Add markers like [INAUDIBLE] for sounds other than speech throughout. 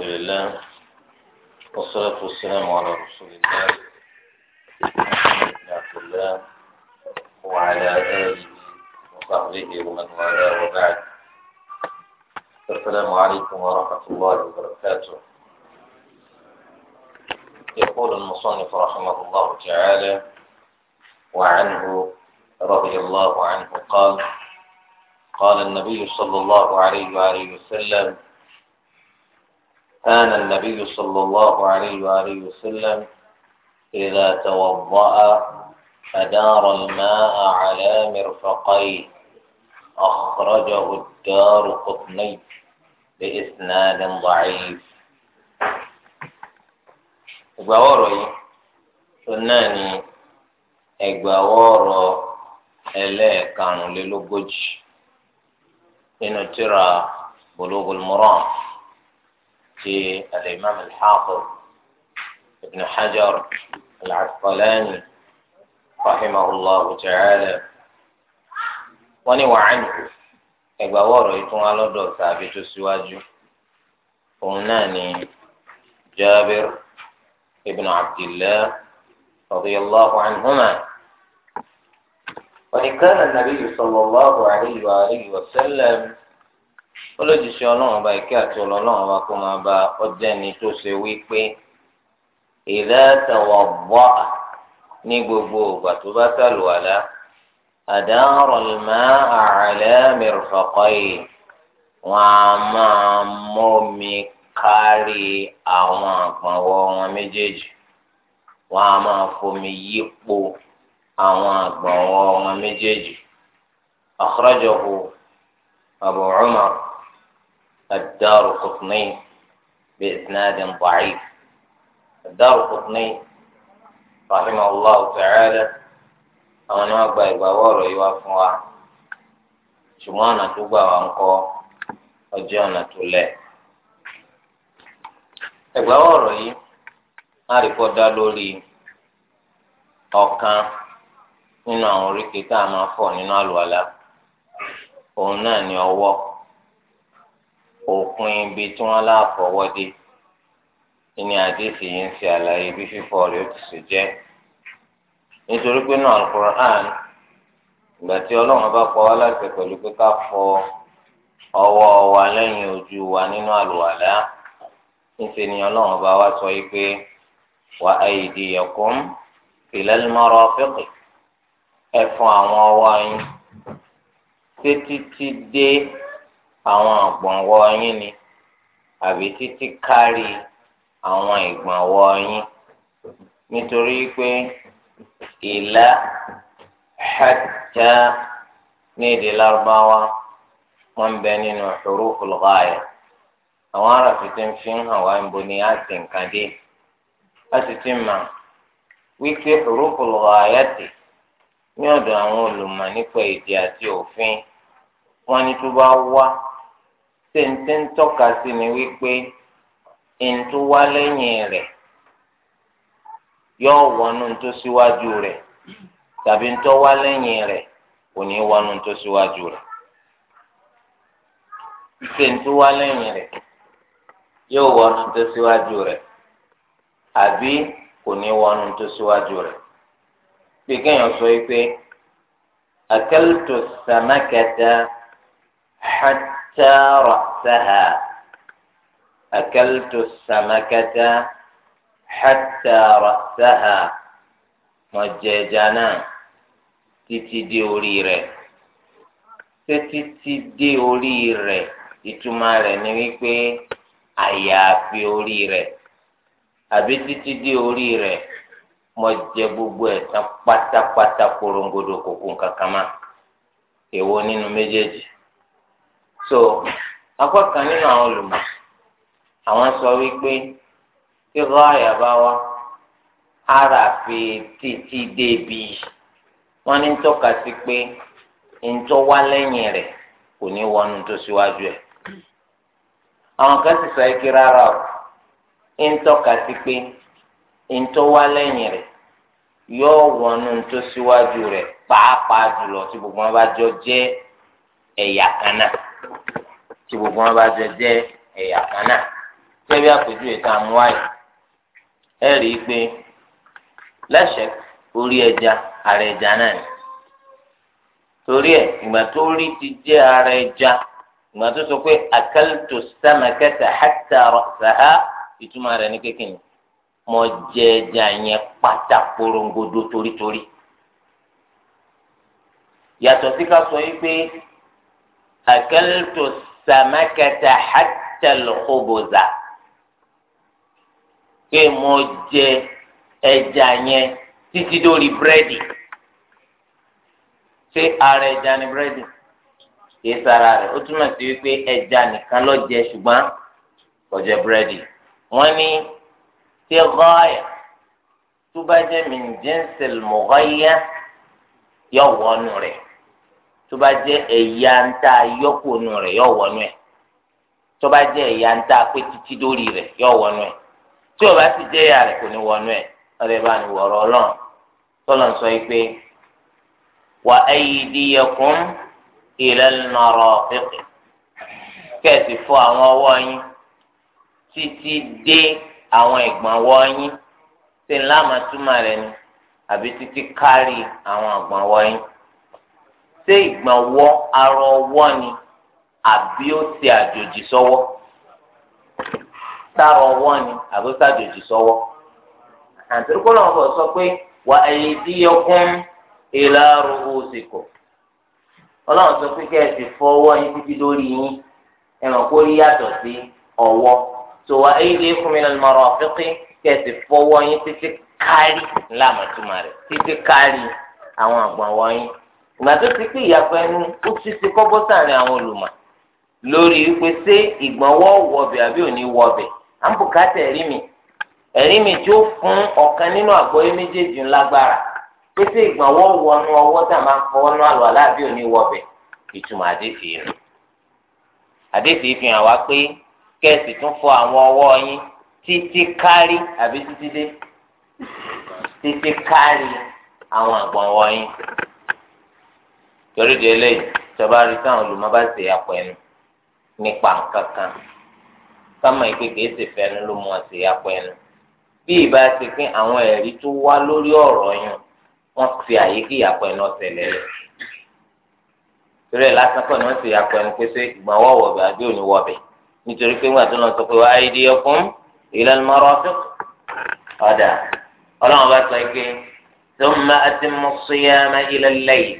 الحمد لله والصلاة والسلام على رسول الله محمد بن عبد الله وعلى آله وصحبه ومن والاه وبعد السلام عليكم ورحمة الله وبركاته يقول المصنف رحمه الله تعالى وعنه رضي الله عنه قال قال النبي صلى الله عليه وآله وسلم كان النبي صلى الله عليه وآله وسلم إذا توضأ أدار الماء على مرفقيه أخرجه الدار قطني بإسناد ضعيف إبواري سناني إبواري ẹlẹ́ẹ̀karùnlélógójì nínú tíra بلوغ Maram في الإمام الحافظ ابن حجر العسقلاني رحمه الله تعالى وني إذا إبواره على لدو ثابت سواجه هناني جابر ابن عبد الله رضي الله عنهما وإن كان النبي صلى الله عليه وآله وسلم olójúṣe ọlọ́run ọba ìkẹ́ àti ọlọ́run ọba kó máa bá ọjọ́ ẹni tó ṣe wí pé ìdá tẹ̀wọ̀ bọ́ à ní gbogbo ìgbà tó bá sàlùwàlá àdáhùrọ̀ mọ́ àrẹ̀lẹ́ mìrìfọ̀kọ́ yìí wọ́n á máa mọ́ kárí àwọn àgbọ̀nwọ́ wọn méjèèjì wọ́n á máa fomi yípo àwọn àgbọ̀nwọ́ wọn méjèèjì akhrajahu Abu Umar. الدار قطني بإسناد ضعيف الدار قطني رحمه الله تعالى àwọn ni wọn gba ìgbàwọ ọ̀rọ̀ yìí wá wa ṣùgbọ́n ọ̀nà tó nínú àwọn oríkèé máa nínú òun ni ọwọ òkun ibi tí wọ́n láfọwọ́dé ìní àdéhì yìí ń ṣe àlàyé bí ó ti ṣe jẹ́ nítorí pé náà alukur'an ìgbà tí ọlọ́run bá pa wá láti pẹ̀lú pé ká fọ ọwọ́ wa lẹ́yìn ojú wa nínú àlùwàlá níṣẹ́ ni ọlọ́run bá wá sọ yìí pé àwọn ọwọ́ yín títí dé. àwọn àgbọ̀nwọ́ yín ni àbí títí kárí àwọn ìgbọ̀nwọ́ yín nítorí pé ìlà hatta ní èdè lárúbáwá wọn ń bẹ nínú huruful ghaya àwọn aráàfin ti ń fi hàn wá níbo ni a ti a sì ti mà wípé huruful ghaya ti ní ọ̀dọ̀ àwọn olùmọ̀ nípa èdè àti òfin wọn ni tó bá wá tẹ̀ǹtẹ̀ ń tọ́ka sí ni wípé ìǹtú wá lẹ́yìn rẹ̀ yóò wọnú tó síwájú rẹ̀ tàbí ńtọ́ wá lẹ́yìn rẹ̀ kò ní wọnú tó síwájú rẹ̀ tẹ̀ǹtú wá lẹ́yìn rẹ̀ yóò wọnú tó síwájú rẹ̀ àbí kò ní wọnú tó síwájú rẹ̀ bí kéèyàn sọ wípé akaltu samakata hatta ra. رأسها أكلت السمكة حتى رأسها مجاجنا تتدي أوليره تتدي أوليره ìtumọ̀ rẹ̀ ni wípé àyàfi orí rẹ̀ àbí títí dé orí rẹ̀ mo jẹ gbogbo ẹ̀ tán pátápátá korongodo kòkó kankan mọ́ èwo nínú méjèèjì so apá kan nínú àwọn olùmọ̀ àwọn sọ wípé tí ráàyà bá wá ara fi títí débi wọn ní tọ́ka sí pé ntọ́ wá lẹ́yìn rẹ kò ní wọnú tó síwájú ẹ̀ àwọn kan sì sọ ike rárá o ntọ́ka sí pé wá yóò wọnú tó síwájú gbogbo wọn bá tí gbogbo wọn bá jẹ jẹ ẹ̀yà kan náà tẹbi àpèjúwe tá a mú wáyé ẹ rí i pé lẹsẹ orí ẹja ara ẹja náà ni torí ẹ ìgbà tó rí ti jẹ ara ẹja ìgbà tó sọ pé akaltu samakata hatta ra'saha ìtumọ̀ rẹ̀ ní kékeré mo jẹ ẹja yẹn pátá porongodo torítorí yàtọ̀ sí sọ yìí pé akaltu sàmákàtà hàtàlùkòbòzà pé mo jẹ ẹja yẹn títí dórí búrẹ́dì ṣé ara ẹja ni búrẹ́dì kì í sara rẹ̀ ó túmọ̀ sí wípé ẹja nìkan ló jẹ ṣùgbọ́n kò jẹ búrẹ́dì wọ́n ní tí gọ́ọ̀yà tó bá jẹ́ min jinsil mughayya yọ̀ wọ́nù rẹ̀ tó bá jẹ́ ẹ̀yà ń ta yọ́kùnù rẹ̀ yọ̀ wọnú ẹ̀ tó bá jẹ́ ẹ̀yà ń ta pé títí dórí rẹ̀ yọ̀ wọnú ẹ̀ tí o bá ti jẹ́ ẹ̀yà rẹ̀ kò ní wọnú ẹ̀ ọ̀rẹ́ bá ní wọ̀rọ̀ ọlọ́run tọ́lọ̀ ń sọ yìí pé wà aydiyakum ilal marafiq kẹ́ẹ̀sì fọ àwọn ọwọ́ yín títí dé àwọn ìgbọ̀n ọwọ́ yín tí ńlá màtúmọ̀ rẹ̀ ni àbí títí kárí àwọn ìgbọ̀n ọwọ́ yín ṣé ìgbọ̀nwọ́ arọ ọwọ́ ni àbí ó ṣe àjòjì sọ́wọ́ sárọ ọwọ́ ni àbí ó ṣàjòjì sọ́wọ́ àtẹ̀rẹ́kọ́ lọ́wọ́ bọ̀ sọ pé wà ẹ̀yìn tí yẹ kún ìlà rògbò òsìkò ọlọ́run sọ pé kẹ́ ẹ ti fọ ọwọ́ yín títí lórí yín ẹ mọ̀ kó rí yàtọ̀ sí ọwọ́ tó wà ẹ̀yìn lè fún mi lọ́nà mọ̀rọ̀ fíkí kẹ́ ẹ ti fọ ọwọ́ yín títí kárí ńlá àmọ̀túmọ̀ rẹ̀ títí kárí àwọn àgbọ̀n wọ̀nyí ìgbà tó ti pé ìyàpọ̀ ẹnu ó ti ti kọ́ bọ́ sáàrin àwọn olùmọ̀ lórí pé ṣé ìgbọ̀nwọ́ wọbẹ̀ àbí òní wọbẹ̀ à ń bùkátà ẹ̀rí mi ẹ̀rí mi tí ó fún ọ̀kan nínú àgbọ̀yé méjèèjì ńlágbára pé ṣé ìgbọ̀nwọ́ wọnú ọwọ́ tá a máa ń fọwọ́ nú àlọ́ àlábí òní wọbẹ̀ ìtumọ̀ àdéfì rẹ̀ àdéfì fi hàn wá pé kẹ́ẹ̀sì tún torí di eléyìí ìjọba rí táwọn olùmọ̀ bá ṣe àpẹnu nípa nǹkan kan kámọ ìpè kìí ṣe fẹnu ló mú ọ ṣe àpẹnu bí ìbá ti pín àwọn ẹ̀rí tó wá lórí ọ̀rọ̀ yẹn wọ́n fi àyè kí àpẹnu ọ̀sẹ̀lẹ̀ rẹ̀ torí ẹ̀ lásán kọ́ ni wọ́n ṣe àpẹnu pé ṣé ìgbọ̀n wọ́ wọ̀bẹ̀ àbí òní wọ̀bẹ̀ nítorí pé ńgbà tó sọ pé wàá ìdí ọkùn ìlànà mọ́rọ́ ọ̀fẹ́ ọ̀dà ọlọ́run bá sọ pé tó máa ti mú síyámá ilẹ̀ lẹ́yìn.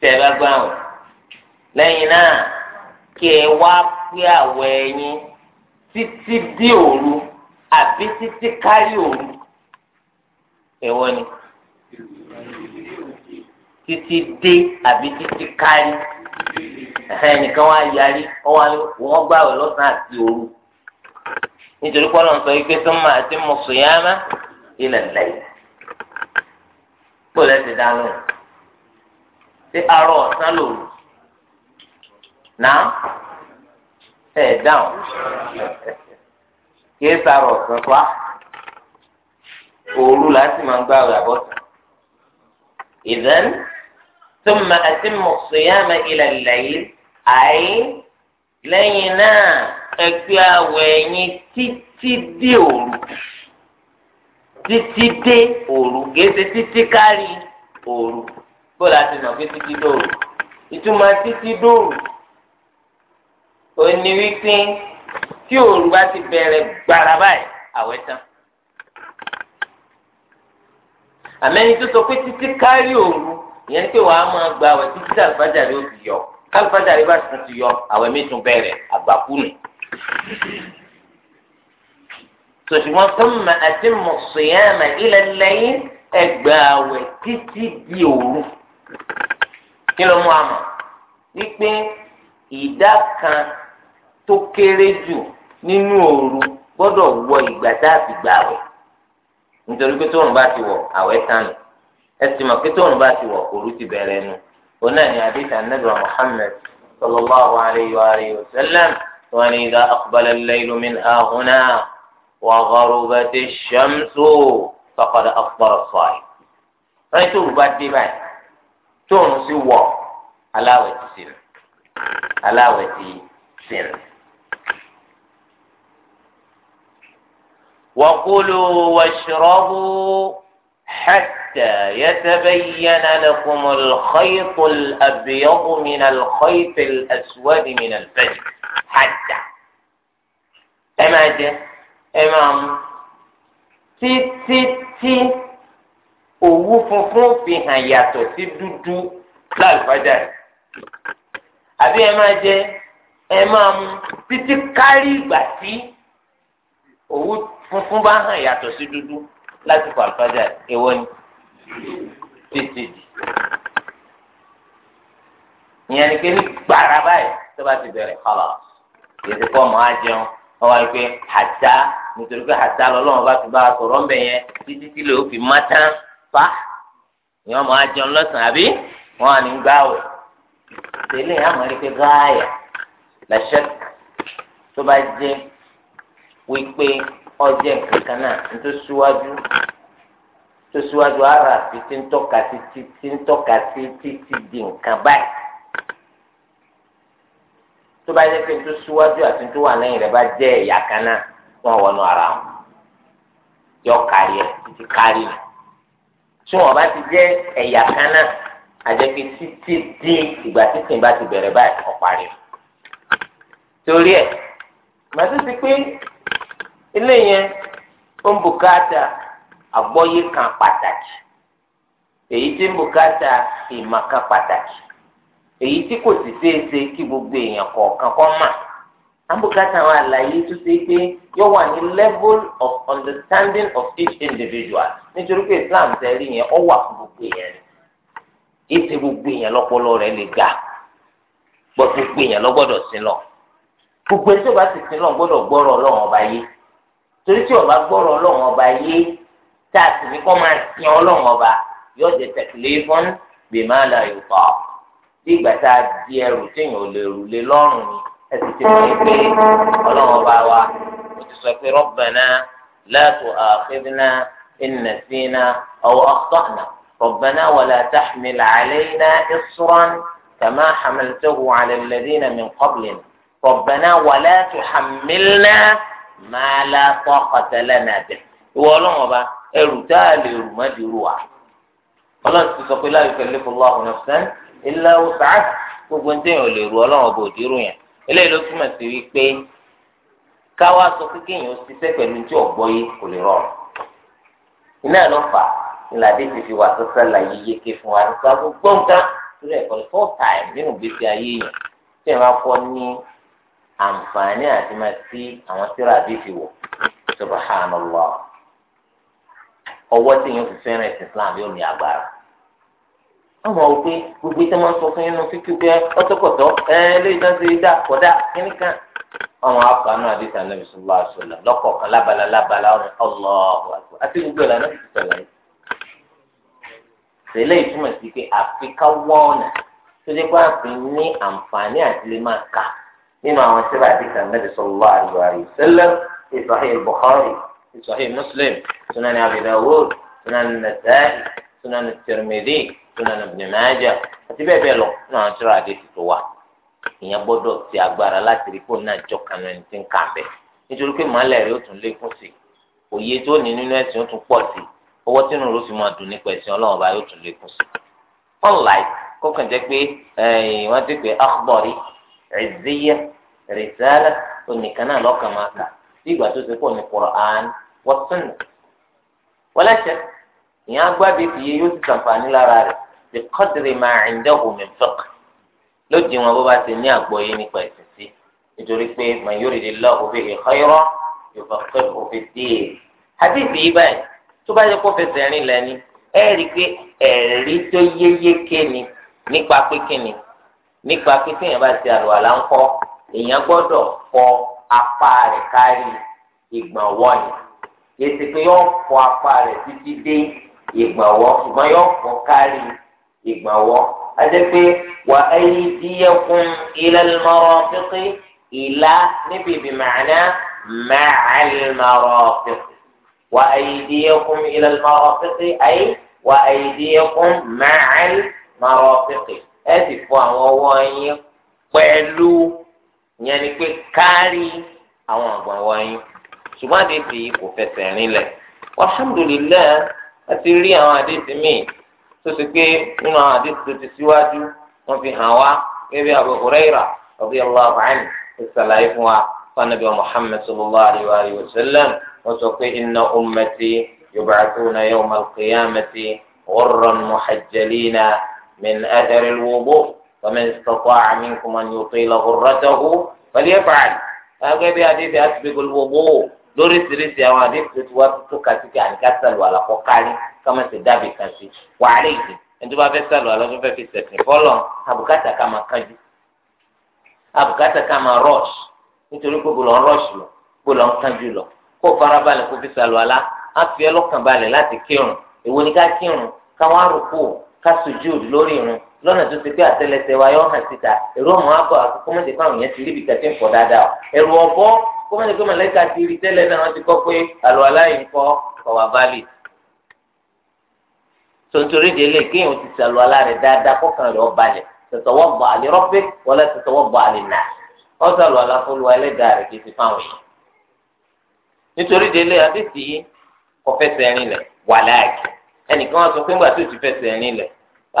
tẹ́ bá gbà wọn lẹ́yìn náà kí ẹ wá pé àwọ̀ ẹ̀yìn títí dé òru àbí títí kárí òru ẹ̀wọ́ ni títí dé àbí títí kárí ẹnìkan wá yarí ọwọ́ wọn gbà wẹ̀ lọ́sàn-án àti òru nítorí pọ́lọ́ ń sọ wípé tó ṣé àárọ̀ ọ̀sán lò náà ẹ̀ dáhùn kìí sàrọ̀ ọ̀sán wá òru láti máa ń gbá ọ̀rẹ́ àbọ̀tà ìdán tó ma àti mọ̀sọ̀yàmà ilẹ̀ lẹ́yìn àyè lẹ́yìn náà ẹgbẹ́ àwọ̀ ẹ̀yìn títí dé òru títí dé òru kìí títí kárí òru bóòlù àti mọ̀ pé títí dòrò ìtumọ̀ títí dòrò òní wípé tí òòrùn bá ti bẹ̀rẹ̀ gbàrà báyìí àwẹ̀ tán àmẹ́ni tó sọ pé títí kárí òòrùn ìyẹn ni pé wàá máa gba àwẹ̀ títí tí àlùfáàjà ó fi yọ kálífáàjà bá ti ti yọ àwẹ̀ mi bẹ̀rẹ̀ àgbàkú nù sòṣùwọ́n àti mọ̀sọ̀yàmà ilẹ̀ lẹ́yìn ẹgbàá àwẹ̀ títí di òòrùn kí ló mú àmọ́ ní pé ìdá kan tó kéré jù nínú òru gbọ́dọ̀ wọ ìgbà tá a fi gbà wẹ̀ nítorí pé tóun bá ti wọ àwẹ̀ tánu ẹ sì mọ̀ pé tóun bá ti wọ òru ti bẹ̀rẹ̀ nu òun náà ni adéta nebra Muhammad sallallahu alayhi wa alayhi wa sallam wọn ni idha aqbala al-laylu min hahuna wa gharubati ash-shamsu faqad afṭara as-ṣā'im. wọ́n ní tóun bá dé báyìí tóun sì wọ̀ aláwẹ̀ ti sìn aláwẹ̀ ti sìn. وكلوا واشربوا حتى يتبين لكم الخيط الأبيض من الخيط الأسود من الفجر حتى ẹ máa jẹ ẹ máa mu títí tí òwú funfun fi hàn yàtọ̀ sí dúdú lálùfájà rẹ̀ àbí ẹ máa jẹ ẹ máa mu títí kárí ìgbà tí òwú funfun bá hàn yàtọ̀ sí dúdú láti fọ àlùfájà rẹ̀ èwo ni títí di ìyẹn ni pé ní gbàrà báyìí tó bá ti bẹ̀rẹ̀ kọ́lá èsì pọ̀ mọ́ á jẹun wọ́n wá pé àtá nítorí pé àtá lọ́lọ́run bá ti bá a sọ̀rọ̀ ń bẹ̀ yẹn títí tí lè ó fi má tán fa ìyẹn ọmọ ajẹun lọ́sàn àbí wọn à ní gbá wẹ̀ tẹ́lẹ̀ àmọ́ ẹni pé gáàyà làṣẹ tó bá jẹ́ wípé ọjẹ́ kankan náà ń tó síwájú tó síwájú ara àti tí ń tọ́ka sí tí ń tọ́ka sí títí di nǹkan báyìí tó bá yẹ kí n tó síwájú àti tó wà lẹ́yìn rẹ̀ bá jẹ́ ẹ̀yà kan náà wọ́n wọnú ara wọn yọ kárí ẹ̀ títí kárí rẹ̀ tí wọn bá ti jẹ ẹ̀yà kan náà àjẹpẹ títí dé ìgbà títì bá ti bẹ̀rẹ̀ báyìí ọparí torí ẹ màtí ti pé ilé yẹn ó ń bùkátà àgbọ́yé kan pàtàkì èyí tí ń bùkátà ìmọ̀ kan pàtàkì èyí tí kò sì ṣeé ṣe kí gbogbo èèyàn kọ̀ọ̀kan kọ́ mà àbùkátà àwọn àlàyé tó ṣe pé yóò wà ní level of understanding of each individual nítorí pé Islam tẹ̀lé yẹn ọ wà fún gbogbo èèyàn ni ètè gbogbo èèyàn lọ́pọlọ rẹ̀ lè ga gbọ́ gbogbo èèyàn ló gbọ́dọ̀ sí lọ gbogbo ẹni tó bá sì sí lọ gbọ́dọ̀ gbọ́rọ̀ Ọlọ́run ọba yé torí tí ọba gbọ́rọ̀ Ọlọ́run ọba yé tá a sì ní kó máa sin Ọlọ́run ọba yóò jẹ tẹ̀lé fún bèèmà àlàyé pa bí ìgbà tá a di ẹrù téèyàn ò lè rù lé lọ́rùn ni ẹsì ti mọ̀ pé ọlọ́run bá wa ó ti sọ pé rọ́bẹ̀nà láàtò àfẹ́dínà ìnàsínà ọ̀wọ́ ọ̀tọ̀nà rọ́bẹ̀nà wọlé àtàmìlà àlẹ́yìnà ìṣúrán kàmá hàmìlítẹ́wò àlẹ́lẹ́dínà mi kọ́bìlìn rọ́bẹ̀nà wọlé àtàmìlà màálà tọ́kọ̀tẹ́lẹ̀ nàdẹ̀. ìwọ ọlọ́run ọba ẹrù tá a lè rù mọ́dì rù wá. ọlọ́run ti sọ pé láyé fẹ́lẹ́ fọlọ́ àwọn ọ̀sán ilé awúsá gbogbo ní tẹ̀yìn ò ọlọ́run ọba òdì yẹn eléyìí ló túmọ̀ sí wípé káwá sọ pé kéèyàn ṣiṣẹ́ pẹ̀lú tí ọ̀gbọ́ yìí kò lè rọrùn iná ló fà ńláde ti fi wà sọ́sọ́ la yíyé ké fún wa nípa gbogbo nǹkan lórí ẹ̀kọ́ ní four times nínú gbèsè ayé yẹn tí ẹ̀ máa fọ́ ní àǹfààní àti máa sí àwọn tíra àbí fi wọ̀ subhanallah ọwọ́ tí yẹn fi fẹ́ràn ẹ̀sìn Islam yóò ní agbára wọ́n mọ̀ wípé gbogbo ìtẹ́ máa ń sọ fún yín nu fífi pé ọtọ́kọ̀tọ́ eléyìí tó ń ṣe dá kọ̀dá kíní kan. àwọn afánú àdìsá nàbì sọlá àṣọlá lọ́kọ̀ọ̀kan lábala lábala ọ̀rùn ọlọ́ọ̀hùn àti gbogbo ìlànà ti sọ̀rọ̀ yìí. sẹ́lẹ̀ ìtumọ̀ sí pé àfikà wọ́ọ̀nà tó dé bá fi ní àǹfààní àti lè máa kà nínú àwọn sẹ́lá àdìsá nàbì sọlá àṣọlá ìsọ̀hìn Bukhari ìsọ̀hìn Muslim sunan Abi Dawud sunan Nasa'i sunan Tirmidhi Sunan Ibn Majah àti bẹ́ẹ̀ bẹ́ẹ̀ lọ nínú àwọn tíra àdé tuntun wa ìyẹn gbọ́dọ̀ ti agbára láti rí fóònù náà jọkànnà ẹni tí ń kà bẹ́ẹ̀ nítorí pé màálẹ̀ rẹ̀ ó tún lékún sí òye tó ní nínú ẹ̀sìn ó tún pọ̀ sí owó tínú ló fi máa dùn nípa ẹ̀sìn ọlọ́run bá yóò tún lékún sí. unlike kókàn jẹ́ pé wọ́n ti pè akhbari izziya risala onìkan náà lọ́kàn máa kà sí ìgbà tó ti pọ̀ ní Qur'an wa sunnah wọ́lẹ́sẹ̀ ìyẹn agbábi ti yóò ti sàǹfààní lára rẹ̀ lè kọ́dìrì máa ń dẹ́kun mi fẹ́k lódì wọn bó bá ti ní àgbọ́yé nípa ẹ̀sìn sí nítorí pé mà yóò rí lọ òfin ìkọ́yọ́rọ́ yóò fẹ́ òfin díè àdìsí yìí báyìí tó bá yẹ kó fẹsẹ̀ rìn lẹ́ni ẹ rí i pé ẹ̀rí tó yéyéké ni nípa pé kíni nípa pé téèyàn bá ti àlùwàlá ń kọ́ èèyàn gbọ́dọ̀ fọ apá rẹ̀ kárí ìgbọ̀nwọ́ yìí yìí ti pé yọ fọ apá rẹ̀ títí dé ìgbọ̀nwọ́ ṣùgbọ́n yọ fọ kárí ìgbọ̀nwọ́ ìgbàwọ́ ajẹ́ pé wà á yí díẹ̀kùn ilẹ̀ lọ́rọ̀ pípé ìlà níbi ìbí màánà màálì lọ́rọ̀ pípé wà á yí díẹ̀kùn ilẹ̀ lọ́rọ̀ pípé ayé wà á yí díẹ̀kùn màálì lọ́rọ̀ pípé ẹ sì fọ àwọn ọwọ́ yín pẹ̀lú yẹn ni pé kárí àwọn àgbọ̀nwọ́ yín ṣùgbọ́n àdéhùn yìí kò fẹsẹ̀ rinlẹ̀ alhamdulilayi a ti rí àwọn àdéhùn míì. tó ti pé nínú àwọn àdéhùn tó ti síwájú wọn fi hàn wá bẹ́ẹ̀ Abu Huraira radiyallahu anhu tó sàlàyé fún wa fanabi Muhammad sallallahu alayhi wa wa sallam wọn sọ pé inna ummati yub'athuna yawma al-qiyamati ghurran muhajjalina min athari al-wudu' faman istata'a minkum an yutila ghurratahu falyaf'al. هذا بحديث أسبق الوضوء lóríṣiríṣi àwọn àdéhùn tó ti wá tó kàtíkì àníká sàlù àlàkọ kárí kámá ti dábì kan sí wàhálà ìdí ẹni tó bá fẹ́ sàlù àlọ́ tó fẹ́ fi sẹ̀sìn fọ́lọ̀ àbùkátà ká máa kánjú àbùkátà ká máa rush nítorí pé bọ́lọ̀ ń rush lọ bọ́lọ̀ ń kánjú lọ kó farabalẹ̀ kó fi sàlù àlá á fi ọlọ́kàn balẹ̀ láti kírun èwo ni ká kírun káwọn arúgbó ká sujúd lórí irun lọ́nà tó ti pé àtẹlẹsẹ̀ wa yọ kó mẹ́ni pé màlẹ́kà ti rí tẹ́lẹ̀ náà wọ́n ti kọ́ pé àlùwàlá yìí ń kọ́ kọ̀wá bálì. tontorí délé kéèyàn ti ṣàlùwàlá rẹ̀ dáadáa kọ́kàn rẹ̀ ó balẹ̀ tẹ̀sọ̀wọ́ gbọ́ àlè rọ́bì wọlé tẹ̀sọ̀wọ́ gbọ́ àlè nà wọ́n ṣàlùwàlá fọlùwà ẹlẹ́dàá rẹ̀ kìí ti fáwọn yìí. nítorí délé adéṣì yìí kò fẹsẹ̀ rin lẹ̀ wàláàkì ẹnìkan wọn sọ pé ńgbà tó ti fẹsẹ̀ rin lẹ̀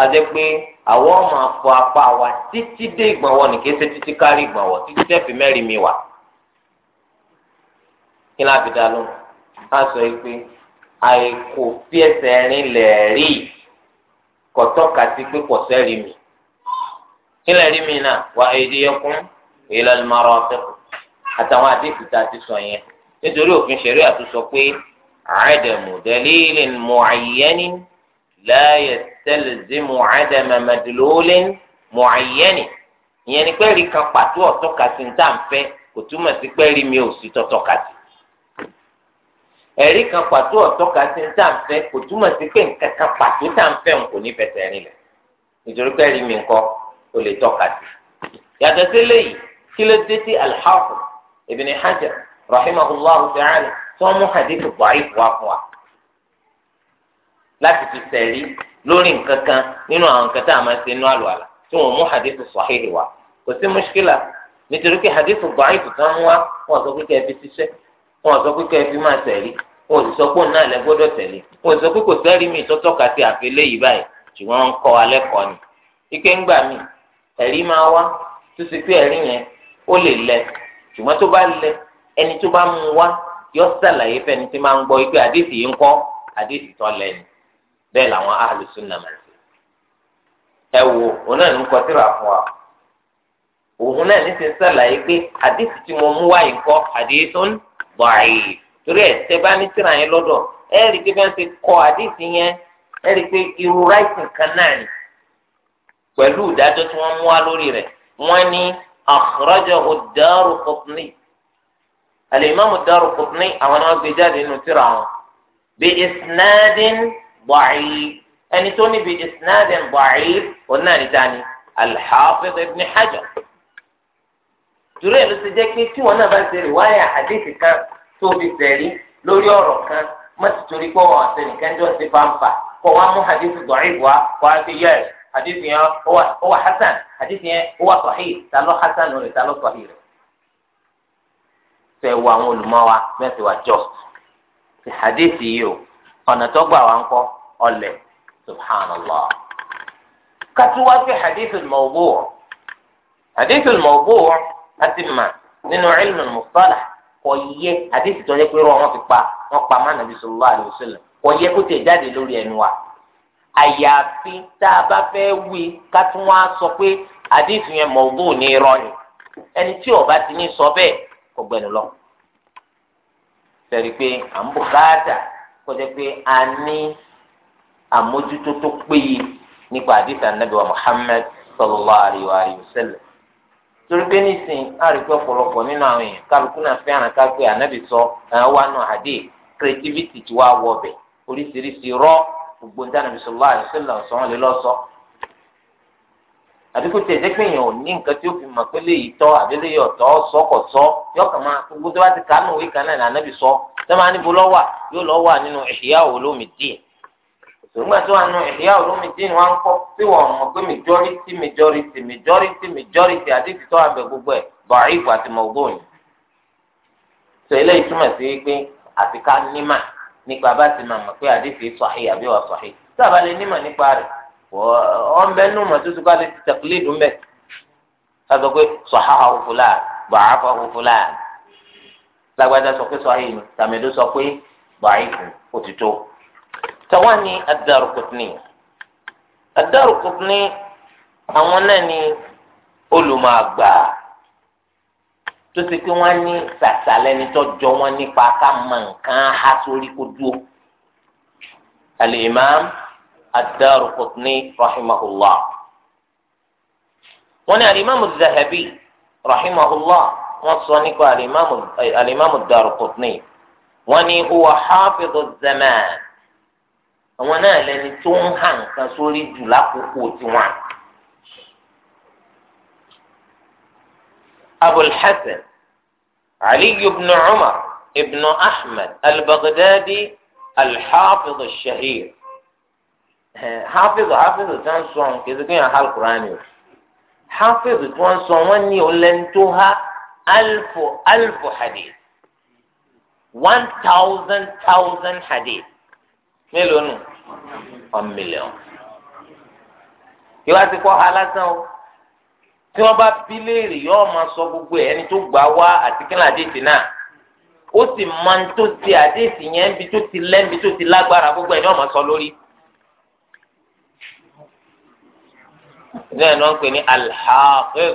adé pé àwọn máa fọ apá wa títí dé ìgbọ̀nwọ́ nìkéṣe títí kárí ìgbọ̀nwọ́ títí tẹ́fì mẹ́rin mi wà kí ni àbídá ló á sọ yìí pé àìkò fi ẹsẹ̀ rìn lẹ́ẹ̀rí kọ̀tọ́ka sí pé kò sẹ́rí mi kí lẹ́ẹ̀rí mi náà wà èdè ẹkún ìlà ìmọ̀ràn ọ̀tẹ̀kù àtàwọn àdéhùn tá a ti sọ yẹn nítorí òfin ṣẹ̀rí àtúnṣọ pé àádẹ́mù dẹ́lílì mọ̀ àyẹ́ni láàyè tẹ́lẹ̀zímù àádẹ́mù mẹ́dìlólè mọ̀ àyẹ́ni ìyẹn ni pẹ́ẹ́rì kan pàtó ọ̀tọ́ka sí ní tá ń fẹ́ kò túmọ̀ sí pẹ́ẹ́rì mi ò sí tọ́tọ́ka sí. ẹ̀rí kan pàtó ọ̀tọ́ ka ti ń sàǹfẹ́ kò túmọ̀ sí pé nǹkan kan pàtó sàǹfẹ́ ń kò ní fẹsẹ̀ rìn lẹ̀ nítorí pé ẹ̀rí mi ń kọ́ ó lè tọ́ka sí. yàtọ̀ sí léyìí hadithu wa láti fi sẹ̀rí lórí nǹkan kan nínú àwọn nǹkan tá a máa ṣe inú àlùwàlà tí wọ́n mú hadithu sahihi wa kò sí mushkila nítorí pé tó tán mú wa wọ́n sọ pé kẹ́ wọn sọ pé kẹ́ ẹ fi máa tẹ̀lé wọn sì sọ pé òun náà lẹ gbọ́dọ̀ tẹ̀lé wọn sọ pé kò sẹ́rí mi tọ́tọ́ ka ti àfẹlẹ́ yìí báyìí ṣùgbọ́n ń kọ́ alẹ́ kọ́ ni ike ń gbà mí ẹ̀rí máa wá tó ṣe pé ẹ̀rí yẹn ó lè lẹ ṣùgbọ́n tó bá lẹ ẹni tó bá mú wá yọ sàlàyé fẹ́ni tí máa ń gbọ́ pé àdéhì yìí ń kọ́ àdéhì tọ́ lẹ ni bẹ́ẹ̀ làwọn ahlùsùn náà máa ń ṣe ẹ wo òun náà ń kọ báyìí torí ẹ̀ tẹ́ bá ní tírà yẹn lọ́dọ̀ ẹ rí i pé bẹ́ẹ̀ ti kọ àdìsí yẹn ẹ rí i pé irú ráìtì kan náà ni pẹ̀lú ìdájọ́ tí wọ́n mú wá lórí rẹ̀ wọ́n ní akhrajahu Daraqutni al-Imam Daraqutni àwọn náà gbé jáde nínú tírà wọn bí isnadin báyìí ẹni tó ní bí isnadin báyìí òun náà ní dání dúró ẹ̀ ló ti jẹ́ pé tí wọn náà bá ń ṣe rìwáyà àdéhìí kan tó fi tẹ̀lé lórí ọ̀rọ̀ kan má ti torí pé wọn àti nìkan jọ ṣe fanfa kó wá mú àdéhìí dọ̀rí wá kó wá fi yẹ àdéhìí yẹn ó wà hasan àdéhìí yẹn ó wà sọ̀hí ta ló hasan rẹ̀ ta ló sọ̀hí rẹ̀. fẹ́ wo àwọn olùmọ̀ wa mẹ́sì wa jọ ti àdéhìí yìí o ọ̀nà tó gbà wá ń kọ́ ọlẹ̀ subhanallah. kátó wá fi àdéhìí mawdu' láti mà nínú ilmu mustalah kò yẹ àdéhùn tó yẹ pé rọ wọn fi pa wọn pa má nàbí sallallahu alaihi wasallam kò yẹ kó jáde lórí ẹnu wa àyàfi tá a bá fẹ́ wí ká tún wá sọ pé àdéhùn yẹn ní ni ẹni tí sọ bẹ́ẹ̀ kò gbẹnu Muhammad torí pé nísìnyí àríkú ọ̀pọ̀lọpọ̀ nínú àwọn èèyàn kálukú náà fẹ́ràn kápẹ́ ànábì sọ wà nù àdé creativity ti wá wọ ọbẹ̀ oríṣiríṣi rọ gbogbo ní ànábì sọ láàyè sílẹ̀ ọ̀sán lè lọ́sọ. àdúgbò tí ẹ̀jẹ̀ pèèyàn ò ní nǹkan tí ó fi mọ̀ pé léyìí tọ́ àbí léyìí yọkàn máa gbogbo sògbà tó wà nù ìyá olómìdín wa ń kọ́ tí wọ́n mọ̀ pé majority majority majority majority àdéhùn tó wà bẹ̀ gbogbo ẹ̀ bọ̀ọ̀rì ìfọ̀ àti mọ̀gbọ́n yìí. sọ eléyìí túmọ̀ sí pé àti ká nímà nípa bá ti máa mọ̀ pé àdéhùn sọ̀hí àbí wà sọ̀hí sábà lè nímà nípa rẹ̀ wọ́n bẹ́ nù mọ̀ tó tún ká lè ti tẹ̀kílì dùn bẹ́ẹ̀. ká sọ pé sọ̀há òfúlà bàá fọ́ òfúlà lágbájá sọ pé sọ̀hí ni tàmídó sọ tawani adarukutni adarukutni àwọn náà ni olùmọ̀gbà tó ti pé wọ́n ní sàṣàlẹ́ni tó jọ wọ́n nípa ká mọ nǹkan há sórí kó dúró al-imam adarukutni rahimahullah wọ́n ní al-imam zahabi rahimahullah wọ́n sọ nípa al-imam al-imam huwa hafidu zaman. àwọn náà lẹni tó ń hàn nǹkan sórí jù lákòókò tiwọn. abul hasan ali ibn umar ibn ahmed al-baghdadi al-hafiz al-shahir hafiz hafiz tí wọn sọ kìí kí wọn hal kúránì o hafiz tí wọn sọ wọn ní olẹ́ni tó há alfu alfu hadith one thousand thousand hadith mélòó nù one million ìwà ti kọ́ ha lásán o tí wọ́n bá bí léèrè yóò máa sọ gbogbo ẹ̀ ẹni tó gbà wá àti kí ládé tì náà ó sì máa ń tó ti àdéhìí yẹn bí tó ti lẹ́bi tó ti lágbára gbogbo ẹ̀ ni wọ́n máa sọ lórí. ní ẹ̀ ní wọ́n ń pè ní alhaqir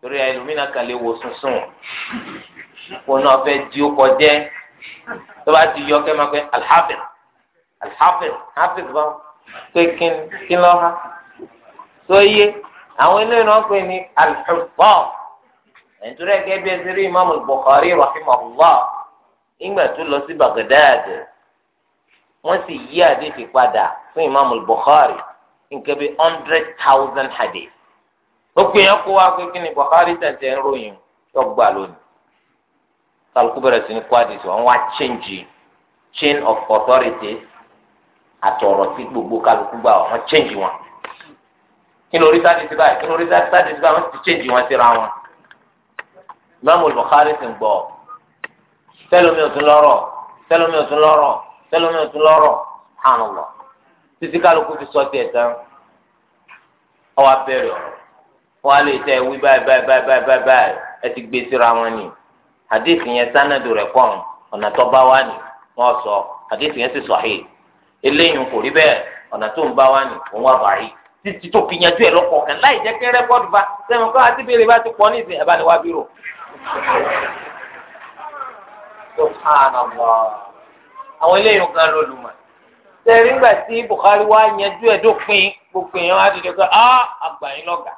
torí ẹlòmínà kan lè wò sùnsùn kó náà fẹ́ di ó kọjẹ́ tó bá ti yọ kẹ́ máa pẹ́ alhaqir alhafiz hafiz bá pé kí ló ha tó yé àwọn eléyìí náà pè ní alḥubbọ nítorí ẹgbẹ́ bí ẹsẹ̀ rí imaamu bukhari rahimahullah ìgbà tó lọ sí baghdad wọ́n sì yí àdéhìí padà fún imaamu bukhari nǹkan bíi hundred thousand hadith gbogbo yẹn kó wa pé kí ni bukhari tẹ̀sẹ̀ ń ròyìn tó gbà lónìí kálukú bẹ̀rẹ̀ sí ní wọn wá change chain of authority àtọ̀rọ̀ tí gbogbo kálukú gbà wọ́n change wọn kí ló rí sáde sí báyìí kí ló rí sáde sí báyìí wọ́n ti change wọn síra wọn. lọ́mọ olùbọ̀kárẹ́ ti ń gbọ́ sẹ́lómi ò tún lọ́rọ̀ sẹ́lómi ò tún lọ́rọ̀ sẹ́lómi ò tún lọ́rọ̀ hàn lọ títí kálukú fi sọ tiẹ̀ tán ọwọ́ abẹ́rẹ́ ọ̀rọ̀ wọ́n á lè tẹ wí báyìí báyìí báyìí báyìí ẹ ni hadith yẹn sanadu rẹ̀ sahih eléyìí kò rí bẹ́ẹ̀ ọ̀nà tó ń bá wa nì òun wà báyìí títí tó fi yanjú ẹ lọ́kọ̀ọ̀kan láì jẹ́ kí rẹ́kọ́dù bá sẹ́mi kọ́ àti béèrè bá ti pọ̀ ní ìsìn ẹ̀bá ni wá bírò. àwọn eléyìí kan ló lù mọ́ sẹ́rí ńgbà tí Bukhari wá yanjú ẹ̀ dópin gbogbo èèyàn á dìde pé àgbà yín lọ́gà.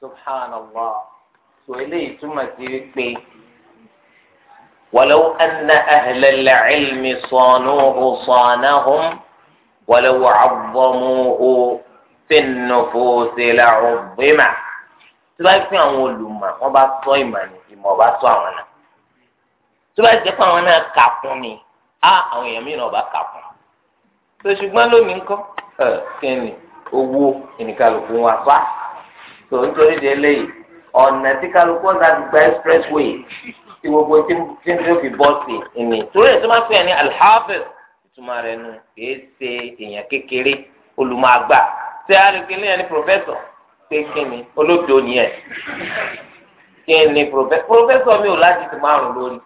subhanallah so eléyìí túmọ̀ sí pé ولو أن أهل العلم صانوه صانهم ولو عظموه في النفوس لعظم tó bá fi àwọn olùmọ̀ wọn bá sọ ìmọ̀ ní ìmọ̀ bá sọ àwọn náà tó bá jẹ́ pé àwọn náà kà fún mi á àwọn èèyàn mìíràn bá kà fún tó ṣùgbọ́n lónìí ńkọ́ ẹ kẹ́ni owó ìníkàlùkù wa fa tó nítorí di eléyìí ọ̀nà tí kálukú ọ̀sán ti gba express way tí gbogbo tí tí tí ó fi bọ́ sí ìní torí ẹ̀ tó máa ń pè é ní alhafiz ìtumọ̀ rẹ̀ nu kìí ṣe èèyàn kékeré olùmọ̀gbà ṣé àrègbélé ẹni pòfẹ́sọ̀ pé kí ni olódò ni ẹ̀ kí ni pòfẹ́sọ̀ mi ò láti ti márùn lórí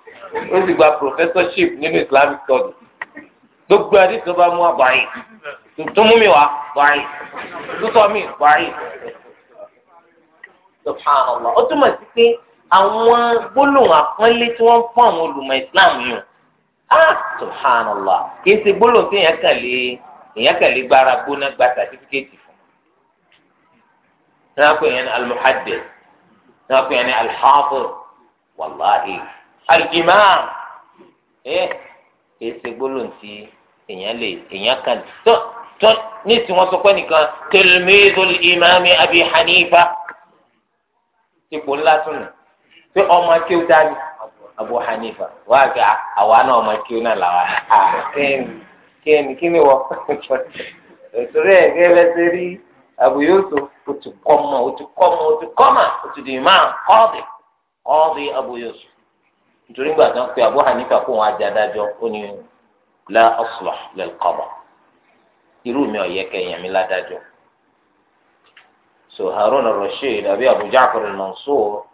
ó sì gba professorship nínú islamic studies gbogbo àti tó bá mú wa tuntun mú mi wá báyìí tuntun mi báyìí subhanallah ó túmọ̀ sí pé àwọn gbólóhùn àpọ́nlé tí wọ́n ń pọ́n àwọn olùmọ̀ islam yìí ah subhanallah kìí ṣe gbólóhùn tí èèyàn kàn lè èèyàn kàn lè gbára gbóná gba sàtífíkẹ́tì fún un náà pè yẹn ní al-muhaddith náà pè yẹn ní al-hafiz wàláhì al-imam ẹ eh, ṣe gbólóhùn tí èèyàn lè èèyàn kàn tó tó ní tí wọ́n sọ pé nìkan tilmidul imam abi hanifa ipò ńlá tún nù. pé ọmọ akéwù dání Abu Hanifa ha á ha àwa náà ọmọ akéwù náà ha ha kíni wọ ha ha ha ṣe rí Abu ha o ti kọ́ ha o ti kọ́ ha o ti kọ́ ha o ti ha ha kọ́ọ̀dì kọ́ọ̀dì Abu ha nítorí gbà tán pé Abu Hanifa kó wọn ajá ha ó ní la ha ha ha irú mi ha ha kẹyìn mi ha so ha ha ha àbí Abu ha ha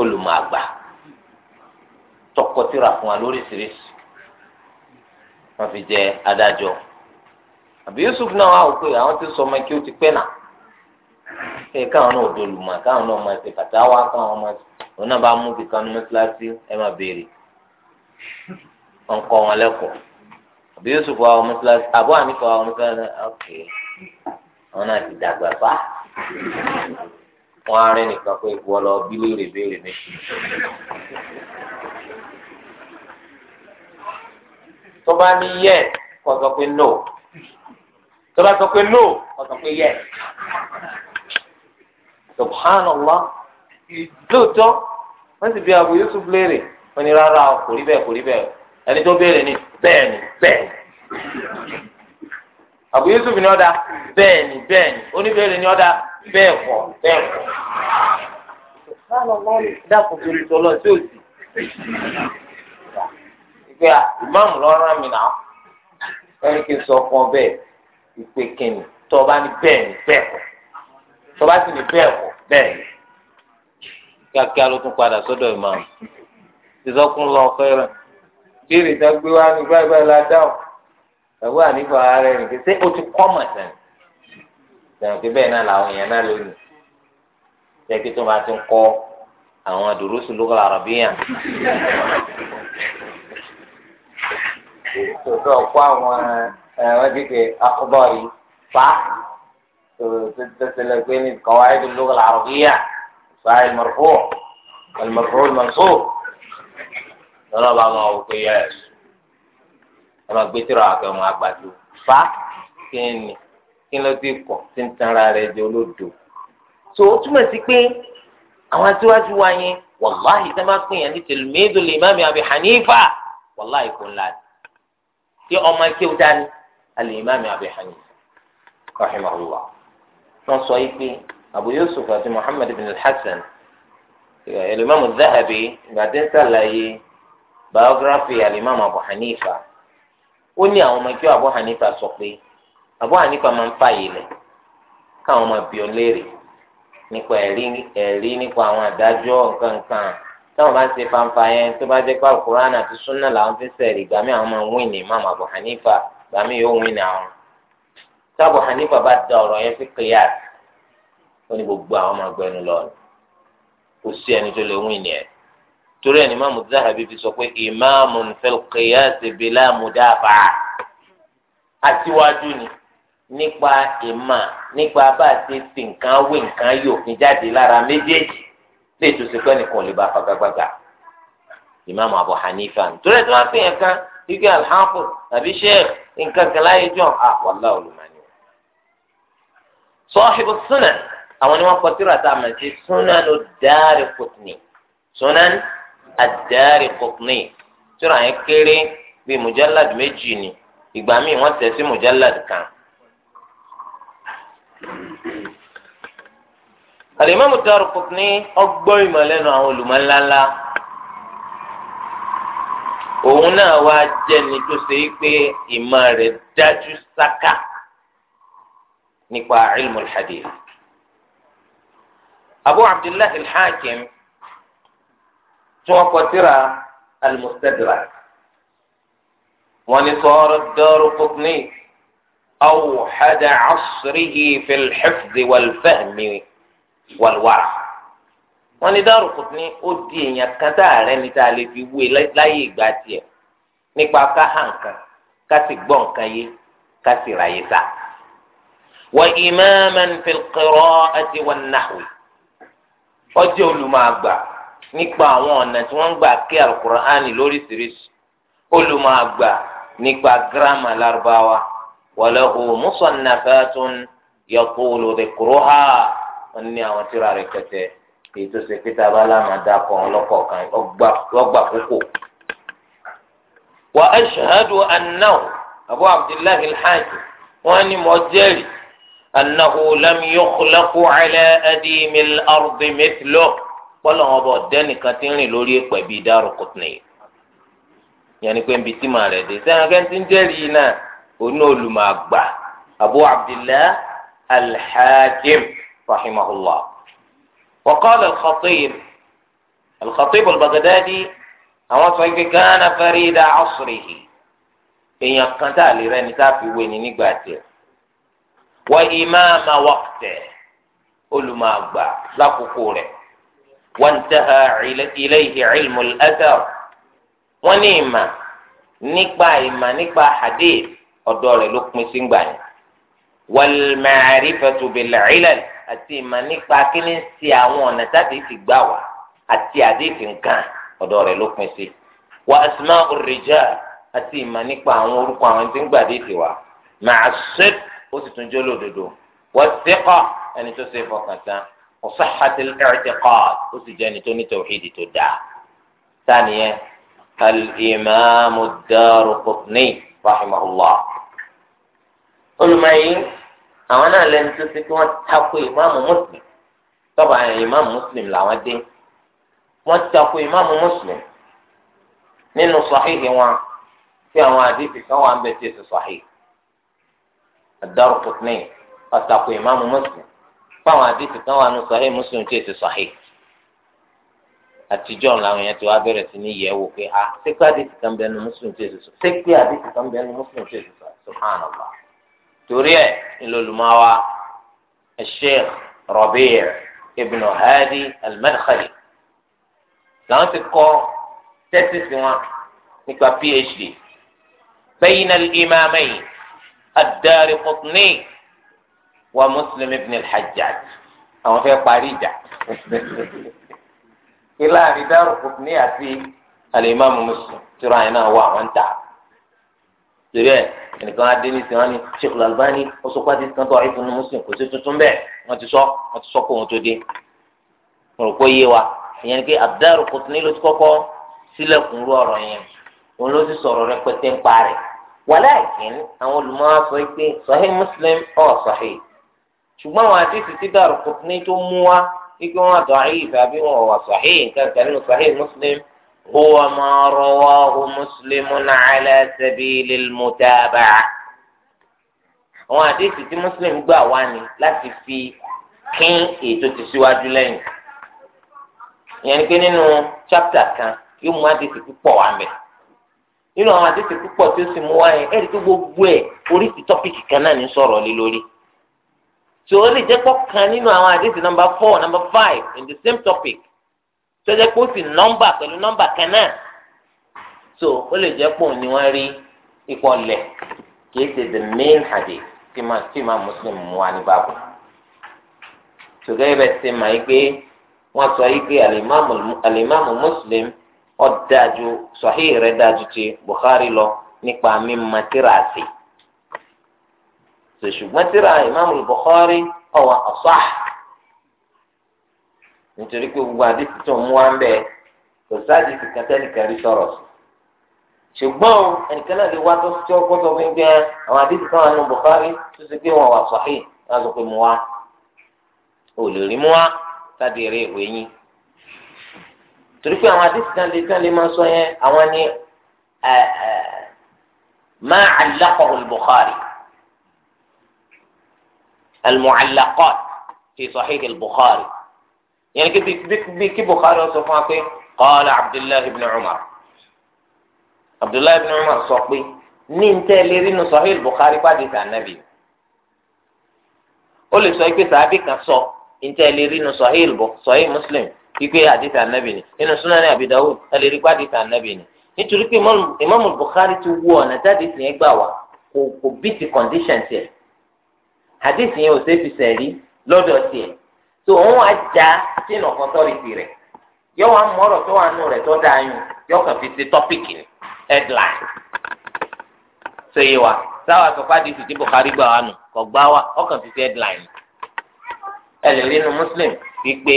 olùmọ̀ àgbà tọkọtìrà fún wa lóríṣiríṣi wọ́n fi jẹ adájọ́ àbí Yusuf náà wà ó pé àwọn ti sọ ọmọ kí ó ti pẹ́ náà ṣe káwọn náà dolùmọ̀ káwọn náà máa ṣe fàtàwà káwọn máa ṣe òun náà bá mú kíkan ní mọ́ṣáláṣí ẹ máa béèrè wọ́n kọ́ wọn lẹ́kọ̀ọ́ àbí Yusuf wà ọmọ mọ́ṣáláṣí àbọ̀ àníkọ̀ wà ọmọ mọ́ṣáláṣí ok àwọn náà ti dàgbà fà wọn á rìn nìkan pé ìwọ lọ bí léèrè béèrè méjì. tó bá ní yẹ kó sọ pé no tó bá sọ pé no kó sọ pé yẹ subhanallah lóòótọ́ wọ́n sì bí abu yusuf léèrè wọ́n ní rárá kò rí bẹ́ẹ̀ kò rí bẹ́ẹ̀ ẹni tó béèrè ni bẹ́ẹ̀ ni bẹ́ẹ̀ abu yusuf ni ọ̀dà bẹ́ẹ̀ ni bẹ́ẹ̀ ni oníbèrè ni ọ̀dà bẹ́ẹ̀ kọ́ bẹ́ẹ̀ kọ́ dákun torí tọ́lọ́ tí ò sí ìpè à ìmáàmù lọ́rọ́ mi náà ẹni kí n sọ fún ọ bẹ́ẹ̀ ìpè kìnnì tọ́ba ní bẹ́ẹ̀ ní bẹ́ẹ̀ kọ́ tọ́ba sì ní bẹ́ẹ̀ kọ́ bẹ́ẹ̀ ni kíákíá ló tún padà sọ́dọ̀ ìmáàmù ìsọkún lọ fẹ́ràn bí ìrìnsà gbé wá ní báyìí báyìí la dáhùn ẹ̀wọ́ àníbọ̀ nìkan ṣé o ti kọ́ mọ̀ sẹ́yìn sẹ̀wọ̀n pé bẹ́ẹ̀ náà làwọn èèyàn náà lónìí jẹ́ kí tó máa ti ń kọ́ àwọn àdúrósù lókọ̀ àrọ̀bíyàn tòtò ọ̀pọ̀ àwọn ẹ̀wọ́n ti pè akọ́bọ̀ yìí fa tòtòtòtòlẹ̀ pé ní kọ́wá ẹ̀dùn lókọ̀ àrọ̀bíyàn fa ìmọ̀rọ̀fọ́ ìmọ̀rọ̀fọ́ ìmọ̀rọ̀fọ́ lọ́nà bá wọn wò pé ẹ̀ ẹ̀ máa gbé tíra àkẹ́wọn àgbàdo fa kí kí ló dé kọ̀ tí ń tan ara rẹ̀ jẹ olódo. so ó túmọ̀ sí pé àwọn aṣíwájú wa yẹn wàláhì tá a máa pè yàn ní tèlùmídò lè má mi àbí hànífà wàláhì kò ńlá ni tí ọmọ ike ó dání àlè má mi àbí hànífà rahimahullah wọn sọ yìí pé abu yusuf àti muhammad bin hasan ìlúmọ̀mù zahabi ìgbàdé biography àlè má mi ó ní àwọn ọmọ ike àbú hànífà sọ pé àbọ̀ àníkà máa ń fààyè lẹ̀ káwọn máa bí ọ léèrè nípa ẹ̀rí nípa àwọn àdájọ́ nǹkankan táwọn bá ń ṣe fanfa yẹn tó bá jẹ́ pé alukur'an àti sunna làwọn fi sẹ̀rí gbàmí àwọn máa ń wí ní imam abu hanifa gbàmí yóò wí ní àwọn tí abu hanifa bá da ọ̀rọ̀ yẹn fi qiyas ó ní gbogbo àwọn máa gbẹnu lọ kò sí ẹni tó lè wí ní ẹ̀ torí ẹni imam zahabi fi sọ pé imamun fil qiyas bila mudafa àtiwájú ni. nípa ìmà nípa bá a ti fi nǹkan wé nǹkan yóò fi jáde lára méjèèjì lè tó ṣe pé nìkan lè bá fagagbága ìmáàmù Hanifa nítorí tí wọ́n fi yẹn kan ike alhamdu tàbí sheikh nǹkan kan láyé jọ àwọlá olùmọ̀ọ́nì. sọ́ọ́hìbù sunan àwọn ni wọ́n kọ tírà tá a mọ̀ sí sunan adari daraqutni sunan ad-Daraqutni tírà yẹn kéré bíi mujallad méjì ni ìgbà míì wọ́n tẹ̀ sí mujallad kan. alimami Daraqutni ọgbọ́ ìmọ̀lẹ́nu àwọn olùmọ̀láńlá òun náà wá jẹ́ni tó ṣe é pé ìmọ̀ rẹ̀ dájú sáká nípa ilmu al-hadith abu abdullahi al-hakim tí wọ́n kọ tírà al-mustadrak wọ́n ní sọ̀rọ̀ Daraqutni awhada asrihi fi al-hifzi wàlúwàrà wọn ní Daaru Qutni ó di èèyàn kan tá a rẹ ní tá a lè fi wé láyé ìgbà tiẹ̀ nípa ká hàn kan ká sì gbọ́ nǹkan yé ká sì ráyè sá. wa imaman fil qira'ati wan nahwi ọjọ́ olùmọ̀àgbà nípa àwọn ọ̀nà tí wọ́n ń gbà kí alukur'ani lóríṣiríṣi olùmọ̀àgbà nípa gírámà lárúbáwá walahu musannafatun yaqulu dhikruha wọn ní àwọn tíra rẹ̀ kẹtẹ èyí tó ṣe pété abala máa dá kọ wọn lọ́kọ̀ọ̀kan ọgbà kókò. wa ashhadu annahu abu abdullahi alhaj wọn ni mo jẹ́rìí annahu lam yukhlaqu ala adimi al-ardi mithluhu pọlọ ọbọ dẹnìkan ti rìn lórí ẹ̀pẹ̀ bíi dárò kùtùnì yẹn pé nbí tí màá rẹ dé sẹ́yìn akẹ́ntì ń jẹ́rìí náà onú olùmọ̀ àgbà abu abdullahi alhajim. رحمه الله وقال الخطيب الخطيب البغدادي أو صحيح كان فريد عصره إن يقنتا رأني تافي وين وإمام وقته قل ما أقبع وانتهى إليه علم الأثر ونيما نكبا إما نكبا حديث أدور لكم سنبان والمعرفة بالعلل àti ìmọ̀ nípa kí ni ń ṣe àwọn ọ̀nà tábìlì fi gbà wá àti àdéhìí nǹkan ọ̀dọ̀ rẹ̀ ló pin sí. wa asma'ur rijal àti ìmọ̀ nípa àwọn orúkọ àwọn tí ń gbà déhìí wá ma'a sidq ó sì tún jóló òdodo wa thiqa ẹni tó ṣe fọkàn tán wa sihhatil i'tiqad ó sì jẹ́ ẹni tó ní tawhidi tó dáa. ثانيا الإمام الدارقطني رحمه الله قل معي àwọn náà lẹni tó ṣe kí wọ́n tako ìmáàmù mùsùlùm tọ́ba ìmáàmù mùsùlùm làwọn dé wọ́n tako ìmáàmù mùsùlùm nínú sàhíhì wọn tí àwọn àdìsí kan wà ń bẹ tí èso sàhíhì ad-Daraqutni ọ̀tako ìmáàmù mùsùlùm fáwọn àdìsí kan wà ń sàhíhì mùsùlùm tí èso sàhíhì àtijọ́ làwọn yẹn ti wá bẹ̀rẹ̀ sí ní yẹ̀ wò pé a ah, ṣé pé àdìsí kan bẹ́ẹ̀ nu mùsùlùm tí sàhíhì ṣé pé àdìsí kan bẹ́ẹ̀ nu mùsùlùm tí sàhíhì torí ẹ̀ ńlọlùmọ́wá sheikh rabi' ibn hadi al-madkhali làwọn ti kọ́ tẹ́sísì wọn nípa phd bẹ́yìn náà ìmáàmẹ́yìn ad-Daraqutni wa muslim ibn al-hajjaj àwọn fẹ́ parí ìjà ìlànà Daraqutni àti al-imam muslim tíra yẹn náà wà wọ́n ta. torí ẹ ẹnìkan adé ní tiwọn ni Sheikh Al-Albani ó sọ pé àti kan tó àìfún ní Muslim kò sí tuntun bẹ́ẹ̀ wọ́n ti sọ wọ́n ti sọ kó wọn tó dé mo rò pé yé wa ìyẹn ni pé Ad-Dar Qutni ló ti kọ́kọ́ sílẹ̀kùn rú ọ̀rọ̀ yẹn òun ló ti sọ̀rọ̀ rẹpẹtẹ ń parẹ́ wàláàkín àwọn olùmọ̀ sọ pé Sahih Muslim ọ̀ Sahih ṣùgbọ́n àwọn àti títí Ad-Dar Qutni tó mú wa wípé wọ́n àtọ̀ àyè ìfẹ́ àbí wọn ọ̀ wà Sahih nǹkan kan هو ما رواه مسلم على سبيل المتابعة àwọn àdéhùn tí muslim gbà wá ni láti fi kín ètò ti síwájú lẹ́yìn ìyẹn ni pé nínú chápítà kan yóò mú àdéhùn púpọ̀ wá mẹ́ nínú àwọn àdéhùn púpọ̀ tí ó sì mú wá yẹn ẹ̀rí tó gbogbo ẹ̀ oríṣi tọ́pìkì kan náà ní sọ̀rọ̀ lé lórí tí ó lè jẹ́ pọ̀ kan nínú àwọn àdéhùn number four number five in the same topic sọjẹ pé ó sì nọ́mbà pẹ̀lú nọ́mbà kan náà so ó lè jẹ́ pò ní wọ́n rí ipò lẹ̀ kìí ṣe the main hadith tí ma tí ma muslim mú wa ní báàbò sọgẹ́ bẹ́ẹ̀ ṣe máa yí pé wọ́n sọ yí pé alimami muslim ó dájú sahih rẹ̀ dájú ti bukhari lọ nípa mímọ̀ tíraasi so tíra imaamu bukhari ó wà asah nítorí pé gbogbo àdìsí tó ń mú wa ń bẹ kò sáàdì sì kan tẹ́nìkan rí sọ̀rọ̀ sí ṣùgbọ́n ẹnìkan náà lè wá tó tí ó kó sọ fún gbẹ àwọn àdìsí kan wà nínú Bukhari tó ṣe pé wọn wà sahih wọn sọ pé mu wa ò lè rí mu wa sáàdì eré ìwé yín torí pé àwọn àdìsí kan lè tán lè máa sọ yẹn àwọn ni ma allaqahu al-Bukhari al-mu'allaqat fi sahih yẹn kí bí kí Bukhari sọ fún wa pé qala Abdullahi ibn Umar Abdullahi ibn Umar sọ pé ní ntẹ́ lérí nu Sahih Bukhari pàdé sànàbì ó lè sọ pé sàbí kan sọ ntẹ́ lérí nu Sahih Muslim kíkẹ́ àdìsí ànábì ni nínú súnáni Abi Dawud ẹlẹ́rìí kó àdìsí ànábì ni nítorí pé ìmáàmù Bukhari ti wú ọ̀nà tí àdìsí gbà wá kò kò bí ti condition tiẹ̀ àdìsí yẹn ò ṣe fi lọ́dọ̀ tiẹ̀ tó òun wá já chain of authority rẹ̀ yọ wà mọ̀rọ̀ tó wà nù rẹ̀ tó dáa yùn yọ kàn fi ṣe tọ́pìkì ni headline ṣe yé wa sáwà sọ̀kọ́ àdìsí tí Bukhari gbà wà nù kọ̀ gbá wa ọkàn fi ṣe headline ẹ lè rí inú Muslim wípé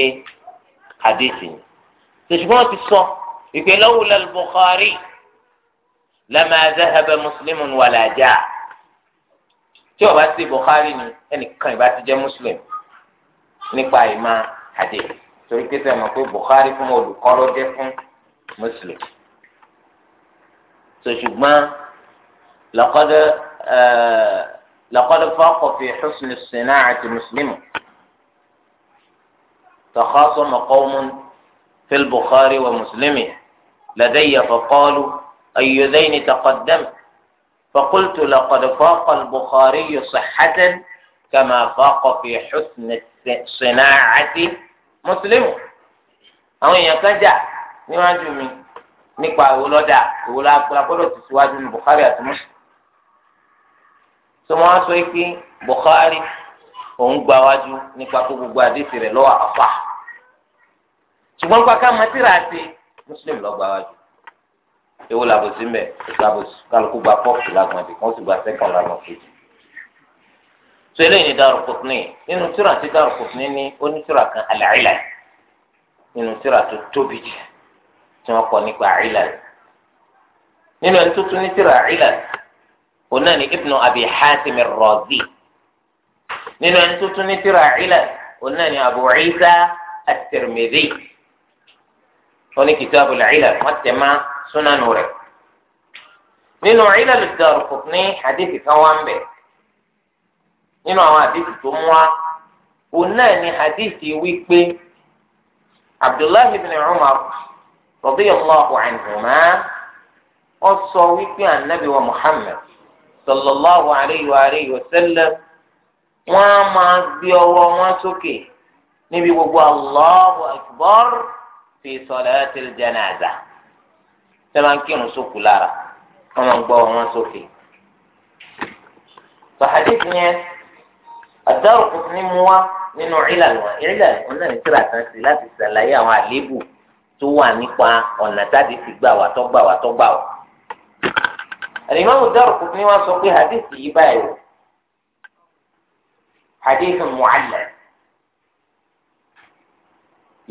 àdìsí ni ṣùgbọ́n ti sọ ìpè lawla al-Bukhari lama zahaba Muslimun wala jaa tí ó bá ti Bukhari ni ẹnìkan ìbá ti jẹ́ Muslim nípa ìmọ̀ hadith torí pé sẹ́yìn mọ̀ pé Bukhari fún olùkọ́ ló dé fún Muslim so ṣùgbọ́n laqad laqad faqa fi husni as-sina'ati Muslim takhasama qawmun في البخاري ومسلمه لدي فقالوا أي ذين تقدمت فقلت لقد فاق البخاري صحة كما فاق في حسن الصناعة mùsùlùmí àwọn èèyàn kan jà níwájú mi nípa òwò lọ́dà òwò lágbọ́dọ̀ ti síwájú ní Bukhari àti Muslim sọmọ wọn sọ pé Bukhari òun gba wájú nípa kó gbogbo àdéhùn rẹ̀ lọ́wọ́ àfà ṣùgbọ́n pàkà mọ́tìrà àti Muslim lọ́ọ́ gba wájú ewu làbòsí mbẹ ìsàbòsí kálukú gba pọ́ọ̀kì lágbọ̀n àti kọ́ńtù gba sẹ́kọ̀ọ́ lágbọ̀n sẹlẹ̀ ní Daaru Qutni nínú tíra tí Daaru Qutni ní onítìrà kan Al-Ilal nínú tíra tó tóbi jù tí wọ́n kọ́ nípa Al-Ilal nínú ẹni tó tún ní tíra Al-Ilal òun náà ní Ibnu Abi Hatim Ar-Razi nínú ẹni tó tún ní tíra Al-Ilal òun náà ní Abu Isa At-Tirmidhi wọ́n ní Kitabul Ilal wọ́n tẹ̀ má súnánù rẹ̀ nínú Ilal Daaru Qutni hadithi kan wá ń bẹ̀rẹ̀ nínú àwọn àdìsí tó mú wa òun náà ni àdìsí wípé abdullahi ibn umar radiyallahu anhuma ó sọ wípé anabi wa muhammad sallallahu alayhi wa alayhi wa sallam wọn a máa gbé ọwọ́ wọn sókè níbi gbogbo allahu akbar fi salatil janaza tẹ́lá ń kírun sókù lára wọn máa gbọ́ wọn sókè. sọ hadith yẹn àdárò kò ní mu wá nínú ìlà lọ ìlà ọ̀nà ìtura kan sí láti ṣàlàyé àwọn àléébù tó wà nípa ọ̀nà táde ti gbà wà tó gbà wà tó gbà wà. àlìmáàmù dárò kò ní wá sọ pé hadith yìí báyìí o hadith mu'allal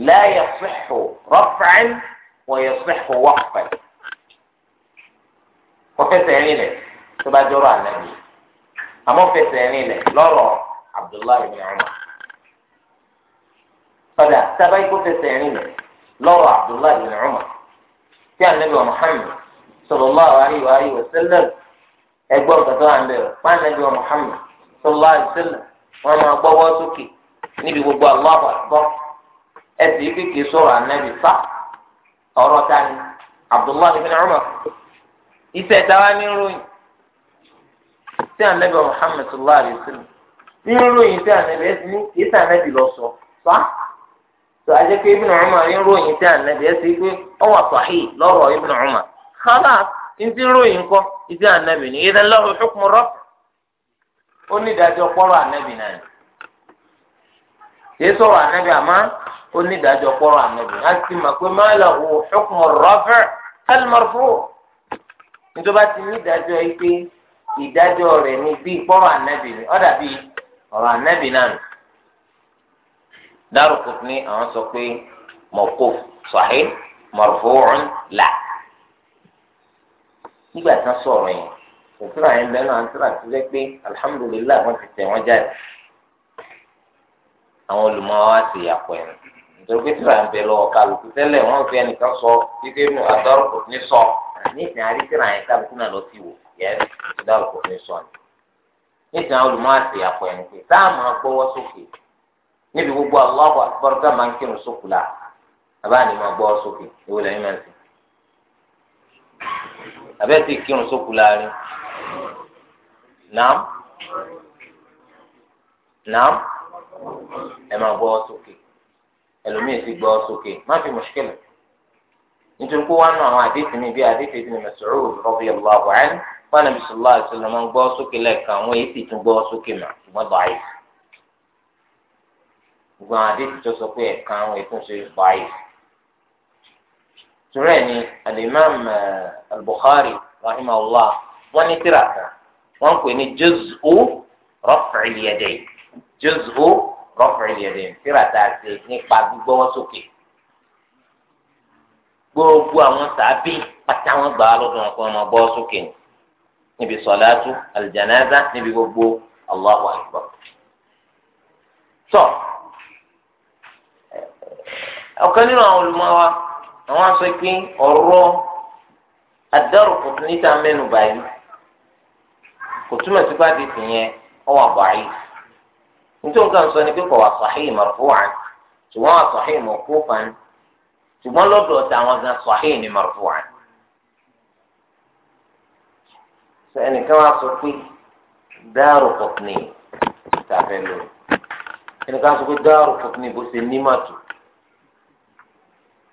la yasihhu raf'an wa yasihhu waqfan kò fẹsẹ̀ rinlẹ̀ tó bá jọrọ̀ ànábì àmọ́ fẹsẹ̀ rinlẹ̀ lọ́rọ̀. abdullahi ibn umar padà sábà ikú lọ́wọ́ abdullahi ibn umar tí a nẹ́bí wa muhammed sallallahu alayhi wa alayhi wa sallam ẹgbẹ́ ọ̀kadọ́ à ń wa muhammed sallallahu alayhi wa sallam wọn máa sókè níbi gbogbo Allah abdullahi ibn umar ìfẹ́ ní ròyìn tí a nẹ́bí wa muhammed níròyìn tí ànábì ẹsẹ ní kìí sàn lọ sọ fa tó a jẹ pé na Umar níròyìn tí ànábì ẹsẹ pé ọ wà lọ́rọ̀ Ibn Umar kálá ntí ròyìn kọ ìdí ànábì ní ìdá lọ́rọ̀ hukmu raf ó ní ìdájọ́ pọ́rọ̀ ànábì náà kìí sọ̀rọ̀ ànábì àmọ́ ó ní ìdájọ́ ti pé ọ̀rọ̀ ànábì náà nù dárò kùtù ní àwọn sọ pé mọ̀kó sọ̀hí mọ̀rọ̀fọ́rún là nígbà tí wọ́n sọ̀rọ̀ yẹn òtúrà yẹn bẹ́ẹ̀ náà àtúrà ti jẹ́ pé alihamudulilayi wọ́n ti tẹ̀ wọ́n jáde àwọn olùmọ̀ọ́ wa ti yàpọ̀ ẹ̀ nítorí pé tíra ń bẹ lọ́wọ́ kálukú tẹ́lẹ̀ wọ́n fi ẹnìkan sọ kíkẹ́ nù àdárò kùtù ní sọ ní ìsìn àríkìrà yẹn kálukú náà lọ sí wò yẹn àdárò kùtù ní sọ ni nítorí àwọn olùmọ̀ àti àpọ̀ ẹni pé tá a máa gbọ́wọ́ sókè níbi gbogbo Allahu Akbar tá a máa ń kírun sókè la bàbá ni máa gbọ́wọ́ sókè ewu lẹ́yìn máa ń sè abẹ́ ti kírun sókè láàrin nàám nàám ẹ máa gbọ́wọ́ sókè ẹlòmíì ti gbọ́wọ́ sókè má fi mùṣkílà nítorí pé wọn nù àwọn àdéhùn mi bí àdéhùn mi Mas'ud radiyallahu anhu wọn nàbí sọlá àtúnlọ máa ń gbọ́ sókè lẹ́ẹ̀kan àwọn èyí sì tún gbọ́ sókè mà ṣùgbọ́n báyìí gbogbo àwọn àdéhùn tó sọ pé ẹ̀ka àwọn ètò ṣe báyìí turẹ ni alimam eh, al-Bukhari rahimahullah wọn ní tírà kan wọn pè ní juz'u raf'il yadayn juz'u raf'il yadayn tírà ṣe nípa gbígbọ́wọ́ sókè gbogbo àwọn sàábì pátá wọn gbà níbi sọ̀láàtú àlìjànáza níbi gbogbo Allahu akbar. tọ́ ọ̀kan nínú àwọn olùmọ̀wá àwọn aṣọ ìpín ọ̀rọ̀ adárùkù níta mẹ́nu báyìí kò túmọ̀ sí bá di tìyẹn ọwọ́ àbáyé nítorí nǹkan sọ ni pé kò wà sahih marfu'an ṣùgbọ́n wà sahih mawqufan ṣùgbọ́n lọ́dọ̀ ọ̀tá àwọn gan sahih ni marfu'an. ẹnìkan wá sọ pé dáàrò kọ̀ọ̀kan ní ìtàfẹ́ lò ẹnìkan sọ pé dáàrò kọ̀ọ̀kan ní bó ṣe ní màtó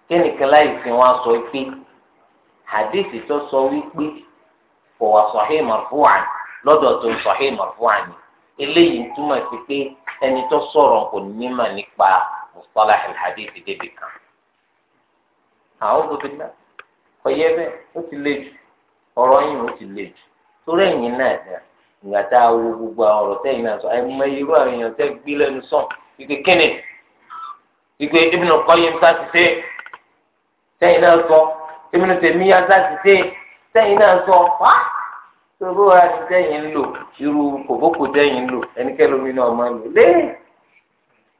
kẹ́nìkan láì fi wá sọ pé hadithi tó sọ wípé kò wá sahih marfu'an lọ́dọ̀ tó sahih marfu'an ni eléyìí ń túmọ̀ sí pé ẹni tó sọ̀rọ̀ kò ní mà nípa mustalah alhadithi débi kan àwọn òbí náà kò bẹ́ẹ̀ ó ti le jù ọ̀rọ̀ yìí ó ti le jù torí ẹ̀yin náà dà ìgbà tá a wo gbogbo àwọn ọ̀rọ̀ tẹ́yìn náà sọ àìmọ irú àwọn èèyàn tẹ́ gbé lẹ́nu sàn wípé kíni wípé Ibn Qayyim sá ti ṣe tẹ́yìn náà sọ Ibn Taymiyyah sá ti ṣe tẹ́yìn náà sọ wá tòbó wa ti tẹ́yìn ń lò irú kòbókò tẹ́yìn ń lò ẹnikẹ́ni omi náà máa ń lò lé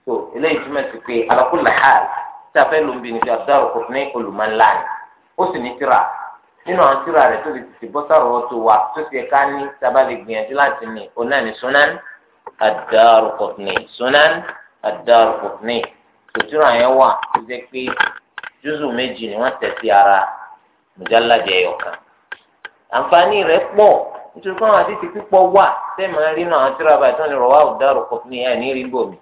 so eléyìí túmọ̀ sí pé alákùlà ha tí a fẹ́ lò ń bí ní fi àbúrò kò ní olùmọ̀ńlá ni ó sì ní tíra nínú àwọn tíra rẹ̀ tó ti ti bọ́ sọ̀rọ̀ tó wà tó ti ẹ̀ka ní sábàbí gbìyànjú láti ní sunan ad sunan ad-Daraqutni tòtúrọ̀ yẹn wà tó jẹ́ pé júzù ni wọ́n tẹ̀ ara mùjálàjẹ ọ̀kan àǹfààní amfani pọ̀ nítorí pé àwọn àdìsí pípọ̀ wà sẹ́mi rí náà àwọn tíra báyìí tó ń lè rọwá ad ẹ̀ ní rí bòmí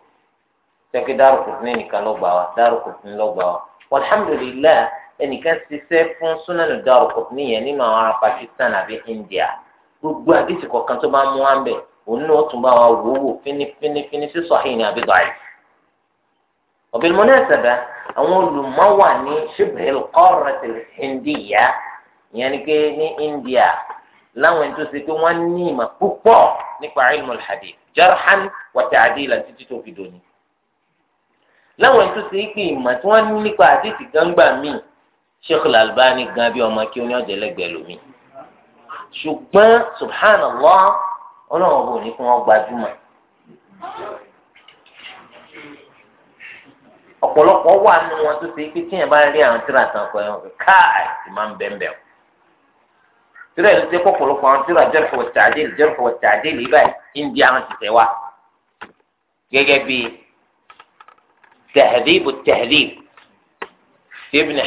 ẹnìkan ṣiṣẹ́ fún súnánù dárúkọ nìyẹn nínú àwọn ará Pakistan àbí India gbogbo àdìsí kọ̀ọ̀kan tó bá mú wá ń bẹ̀ òun náà tún bá wa wò wò fínífínífíní sí sahih ní àbí da'if. bil munasaba àwọn olùmọ̀wà ní shibhil qaratil hindiya ìyẹn ni pé ní India láwọn ẹni tó ṣe pé wọ́n ní ìmọ̀ púpọ̀ nípa ilmul hadith jarhan wa ta'dilan títí tó fi dòní. láwọn ẹni tó ṣe pé ìmọ̀ tí wọ́n ní nípa àdìsí gangba míì sheikh Al-Albani gan bí ọmọ kí oní ọ̀jẹ̀ lẹ́gbẹ̀ẹ́ lómi ṣùgbọ́n subhanallah ọlọ́run bò ní kí wọ́n gbajúmọ̀ ọ̀pọ̀lọpọ̀ wà nínú wọn tó ṣe pé tíyẹn bá rí àwọn tíra tán kọ ẹ̀wọ̀n káà ti máa ń bẹ́ẹ̀ bẹ́ẹ̀ o tíra ìlú ṣe kọ́ ọ̀pọ̀lọpọ̀ àwọn tíra jarh wa ta'dil jarh wa ta'dil yìí báyìí ń àwọn ti tẹ̀ wá gẹ́gẹ́ bí tahdhib at-tahdhib ibn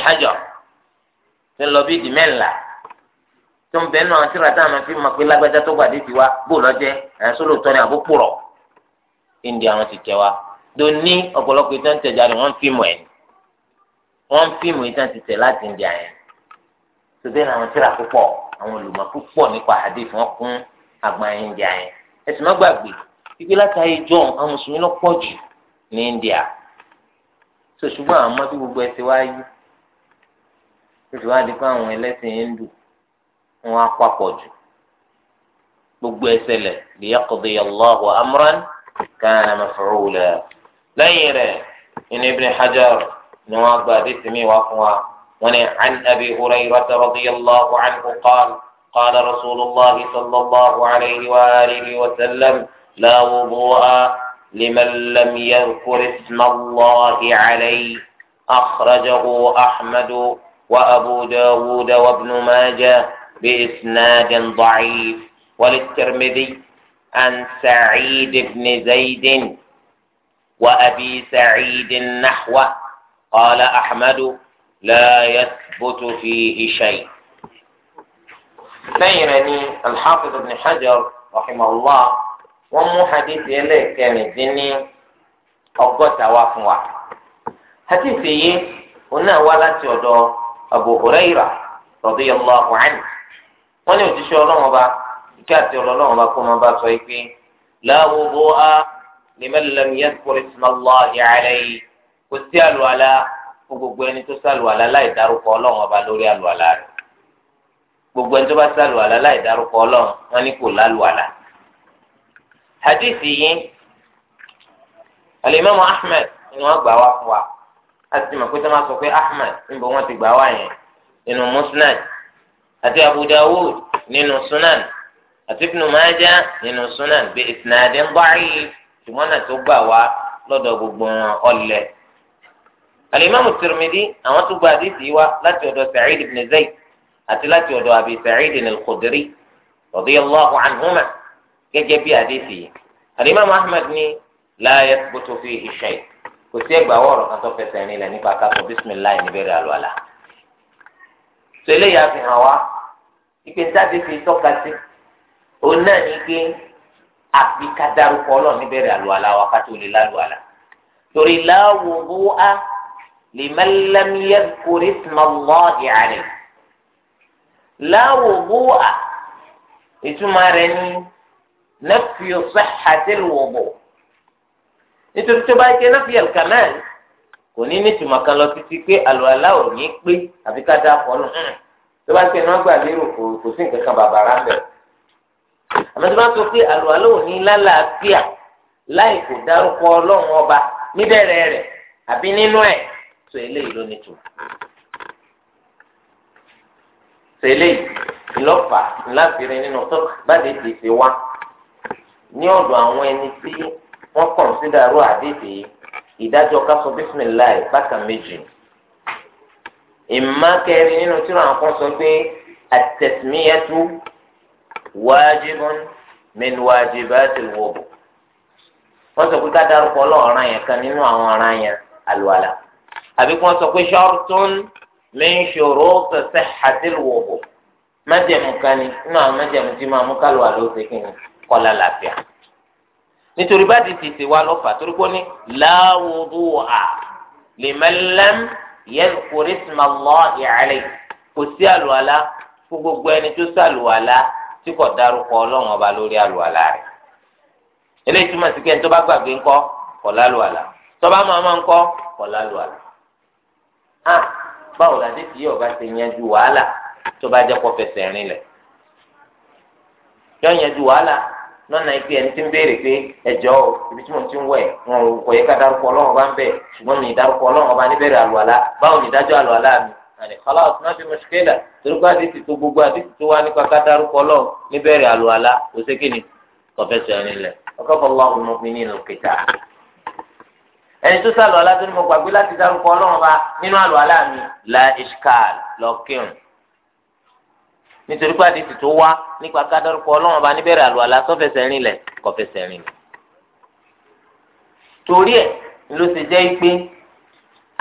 ń lọ bí ìdìmẹ́ńlá tó ń bẹ náà síra táwọn fi mọ̀ pé lágbájá tó gbàdé ti wá bò lọ́jẹ́ ẹ̀ sólò tọ́ni àbó pòrọ̀ ìndí àwọn ti tẹ wa tó ní ọ̀pọ̀lọpọ̀ ìtàn tẹ̀ jáde wọ́n ń fíìmù ẹ̀ wọ́n ń fíìmù ìtàn ti tẹ̀ láti ìndí àyẹn tó bẹ́ẹ̀ náà àwọn síra púpọ̀ àwọn olùmọ̀ púpọ̀ nípa hadith wọn kún àgbà ìndí àyẹn ẹ̀sìn má gbàgbé john àwọn mùsùlùmí lọ pọ̀ India so ṣùgbọ́n àwọn mọ́tò gbogbo ẹ̀ oṣù wa di pé àwọn ẹlẹ́sìn hindu wọn á papọ̀ jù gbogbo ẹsẹ̀ lẹ̀ ẹsẹ̀lẹ̀ liyaqdi allahu amran kana maf'ula lẹ́yìn rẹ̀ inú ibn hajar ni wọ́n gba àdìsí mi wá fún wa wọ́n ní an abi hurayrata radiyallahu anhu qala qala rasulillah sallallahu alayhi wa alihi wa sallam la wudu'a liman lam yadhkur isma allahi alayhi akhrajahu ahmadu. وأبو داود وابن ماجة بإسناد ضعيف وللترمذي عن سعيد بن زيد وأبي سعيد نحوه قال أحمد لا يثبت فيه شيء بينني الحافظ ابن حجر رحمه الله ومو حديث إليه كان الدني أبو سواف حديثي هنا ولا تدور Abu Hurairah radiyallahu anhu wọ́n ní òjíṣẹ́ Ọlọ́run ọba ìkẹ́ àti Ọlọ́run ọba kó máa bá sọ yìí pé la wudu'a liman lam yadhkur ismallahi alayhi kò sí àlùwàlá fún gbogbo ẹni tó sàlùwàlá láì dárúkọ Ọlọ́run ọba lórí àlùwàlá rẹ̀ gbogbo ẹni tó bá sàlùwàlá láì dárúkọ Ọlọ́run wọn ní kò lálùwàlá. hadith yìí alimami Ahmad ni wọ́n gbà wá fún wa àti mọ̀ pé tó máa sọ pé ahmed níbo wọ́n ti gbà wá yẹn nínú musnad àti abu dawud nínú sunan àti ibnu maja nínú sunan bí isnadin da'if ṣùgbọ́n náà tó gbà wá lọ́dọ̀ gbogbo wọn ọ̀lẹ̀. alimami tirmidhi àwọn tó gba àdìsí wa láti ọ̀dọ̀ sa'id ibn zayd àti láti ọ̀dọ̀ abi sa'id al-khudri radiyallahu anhuma gẹ́gẹ́ bí àdìsí alimami ahmed ni la yathbutu fihi shay' kò sí ẹgbà wọ̀rọ̀ kan tó fẹsẹ̀ rìn lẹ̀ nípa kakọ bisimilayi níbẹ̀rẹ̀ àlùwàlà tó eléyà fi hàn wá ìpè ntáde fi tọ́ka sí òun náà ní pé àfi ká dárúkọ ọlọ́ọ̀ níbẹ̀rẹ̀ àlùwàlà wa ká tó lè lálùwàlà torí láwo bó a liman lam yadhkur isma Allahi alayhi ìtumọ̀ rẹ̀ ní nafyu sihhatil wudu nítorí tó bá ike náà fi ẹ̀ka náà kò ní nítumọ̀ kan lọ títí pé àlùwàlá ò ní pé àfi ká dá pọ̀ nù tó bá ike náà gbà lérò kò kò sí nǹkan kan bàbàrà bẹ̀. àmọ́ tó bá sọ pé àlùwàlá ò ní lálàáfíà láì kò dárúkọ ọlọ́run ọba níbẹ̀rẹ̀ rẹ̀ àbí nínú ẹ̀ tó eléyìí ló nítumọ̀. tó eléyìí ìlọ́pàá ńlá nínú tó bá lè tètè wá ní ọ̀dọ̀ àwọn ẹni tí wọ́n kọ̀nsídà rú àdéhìí ìdájọ́ ká sọ bísímìláì bákan méjì ìmá kẹrin nínú tí wọn kọ sọ pé àtẹsímíyàtú wájibun min wajibatil wudu wọ́n sọ pé ká dárúkọ ọlọ́ọ̀ràn yẹn kan nínú àwọn ọ̀ràn yẹn àlùwàlà àbí kí wọ́n sọ pé shartun min shuruti sihhatil wudu májẹ̀mú kan ní nínú àwọn májẹ̀mú tí máa mú kálùwàlà ó ṣe kí ni kọ́lá làbíà nítorí bá ti tètè wá lọ́fà torí pé ó ní láwùrú à liman lam yadhkur ismallahi alayhi kò sí àlùwàlá fún gbogbo ẹni tó sàlùwàlá tí kò dárúkọ ọlọ́run ọba lórí àlùwàlá rẹ̀ eléyìí túmọ̀ sí kẹ́ni tó bá gbàgbé ńkọ́ kò lálùwàlá tó bá máa máa ńkọ́ kò lálùwàlá a ah, báwo la dé tí yóò bá yanjú wàhálà tó bá jẹ́ kó fẹsẹ̀ rinlẹ̀ yóò yanjú wàhálà lọ́nà ìpè ẹni tí ń béèrè pé ẹ̀jọ́ o ibi tí mo ti ń wẹ̀ wọn ò kọ̀ yẹ ká dárúkọ ọlọ́run ọba ń bẹ̀ ṣùgbọ́n mi ìdárúkọ ọlọ́run ọba níbẹ̀rẹ̀ àlùwàlá báwo ni ìdájọ́ àlùwàlá mi àní kọ́láwọ̀sì náà fi mọ̀ṣíkẹ́là torípé àdìsí tó gbogbo àdìsí tó wá nípa ká dárúkọ ọlọ́run níbẹ̀rẹ̀ àlùwàlá kò sé kí ni kọfẹ́sọ̀ nílẹ̀ ọkọ̀ nípa kádọ́rùkọ ọlọ́run ọba níbẹ̀rẹ̀ àlùwàlá sọ́fẹsẹ̀ rìn lẹ̀ kọfẹsẹ̀ rìn lẹ̀. torí ẹ̀ ló ti jẹ́ pé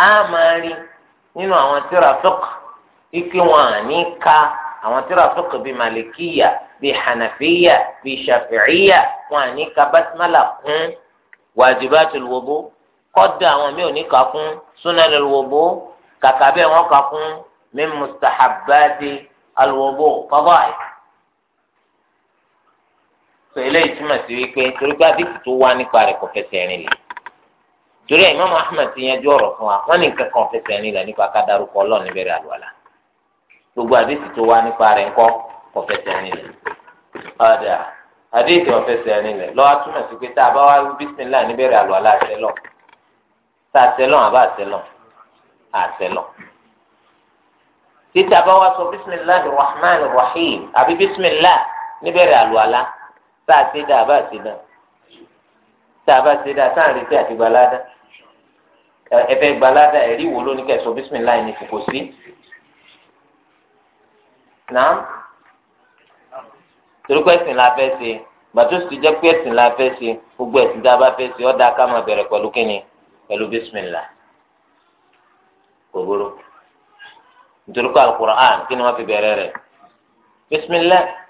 a máa rí nínú àwọn tíra fúkà ike wọn à ní ka àwọn tíra fúkà bíi malikiya bíi hanafiya bíi shafi'iya wọn à ní ka basmala kún wajibatul wudu kọ́dà àwọn mi ò ní ka kún sunanul wudu kàkà bẹ́ẹ̀ wọ́n ka kún min mustahabbati alwudu fadaa'il sọ eléyìí túmọ̀ sí wípé torí pé àdìsí tó wá nípa rẹ̀ kò fẹsẹ̀ rìn lẹ̀ torí ẹ̀ Imam Ahmad ti yanjú ọ̀rọ̀ fún wa wọ́n ní nǹkan kan fẹsẹ̀ rìn lẹ̀ nípa kádàrúkọ Ọlọ́run níbẹ̀rẹ̀ àlùwàlà gbogbo àdìsí tó wá nípa rẹ̀ ńkọ́ kò fẹsẹ̀ rìn lẹ̀ ọ̀dà àdìsí ò fẹsẹ̀ rìn lẹ̀ lọ́wọ́ túmọ̀ sí pé tá a bá wá bísíńlá níbẹ̀rẹ̀ àlùwàlà àtẹ́lọ̀ tá àtẹ́lọ̀ àbá àtẹ́lọ̀ àtẹ́lọ̀ títí a bá wá sọ bisimilahi rahman rahim àbí bisimilah níbẹ̀rẹ̀ àlùwàlà tá a ṣe dá a bá ṣe dá tá a bá ṣe dá sáà retí àti gbalada ẹfẹ gbalada ẹrí wo lónìí kẹsọ bísímìláì ní kò sí náà torípé ẹ̀sìn la fẹ́ ṣe gbàtó sì jẹ́ pé ẹ̀sìn la fẹ́ ṣe gbogbo ẹ̀sìn tá a bá fẹ́ ṣe ọ̀dà ká máa bẹ̀rẹ̀ pẹ̀lú kínní pẹ̀lú bísímìláì kò burú nítorí pé alukur'an kí ni wọ́n fi bẹ̀rẹ̀ rẹ̀ bísímìláì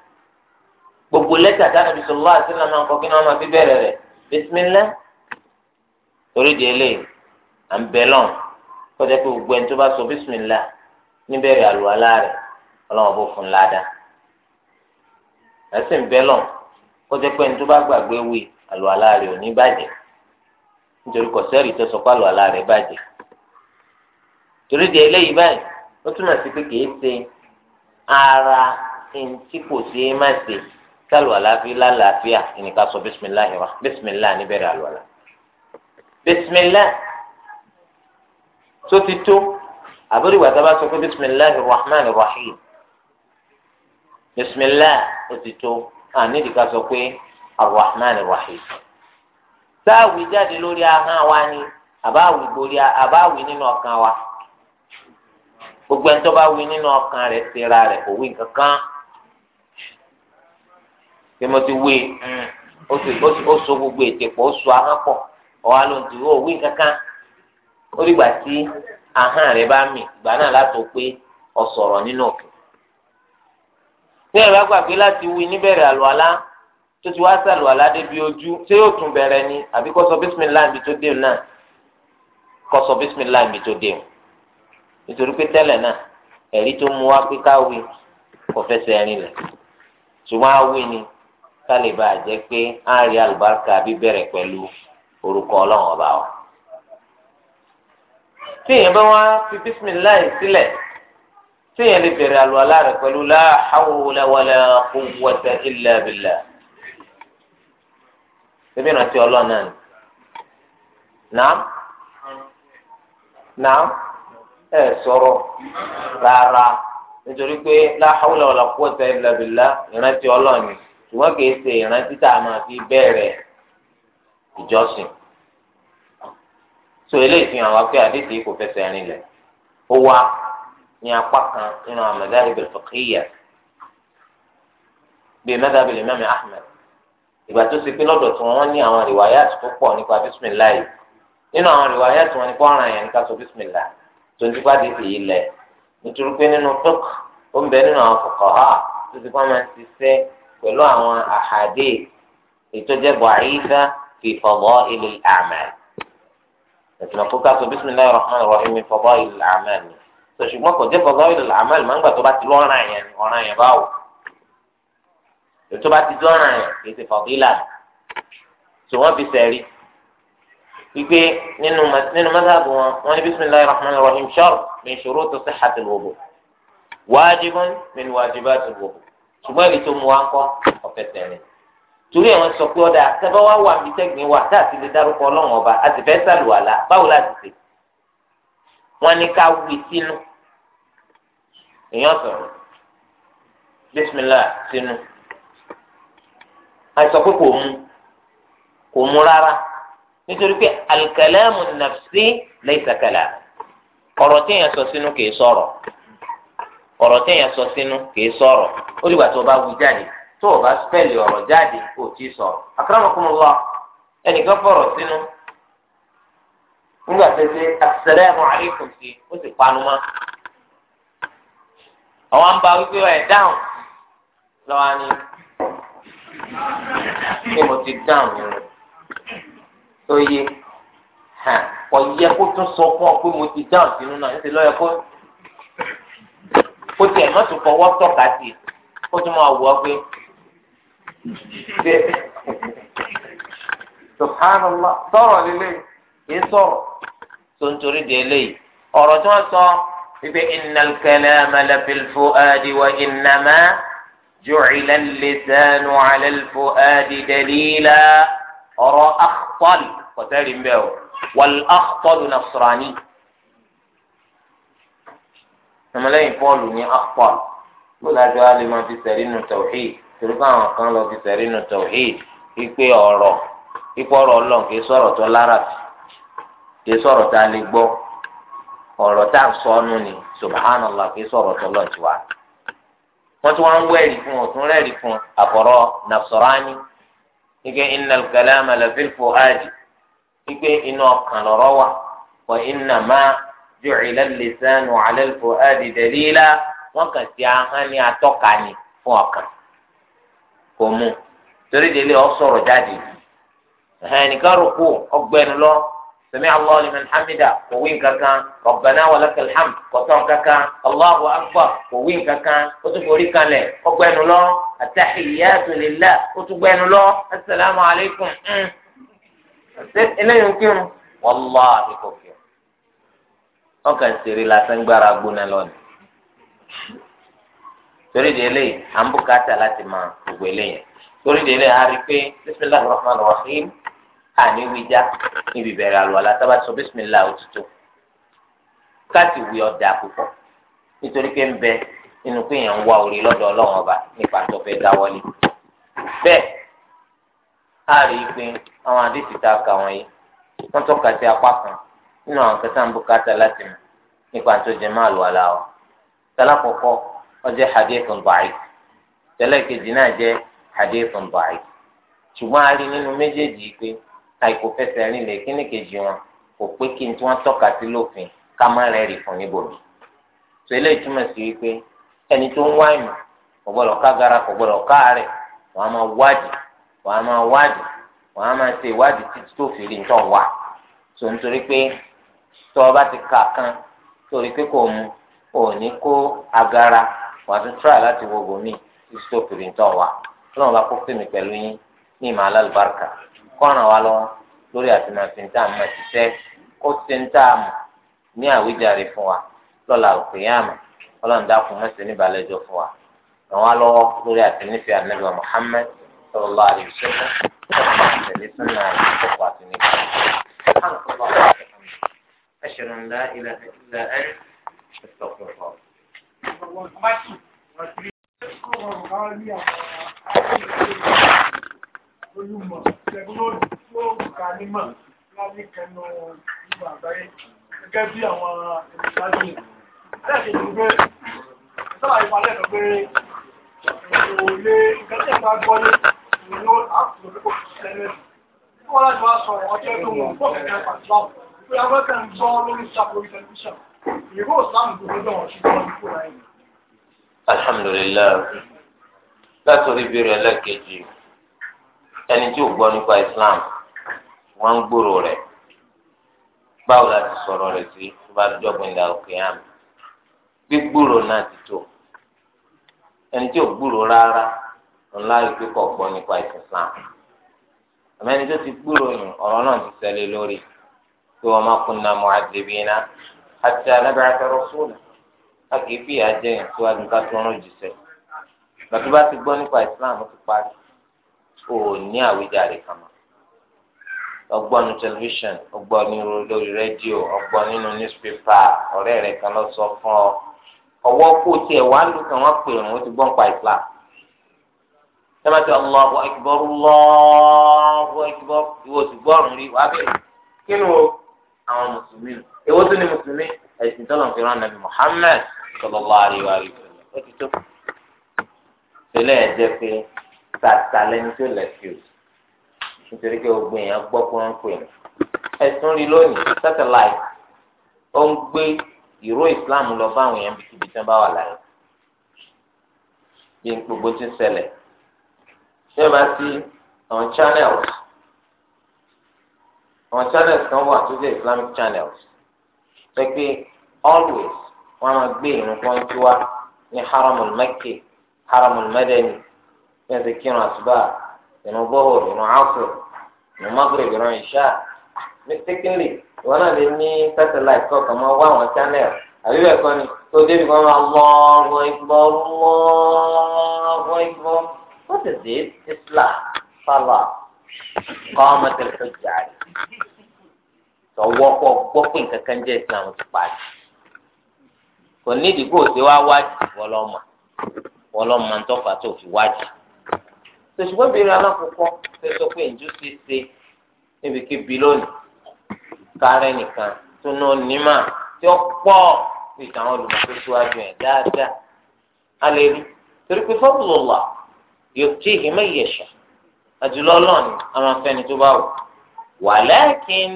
gbogbo lẹ́tà tí anabi sọlá àti nàmà ń kọ kí ni wọ́n máa fi bẹ̀rẹ̀ rẹ̀ bisimilá torí di eléyìí à ń bẹ lọ́n kọjá pé gbogbo ẹni tó bá sọ bisimilá níbẹ̀rẹ̀ àlùwalá rẹ̀ ọlọ́wọ́n bó fún láda ẹ̀sìn bẹ lọ́n kọjá pé ẹni tó bá gbàgbé wí àlùwalá rẹ̀ ò ní bàjẹ́ nítorí kọ̀sẹ́rì tó sọ pé àlùwalá bàjẹ́ torí di eléyìí báyìí ara ẹni tí kò sálùwàlá fi lálàáfíà ìníká sọ bísímìláhì rà bísímìláhì níbẹ̀rẹ̀ àlùwàlá bísímìláhì tó ti tó àbúrò ìwà sábà sọ pé bísímìláhì rahman rahim bísímìláhì tó ti tó àní ìdíkà sọ pé arrahman rahim sáàwì jáde lórí ahọ́n wa ni àbáwì borí àbáwì nínú ọkàn wa gbogbo ẹni tó bá wí nínú ọkàn rẹ̀ ṣera rẹ̀ kò wí nǹkan pé mo ti wé e, mm, ó so gbogbo ètè pọ̀ ó so ahọ́n pọ̀ ọ̀hà ló ń dúró òwì kankan ó dìgbà tí ahọ́n rẹ̀ bá mì ìgbà náà látò pé ọ̀sọ̀rọ̀ nínú òkè. tí ẹ̀rọ gbàgbé láti wí níbẹ̀rẹ̀ àlùalá tó ti wá sàlùalá débi ojú ṣé yóò tún bẹ̀rẹ̀ ni àbí kó sọ bísímìlá ibi tó dé náà kó sọ bísímìlá ibi tó dé nítorí pé tẹ́lẹ̀ náà ẹ̀rí tó mú wá pé káwé kò fẹsẹ̀ rìn lẹ̀ ṣùgbọ́n awé ni kálíbà jẹ́ pé á rí àlùbáríkà bíbẹ̀rẹ̀ pẹ̀lú orúkọ ọlọ́run ọba wa. tíyẹn bá wá fi bísímìláì sílẹ̀ tíyẹn lè bẹ̀rẹ̀ àlùwàlá rẹ̀ pẹ̀lú la hawla wala quwwata illa billah. ebi ìrántí ọlọ́run náà ni. nàám nàám ẹ sọ̀rọ̀ rárá nítorí pé la hawla wala ìrántí ọlọ́run ni ṣùgbọ́n kì í ṣe ìrántí tá a máa fi bẹ̀rẹ̀ ìjọsìn so eléyìí fi hàn wá pé àdéhìí kò fẹsẹ̀ rinlẹ̀ ó wá ní apá kan nínú àmàdáyé bẹ̀rẹ̀ fọ̀kìyà bíi mẹ́tàbílì mẹ́mi ahmed ìgbà tó ṣe pé lọ́dọ̀ tí wọ́n ní àwọn rìwáyà tó pọ̀ nípa bísímìláì nínú àwọn rìwáyà tí wọ́n ní kọ́ran yẹn nípa sọ bísímìlá tó ń ti bá dèsè yìí lẹ̀ nítorí pé nínú tók ń bẹ nínú àwọn fọkànhá tó ti kọ́ máa ń ṣiṣẹ́ pẹ̀lú àwọn àhàdé ìtọ́jẹ́bọ̀ àyíká fi kó káṣọ bísí ní a'mal. ẹ̀sìn àkókò oro bismillahir rahmanir rahim ile a'mal ni. sọ ṣùgbọ́n kò jẹ́ fadailil a'mal máa ń gbà tó bá ti lọ́ràn yẹn ni ọ̀ràn yẹn kì ètò bá ti lọ́ràn yẹn kì í ti fadila. sọ wọ́n fi sẹ́rí. wípé nínú nínú mọ́tàbù wọn wọ́n ní bísí rahmanir ọ̀rọ̀ shart min ṣùgbọ́n èyí tó mu wá ń kọ́ ọ̀fẹ́ tẹ̀lé torí àwọn sọ pé ọ̀dà sábà wá wà bí tẹ́gbìn wà tá àti lè dárúkọ ọlọ́run ọba àti fẹ́ sàlùwàlà báwo la ti ṣe wọn ní ká wí sínú èèyàn sọ̀rọ̀ bísímìlà sínú àìsàn pé kò mu kò mu rárá nítorí pé al-kalamu an-nafsi laysa kalam ọ̀rọ̀ tí èèyàn sọ sínú kì í sọ̀rọ̀ ọ̀rọ̀ téèyàn sọ sínú kìí sọ̀rọ̀ ó dìgbà tó o bá wí jáde tó o bá spẹ́ẹ̀lì ọ̀rọ̀ jáde kò tí ì sọ̀rọ̀ akramakumullah ẹnìkan fọ̀rọ̀ sínú nígbà tó ṣe assalamu alaykum sí ó sì panu mọ́ àwọn àǹbá wípé ẹ̀ dáhùn lọ́wọ́ ni pé mo ti dáhùn nínú tó yẹ kò yẹ kó tún sọ fún ọ pé mo ti dáhùn sínú náà ń ṣe lọ́yẹ kó. kó tiẹ̀ má tún fọwọ́ tọ́ka sí i kó tún máa wọ pé subhanallah sọ̀rọ̀ lílé yìí sọ̀rọ̀ tó ń torí di eléyìí ọ̀rọ̀ tí wọ́n sọ wípé innal kalama la fil fuadi wa innama ju'ila al-lisanu 'ala al-fuadi dalila ọ̀rọ̀ akpọ̀lù kọ̀tẹ́rì ń bẹ̀ o wal akhtalu nasrani. ọmọlẹ́yìn Pọ́ọ̀lù ní akpọ̀ gbọ́dájú alẹ́ máa sẹ̀rí nu tawhid torí àwọn kan lọ fi sẹ̀rí nu tawhid wípé ọ̀rọ̀ wípé ọ̀rọ̀ ọlọ́run sọ̀rọ̀ tó lára sọ̀rọ̀ gbọ́ ọ̀rọ̀ tá a sọ ọ́nù ni subhanallah kì sọ̀rọ̀ tó جعل اللسان على الفؤاد دليلا وكان سياهاني أتوقعني فوقا كومو تريد لي أصور جادي هاني كاركو أقبل له سمع الله لمن حمده وين كان ربنا ولك الحمد وترك كان الله أكبر وين كان وتقولي كان له أقبل له التحيات لله وتقبل له السلام عليكم إليه يمكن والله كفر wọn kàn ṣeré lásán gbára gbóná lọ́nà torí de lè à ń bùkátà láti máa gbogbo eléyìí torí de lè a rí i pé bisimilahi rahman rahim àní wíjà níbi bẹ̀rẹ̀ àlùwàlá sábà sọ bisimilahi òtútù káàtì wí ọ̀dà púpọ̀ nítorí pé ń bẹ nínú pé èèyàn ń wá orí lọ́dọ̀ ọlọ́run ọba nípa tó fẹ́ dáwọ́lé bẹ́ẹ̀ a rí i pé àwọn àdìsí tá a kà wọ́n yìí wọ́n tọ́ka sí apá kan nínú àwọn kẹta ń bùkátà láti mọ̀ nípa tó jẹ máa lù àlá wa tẹ́lẹ̀ kọ́kọ́ ó jẹ́ hadithun da'if tẹ́lẹ̀ kejì náà jẹ́ hadithun da'if ṣùgbọ́n a rí nínú méjèèjì pé àìkò fẹsẹ̀ rìn lè kíní kejì wọn kò pé kí n tí wọ́n tọ́ka sí lófin ká má rẹ́rìí fún níbòmí tó eléyìí sí wípé ẹni tó ń wá ìmọ̀ kò gbọ́dọ̀ ká gara kò gbọ́dọ̀ ká rẹ̀ wọ́n máa wádìí wọ́n máa wádìí wọ́n máa ṣe ìwádìí títí tó fi rí nǹkan wà tó nítorí pé tó o bá ti kà kan torí pé kò mu ò ní kó agara wà á tún tíra láti wo bòmí tí sóòpù rí tán wa lọ́nà bá kó fèmí pẹ̀lú yín ní ìmọ̀ alálùbáríkà kọ́ ràn wá lọ́wọ́ lórí àti máa fi ń tà máa ti tẹ́ ó ti ń tà mọ̀ ní àwíjàre fún wa lọ́la òkè yá mọ̀ ọlọ́run dákun mọ́sẹ̀ níbàlẹ́jọ́ fún wa ràn wá lọ́wọ́ lórí àti nífẹ̀ẹ́ ànábì Muhammad sallallahu alaihi wasallam ọ̀pọ̀ àtẹ̀lẹ́sọ̀nà àti ọ̀pọ̀ àtẹ̀lẹ́sọ̀nà. أشهد أن لا إله إلا أنت أستغفر الله olùmọ̀ tẹ̀gbọ́n tó kà nímọ̀ láti kẹnu ìgbà àgbáyé gẹ́gẹ́ bí àwọn ìrìnàjò ẹ̀ẹ́dẹ̀kẹ́ tó gbé sábà ìpalẹ̀ lọ pé òòlé ìgbẹ́sẹ̀ bá gbọ́lé ìlú àpò lóko láti wá sọ̀rọ̀ ọjọ́ tó wọn fún ọ̀kẹ́kẹ́ pàṣẹ pé abẹ́kẹ̀ ń gbọ́ lórí sàpòrí tẹlifíṣàn ìró ìsáàmù tó gbọ́dọ̀ wọ́n ṣùgbọ́n ikú rẹ̀ yìí. alhamdulilayi látòrí ìbéèrè ẹlẹ́ẹ̀kejì ẹni tí ò gbọ́ nípa islam wọ́n ń gbòòrò rẹ̀ báwo la ti sọ̀rọ̀ rẹ̀ sí tó bá dọ́gbìn ìdá òkè gbígbòòrò náà ti tó ẹni tí ò gbòòrò rárá ńlá ìpínkọ̀ gbọ́ nípa islam àmọ́ ẹni tó ti gbòòrò ọ̀rọ̀ náà ti ṣẹlẹ̀ lórí pé wọn máa kunna mu'adhibina hatta nab'atha rasula a kì í fi àjẹ yẹn tó adùnká tó ń jùsẹ gbàtú bá ti gbọ́ nípa islam ó ti parí ó ní àwíjàre kan mọ́ ọgbọ́n ní tẹlifíṣàn ọgbọ́n ní lórí rédíò ọgbọ́n nínú níṣpépà ọ̀rẹ́ rẹ̀ kan lọ sọ fún ọ ọwọ́ kó tiẹ̀ wá lù kàn wọ́n pè wọ́n ti gbọ́ nípa islam sẹ́mẹ́tì Allahu akbar Allahu akbar ìwọ ọ̀rùn rí wàá bẹ̀rẹ̀ kí ni o àwọn mùsùlùmí nù èwo tún ni mùsùlùmí ẹ̀sìn tọ́lọ̀ fi rán nàbì Muhammad sallallahu alaihi wa sallam ó ti tó. tẹ́lẹ̀ ẹ̀ jẹ́ pé tàtà lẹ́ni tó lẹ̀ fi o nítorí pé ogun èèyàn gbọ́ pé wọ́n ń pè ní. ẹ̀sùn rí lónìí satellite ó ń gbé ìró Islam lọ bá àwọn èèyàn bíi ibi tí wọ́n bá wà láyé bí gbogbo ti ń ṣẹlẹ̀ tí wọ́n bá sí àwọn channels àwọn channels kan wà tó jẹ́ islamic channels pé pé always wọ́n máa gbé irun kan tí wá ní haramul makki haramul madani bí wọ́n ti kírun àsùbá irun bọ́ọ̀ irun asr irun maghrib irun isha ah, mistakenly ìwọ náà lè ní satellite kọ̀ọ̀kan máa wá àwọn channels àbí bẹ́ẹ̀ kọ́ ni tó débi kan máa lọ́ọ̀rọ̀ ìgbọ́ lọ́ọ̀rọ̀ ìgbọ́ what is this islam salah. kọ́mọ tẹ̀lé tó jà rẹ̀ tọwọ́ kọ́ gbọ́ nǹkan kan jẹ́ ìsìlámù ti parí kò nídìí kó o ṣe wájú wọlọ́mà wọlọ́mà ń tó fi wájú tòṣùgbọ́n bèrè alákòókò ṣe pé ìjú ti ṣe níbikíbi lónìí kárẹ́ nìkan tó ná onímọ̀ tí ó pọ̀ bí a rí torí pé fọ́bùlù yóò àjùlọ lọ́ọ̀nì àwọn afẹ́ni tó bá wù. wàlẹ́kìn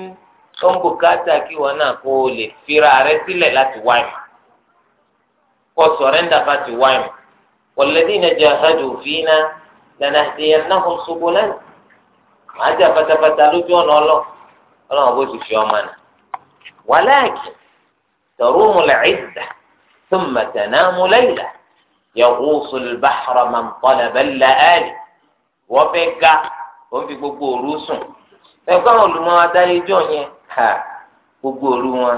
ó ń bùkátà kí wọn náà kó o lè fira rẹ sílẹ̀ láti wá ìmọ̀ kó o sọ̀rẹ́ndà bá ti wá ìmọ̀ walladhina jahadu fina lanahdiyannahum subulana màá jà pátápátá lójú ọ̀nà ọlọ́ ọlọ́run bó ti fi ọmọ nà. wàlẹ́kìn tarumu al-izza thumma tanamu layla yaghusu al-bahra man talaba al-la'ali wọ́n fẹ́ ga ó fi gbogbo òru sùn ẹ̀kọ́ àwọn olùmọ̀ adáyéjọ́ yẹn gbogbo òru wọn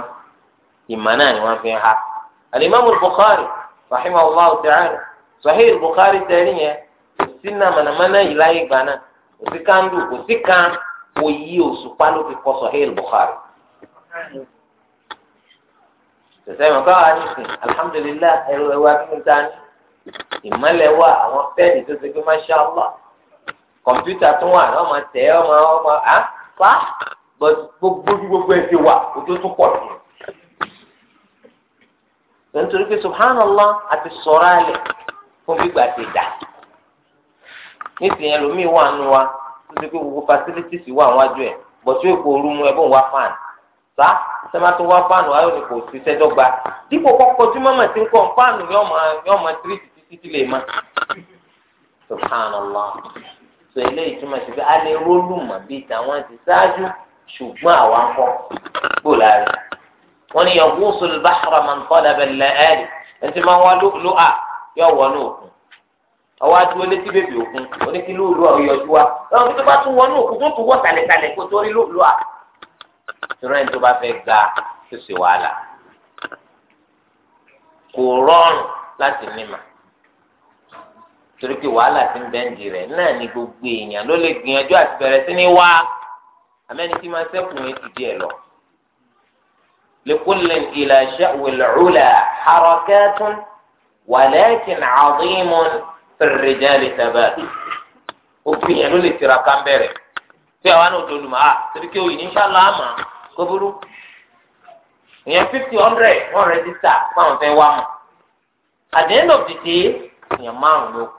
ìmọ̀ náà ni wọ́n fi ha alimami Bukhari rahimahullah ta'ala sahih Bukhari tẹ̀lé yẹn kò sí náà mànàmáná yìí láyé gbà náà kò sí kandu kò sí kan òyì òṣùpá ló fi kọ sahih Bukhari tẹsẹ mi kọ́ àwọn àníṣe alhamdulilayi ẹ̀rọ ẹ̀wà kí n ta ni ìmọ̀lẹ̀ wa àwọn fẹ́ẹ̀dì tó ti gbé masha allah kọ̀mpútà tó wà lọ́mọ tẹ̀ ọmọ ọmọ à fa gbogbo gbogbo ẹ̀ ti wà o tó tún pọ̀ sí nítorí pé subhanallah àti sọ̀rọ̀ alẹ̀ fún gbígbà ti dà nísìnyẹn lómi wà nù wa tó ti pé gbogbo facilities wà wájú ẹ̀ bọ̀tú èkó ooru mu ẹ̀bùn wá fáàn sá sẹ́mà tó wá fáànù ayọ̀ ni kò ṣiṣẹ́ dọ́gba dípò kọ́kọ́ tí mọ́mọ́ ti ń kọ́ fáànù yọ̀ọ̀mọ̀ yọ̀ọ̀mọ̀ tírìtì títí lè má subhanallah sọ eléyìí túmọ̀ sí pé a lè rólù mọ̀ bíi tàwọn ti ṣáájú ṣùgbọ́n àwa ń kọ́ kó láàrin wọn ni yọ̀gbọ́n sọlù bá ṣọ̀rọ̀ mọ̀ nǹkan dàbẹ̀ lẹ́ ẹ̀rì ẹtì máa wá ló à yọ wọnú òkun ọwọ́ adúlé létí bèbè òkun oníkí ló lù ọ̀rọ̀ yọjú wa ọ̀rọ̀ tó bá tún wọnú òkun tó tún wọ̀ tàlẹ̀tàlẹ̀ kó torí ló lù à. ìṣúná tó bá fẹ́ ga tó wàhálà kò rọrùn láti nímà torí pé wàhálà ti ń bẹ́ǹdì rẹ̀ náà ni gbogbo èèyàn ló lè gbìyànjú àti bẹ̀rẹ̀ sí ní wá amẹ́ni tí máa sẹ́kùn yẹn ti díẹ̀ lọ. لكل إلى شأو العلا حركات ولكن عظيم في الرجال ثبات òfin yẹn ló lè tiraka ń tí àwa náà dolù máa ah, torí pé òyìn inṣàlá àmà kó burú ìyẹn fifty hundred wọn rẹ́jísítà fáwọn fẹ́ wá mọ̀ at the end márùn-ún ló kù.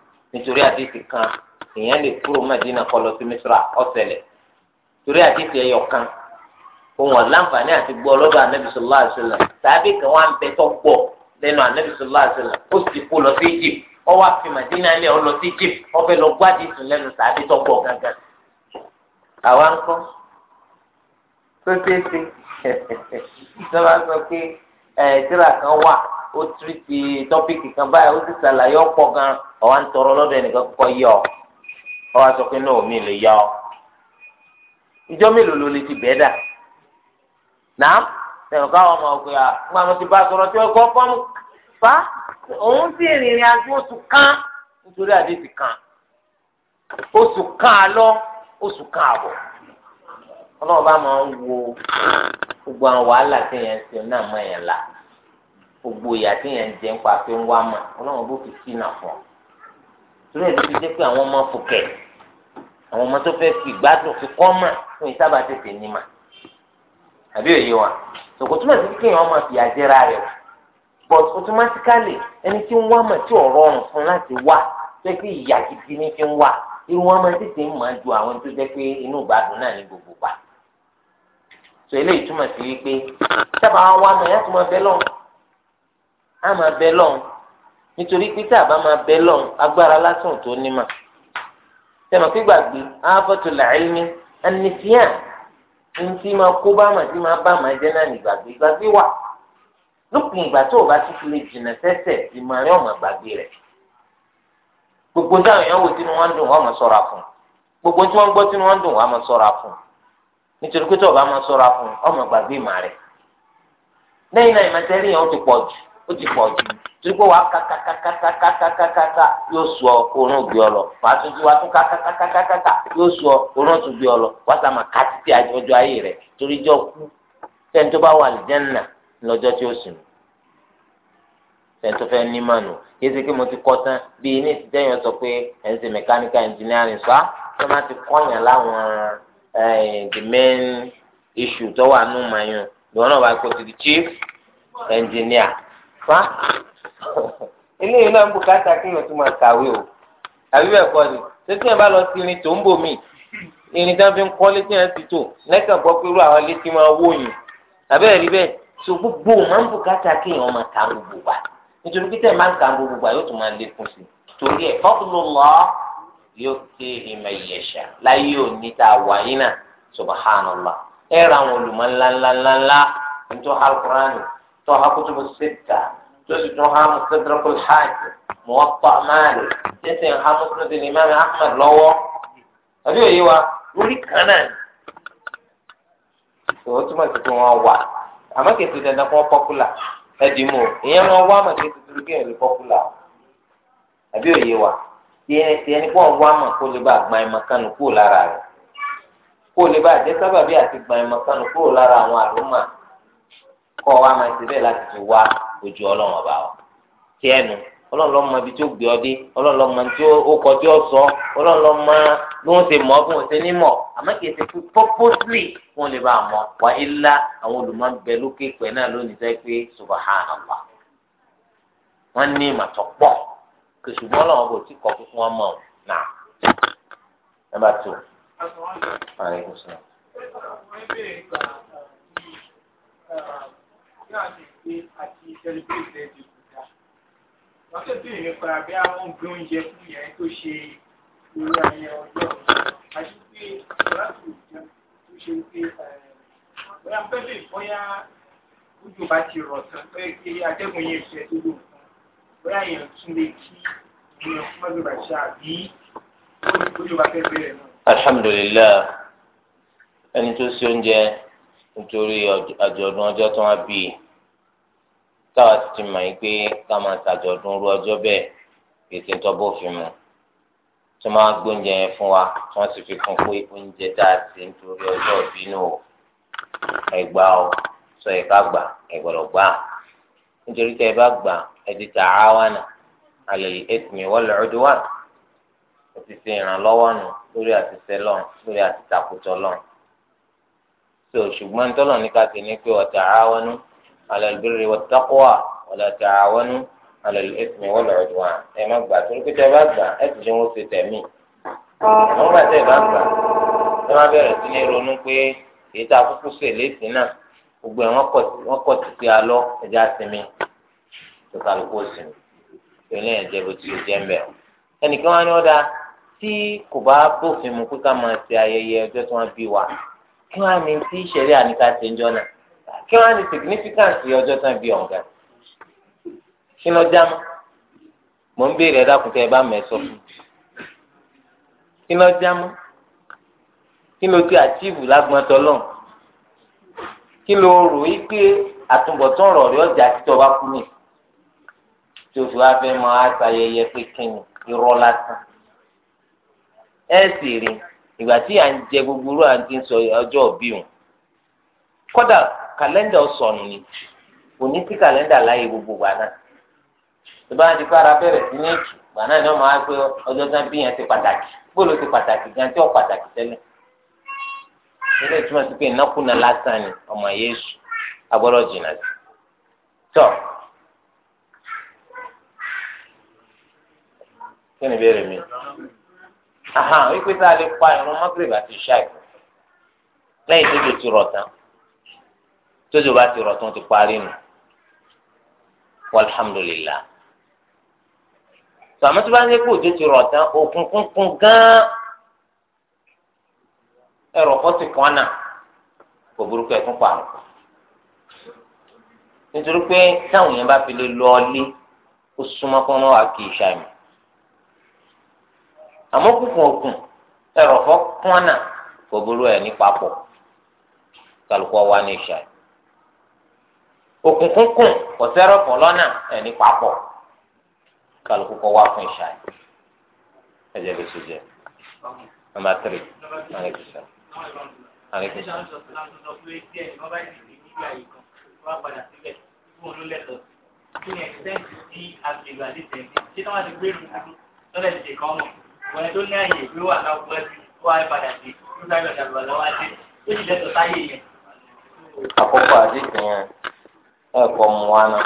nítorí àdìsí kan èèyàn lè kúrò Madina kó lọ sí Misra ọ̀sẹ̀lẹ̀ torí àdìsí ẹyọ kan òun ọ̀làǹfààní àti gbọ́ lọ́dọ̀ Ànábì sallallahu alaihi wasallam tàbí kan wá ń bẹ tó gbọ́ lẹ́nu Ànábì sallallahu alaihi wasallam ó sì kó lọ sí Egypt ó wá fi Madina lé ọ lọ sí Egypt ó fẹ́ lọ gbádìí sùn lẹ́nu tàbí tó gbọ́ gángan. àwa ń kọ́ tó ṣeé ṣe ìjọba [LAUGHS] sọ pé ẹ̀ẹ́dìrà kan wà ó tiri ti tọ́pìkì kan báyìí ó sì ṣàlàyé ọ̀pọ̀ gan ọ̀wá ń tọrọ lọ́dọ̀ ẹnìkan kọ́ yọ ọ wá sọ pé náà mi lè yọ ọ ìjọ mélòó ló ti bẹ́ẹ̀ dà náà ẹ̀rọ káwọn ọmọ ọ̀gbìn à ńgbà mo ti bá sọ̀rọ̀ tí ó kọ́ kan nítorí kan oṣù kan oṣù kan àbọ̀ bá máa ń wo wàhálà tí ń ṣe náà gbogbo ìyá tí yẹn ń jẹ ń pa pé ń wá mà ọlọ́run bó fi sí náà fún ọ. torí ẹ̀ ló fi jẹ́ pé àwọn ọmọ fòkẹ́ àwọn ọmọ tó fẹ́ fi gbádùn fi kọ́ mà fún ìsábà tètè ní mà àbí òye wa sòkòtò náà ti kéèyàn ọmọ fìyà jẹra rẹ o but automatically ẹni tí ń wá mà tí ò rọrùn fún láti wá tó pé ìyá gidi ní fi ń wá irú wọn máa tètè mà ju àwọn tó jẹ́ pé inú ìgbádùn náà ní gbogbo pa so eléyìí túmọ̀ sí wípé sábà wá mà yàtọ̀ mọ́ lọ́wọ́. a ma bẹ lọ́n nítorí pé tá ma bẹ lọ́n agbára lásán tó ní mà tẹmọ pígbàgbé ààbọ̀tò làálmi ànìfíà ntí máa kó bá ma tí ma bá màá jẹ́ náà nígbàgbé gbàgbé wà lópin ìgbà tó o bá ti fi lè jìnnà ma ìmọ̀ràn ọ̀mà gbàgbé gbogbo táwọn èèyàn wò tínú wọn dùn wọn mọ̀ fún gbogbo tí wọ́n gbọ́ tínú wọn dùn wọn o ó ti pọ̀ jù torí pé wàá kàkàkàkàkàkàkà yóò sọ oorun gbé ọ lọ wàá tún ti wàá tún kàkàkàkàkà yóò sọ oorun tún gbé ọ lọ wàá sá ma ká títí àjọjọ ayé rẹ torí jọ kú tẹ́ni tó bá wà lìjẹ́nà lọ́jọ́ tí ó sùn tẹ́ni tó fẹ́ ní mànù yéé ṣe pé mo ti kọ́ tán bíi ní ìsìtẹ́yìn sọ pé ẹ̀ ń ṣe mẹkáníkà ẹnjìnírìn sọ́ tó má ti kọ́yàn láwọn the main issue tó wà nù fa eléyìí náà ń bùkátà kí èèyàn tún máa kàwé o àbí ẹ̀kọ́ ni tètè ẹ̀ bá lọ sí irin tó ń bò mí irin tó ń fi kọ́ létí ẹ̀ ti tò lẹ́kàn gbọ́ pé irú àwọn létí máa wó yìn àbẹ́ ẹ̀rí bẹ́ẹ̀ so gbogbo máa ń bùkátà kí èèyàn máa kà gbogbo wa nítorí pé tẹ̀ máa ń kà gbogbo wa yóò tún máa lékún sí torí ẹ̀ fadlullah yóò ké ìmọ̀ ìyẹ̀ṣà láyé òní tá a wà yín náà subhanallah ẹ̀ ra àwọn olùmọ̀ ńláńláńláńlá nítorí alukurani طه الستة جزء ها مستدرك الحاكم موطأ مالك جزء ها مسند الإمام أحمد لو أبي أيوة lórí kan náà ni tòun túmọ̀ sí pé wọ́n wà àmọ́ kìí ṣe dandan kí wọ́n pọ́pùlà ẹ̀dì mú ìyẹn wọ́n wá mọ̀ kí ètò ama kéèyàn lè kó kó sábàbí àti àwọn kọ́ wa máa ṣe bẹ́ẹ̀ láti fi wá ojú ọlọ́run ọba ọ tí ẹnu ọlọ́run lọ́mọ ibi tí ó gbé ọ dé ọlọ́run lọ́mọ tí ó kọ tí ó sọ ọlọ́run lọ́mọ bí wọ́n ṣe mọ̀ ní mọ̀ àmọ́ kìí ṣe fún a mọ̀ wá ilá àwọn lókè pẹ̀ náà lónìí sẹ́ pé subahánàlá ní àti pé àti celebrate ẹ̀ ti kù dá. wọ́n tó bèèrè nípa bí àwọn gbé oúnjẹ fún yẹn tó ṣe irú ayẹyẹ ọjọ́ àti pé ìrántí òjò tó ṣe pé bóyá ń bẹ́ẹ̀ lè bóyá ojú bá ti rọ̀ tán pé kí atẹ́gùn yẹn fẹ́ tó lò fún bóyá yẹn tún lè kí ìyẹn fún ọjọ́ bá ṣe àbí ojú bá fẹ́ bẹ̀rẹ̀ náà. alhamdulilayi ẹni tó ṣe oúnjẹ nítorí àjọ̀dún ọjọ́ tí wọ́n bí i táwa sì ti mọ̀ yín pé ká máa ṣàjọ̀dún irú ọjọ́ bẹ́ẹ̀ ètò ìtọ́bọ̀ òfin mu tí wọ́n máa gbóúnjẹ yẹn fún wa tí wọ́n sì fi kún pé oúnjẹ tá a ti nítorí ọjọ́ ìbínú o ẹgbà o sọ yẹ ká gbà ẹgbọ̀rọ̀ gbà nítorí tẹ́ ẹ bá gbà ẹ ti ta'awana 'ala al-ithmi wal-'udwan ẹ ti ṣe ìrànlọ́wọ́ nù lórí àti sẹ́lọ̀ lórí àti takùtọ̀ lọ́rùn so ṣùgbọ́n ntọ́lọ̀ ní ká ti ní pé wa ta'awanu 'ala al-birri wat-taqwa wa la ta'awanu 'ala al-ithmi wal-'udwan ẹ má gbà torí pé tẹ bá gbà ẹ ti ṣe wọn ṣe tẹ̀mí àwọn bá tẹ bá gbà ẹ má bẹ̀rẹ̀ sí ní ronú pé èyí tá a kúkú ṣe léèsì náà gbogbo ẹ̀ wọ́n kọ̀ ti ti alọ́ ẹja sinmi tó kálukú sinmi ìpínlẹ̀ ẹ̀jẹ̀ bó ti kí wọ́n á ní tí ìṣẹ̀lẹ̀ àníkà ṣe ń jọ náà kí wọ́n á ní significance ọjọ́ tán bí ọ̀gá kí lọ já mọ́ mò ń béèrè ẹ̀dákùntẹ́ ẹ bá mẹ́sọ̀ fún kí lọ já mọ́ kí ló ti àchíìfù lágbọ́ntọ́ lọ́n kí ló rò yí pé àtúbọ̀tán rọ̀ rí ọjà títọ́ bá kú nìyí tí o fi wá fẹ́ mọ àṣàyẹyẹ pé kíni irọ́ lásán ẹ sì rí ìgbà tí à ń jẹ gbogbo irú à ń ti sọ ọjọ́ òbí òun kódà kàlẹ́ndà sọnù ni kò ní sí kàlẹ́ndà láàyè gbogbo wa náà tó bá di fara bẹ̀rẹ̀ sí ní ètò ìgbà náà ni wọ́n máa pé ọjọ́ tán bí yẹn ti pàtàkì bóòlù ti pàtàkì gan tí ó pàtàkì tẹ́lẹ̀ ilé ìtumọ̀ sí pé ìnákùná lásán ni ọmọ yéésù agbọ́dọ̀ jìnnà sí tọ́ kí ni ìbéèrè mi ahan wípé tá a lè pa ìrún mọ́gìrìbà ti ṣáì lẹ́yìn tó ti rọ̀ tán tójú bá ti rọ̀ tán ti parí nù walhamdulillah tòmọ́ tó bá ń yẹ kó òjò ti rọ̀ tán òkun kúnkún gán ẹ̀rọ fọ́sì kan náà kò burúkú ẹ̀kún pààrọ̀ nítorí pé táwọn yẹn bá fi lè lọ ọlé ó súnmọ́ kó wọ́n wá kí ìṣàmì àmọ́ kúkú òkun ẹrọ̀fọ́ kúnà kò burú ẹ̀ ní papọ̀ kálukọ́ wa ní ìṣá òkùnkùn kùn kò sẹ́rọ̀fọ́ lọ́nà ẹ̀ ní papọ̀ kálukú kọ́ wa fún ìṣá ẹ jẹ́ bí sojẹ́ nọmba tiri alekisa alekisa wá padà kí ni ẹ̀sẹ̀ǹtì tí a lè gbà ní ṣé táwọn ti gbé ìrùn dúdú lọ́lẹ̀ ti kọ́ mọ̀ wọn ẹni tó ní àyè ìgbé wà náà pẹ́ kó ayé padà sí tó sáré ọ̀dà lọ lọ́wọ́ adé tó sì lẹ́tọ̀ọ́ sáyé yẹn. àkókò àdìsí yẹn ẹ kọ mu wa náà.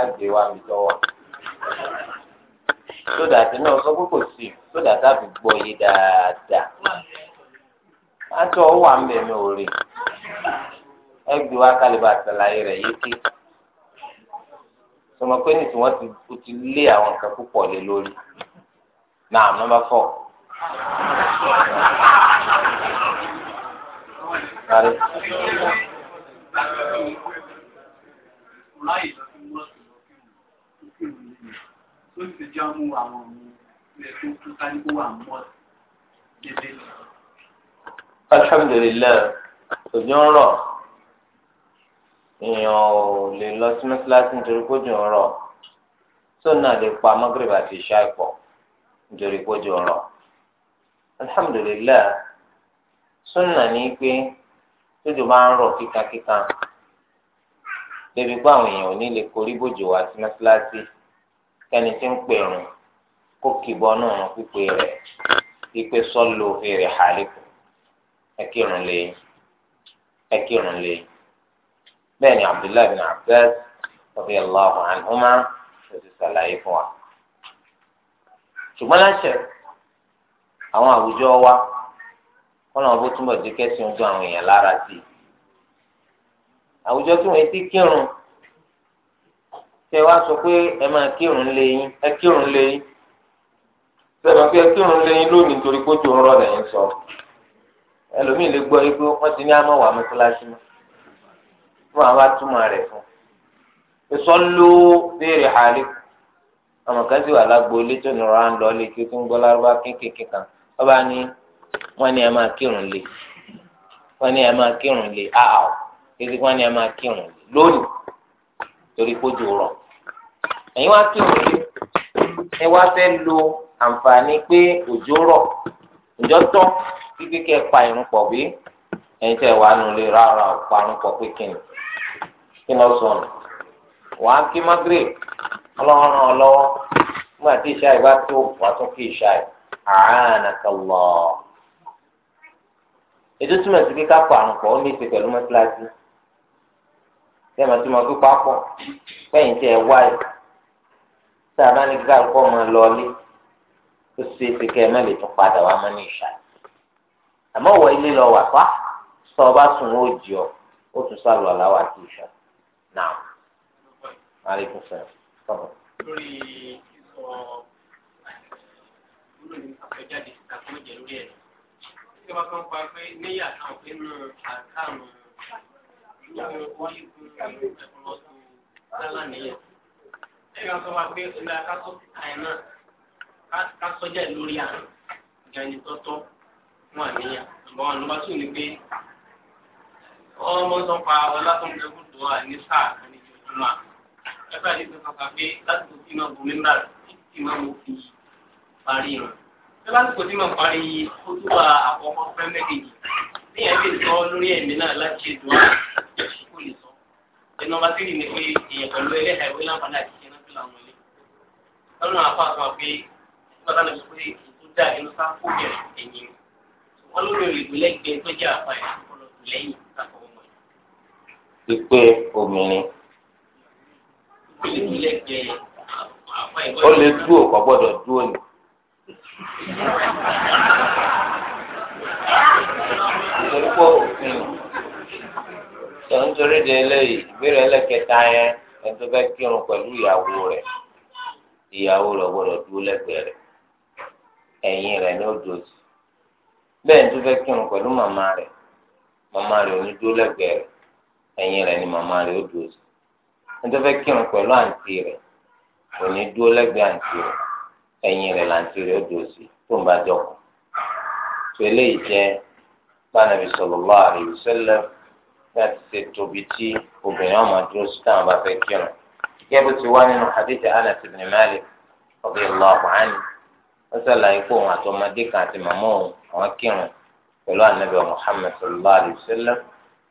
ẹ gbé wa mi tọwọ́ sódà tí náà sọ pé kò sí sódà tábì gbọ́ yé dáadáa àti ọwọ́ àmì ẹ̀mí ò rí ẹ gbé wa kálíbà àtàlàyé rẹ̀ yékè sọmọ pé nìtí wọn ti o ti lé àwọn nǹkan púpọ̀ lé lórí náà nọ́mbà fọ. alhamdulilayi ojú ń rọ èèyàn ò lè lọ sí mọ́sálásí nítorí pé òjò ń rọ̀ sóun náà lè pa mọ́gìrìbà àti ìṣá ìpọ̀ nítorí pé òjò ń rọ̀ alhamdulilayi ni pé tójò bá ń rọ̀ kíkankíkan débi pé àwọn èèyàn ò ní lè korí bòjò wá sí mọ́sálásí kẹ́ni tí ń pèrún kó kìbọ náà pípé rẹ̀ pípé sọ́lù fèrè hàlìkù ẹ kírun lé ẹ kírun lé bẹ́ẹ̀ ni abdullahi bin abbas radiyallahu anhuma ló ti fún wa. ṣùgbọ́n láṣẹ àwọn àwùjọ wa kọ́nà ọ̀bọ túnbọ̀ di kẹ́sì ń dún àwọn èèyàn lára sí i. àwùjọ tí wọ́n ti kírun tẹ wá sọ pé ẹ máa kírun léyìn ẹ kírun sọ ẹlòmíì lè gbọ́ wọ́n ti ní àmọ́ wà fún àwa túmọ̀ rẹ̀ fún ìsọ́lú béèrè àlè àwọn kan ti wà lágbo ilé tó nira ń lọ lé kí gbọ́ lárúbá kéékèèké kan ọba ni wọ́n ní ẹ máa kírun lé wọ́n ní ẹ máa kírun lé àhàó ah, ah. kéde wọ́n ní ẹ máa kírun lé lónìí torí kójú rọ̀ ẹ̀yin wá kírun lé ẹ wá fẹ́ lo àǹfààní pé òjò rọ̀ pa pọ̀ bí ẹ̀yin tẹ̀ wá kí lọ sọnù wàá kí magre ọlọ́run lọ́wọ́ nígbà tí ìṣá ìbá tó kí ìṣá ì àánàkàlọ́ ètò túmọ̀ sí kíkà pààrùn pọ̀ ó ní ìṣe pẹ̀lú mọ́tíláṣí tí ẹ wáyé tá a bá ní kíkà lọ́ọ́lé ṣe é ẹ náà aleykum salaam tọ́pọ̀. lórí sísọ eh, lórí àpẹjáde àpẹjẹ lórí ẹ̀ ṣé wàá kàn pa pé níyà eh, náà pé nù àkàrùn nínú orígun ẹ̀kúnlọ́sùn lálàníyà ẹ̀ ká sọ wá pé ìlà kásọ̀ àyẹ̀ náà kásọ̀jà lórí àrùn ìgbàanì tọ́tọ́ fún àníyàn ìbọn àlùbátù ni pé ọmọ tó ń pa ọlá tó ń bẹ fún tó wà ní sáà kan ní ìjọba ẹgbẹ́ àdéhùn kankan pé lásìkò tí máa bu mímbà tí máa mú fi parí rẹ̀ ṣé lásìkò tí máa parí kótóbà àkọ́kọ́ fẹ́ mẹ́gẹ̀ẹ́jì níyẹn lè sọ lórí ẹ̀mí náà láti ṣètò àwọn kò lè sọ ẹnọba tí nìyẹn pé èèyàn pẹ̀lú ẹlẹ́hàá ìwé láǹfààní àti ìṣẹ́ náà fi làwọn ilé ọlọ́run àpá àtọ́ pé bàtà lè sọ pé ètò dá inú sáfó bẹ̀rẹ̀ ẹ̀yìn wọn lórí olùgbé lẹ́gbẹ̀ẹ́ tó jẹ́ àpá ẹ̀ pípé obìnrin. ó lè dúró kò gbọ́dọ̀ dúró ni. nítorí pé òfin tó ń torí de eléyìí ìbéèrè ẹlẹ́kẹta yẹn ẹtọ́ fẹ́ kírun pẹ̀lú ìyàwó rẹ̀ ìyàwó rẹ̀ gbọ́dọ̀ dúró lẹ́gbẹ̀ẹ́ rẹ̀ ẹ̀yìn rẹ̀ ni ó dúró bẹ́ẹ̀ ní tó fẹ́ kírun pẹ̀lú màmá rẹ̀ màmá rẹ̀ ò ní dúró lẹ́gbẹ̀ẹ́ rẹ̀. ẹ̀yìn rẹ̀ ni màmá rẹ̀ ó dúró sí ẹjọ́ fẹ́ kírun pẹ̀lú àǹtí rẹ̀ kò ní dúró lẹ́gbẹ̀ẹ́ àǹtí rẹ̀ ẹ̀yìn rẹ̀ làǹtí rẹ̀ ó dúró sí tó ń bá jọ kù tó eléyìí jẹ́ bánàbí sallallahu láti ṣe tóbi tí obìnrin ọmọ dúró sí táwọn bá kírun bó ti wá nínú hadith Anas ibn Malik radiyallahu anhu sàlàyé pé òun àti ọmọdé kan àti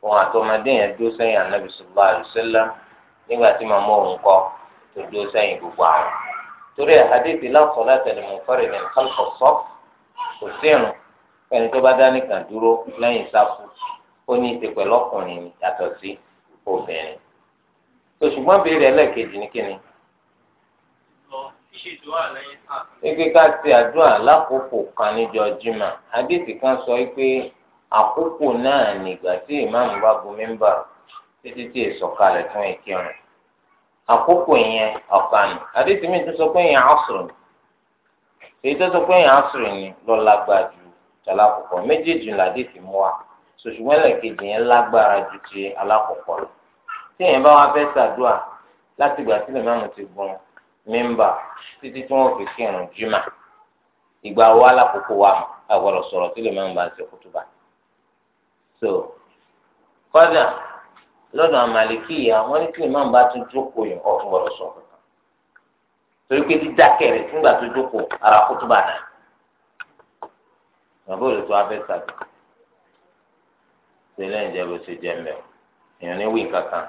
wọn àtọmọdé yẹn dúró sẹ́yìn anabi sallallahu alaihi nígbà tí màmá òun kọ tó dúró sẹ́yìn gbogbo àwọn torí àdéhìí lásán láti ẹni ní kálífọ sọ kò sírun ẹni tó bá dúró lẹ́yìn sáfù ó ní ìṣe ọkùnrin sí obìnrin béèrè ní Ike ká ti sọ pé àkókò náà nígbà tí ìmáàmù bá gun mímbà títí tí ìsọ̀kalẹ̀ fún ìkírun àkókò yẹn ọ̀kanù àdéhùn mi tó sọ pé yẹn àṣùrù ni èyí tó sọ pé yẹn àṣùrù ni lọ lágbára ju tàlákòkò méjèèjì làdéhùn mú wa sòṣùwọ́n lẹ́ẹ̀kejì yẹn lágbára ju ti alákọ̀ọ́kọ́ lọ tí yẹn bá wá fẹ́ ṣàdúrà láti gbà tí ìmáàmù ti gun mímbà títí tí wọ́n fi kírun jimá ìgbà wo alákòókò wa àgbọ̀dọ̀ sọ̀rọ̀ tí ìmáàmù bá ń ṣe kútùbà so kọ́dà lọ́dọ̀ àmàlìkì yìí àwọn ní kí imam bá tún jókòó yìí ọ̀tún gbọ́dọ̀ sọ torí pé dídákẹ́ rẹ̀ fúngbà tó jókòó ara kó tó bá dà bàbá olùtọ́ afẹ́ sàbí tẹ́lẹ̀ ń jẹ́ bó ṣe jẹ́ mẹ́wọ̀ èèyàn ní wí kankan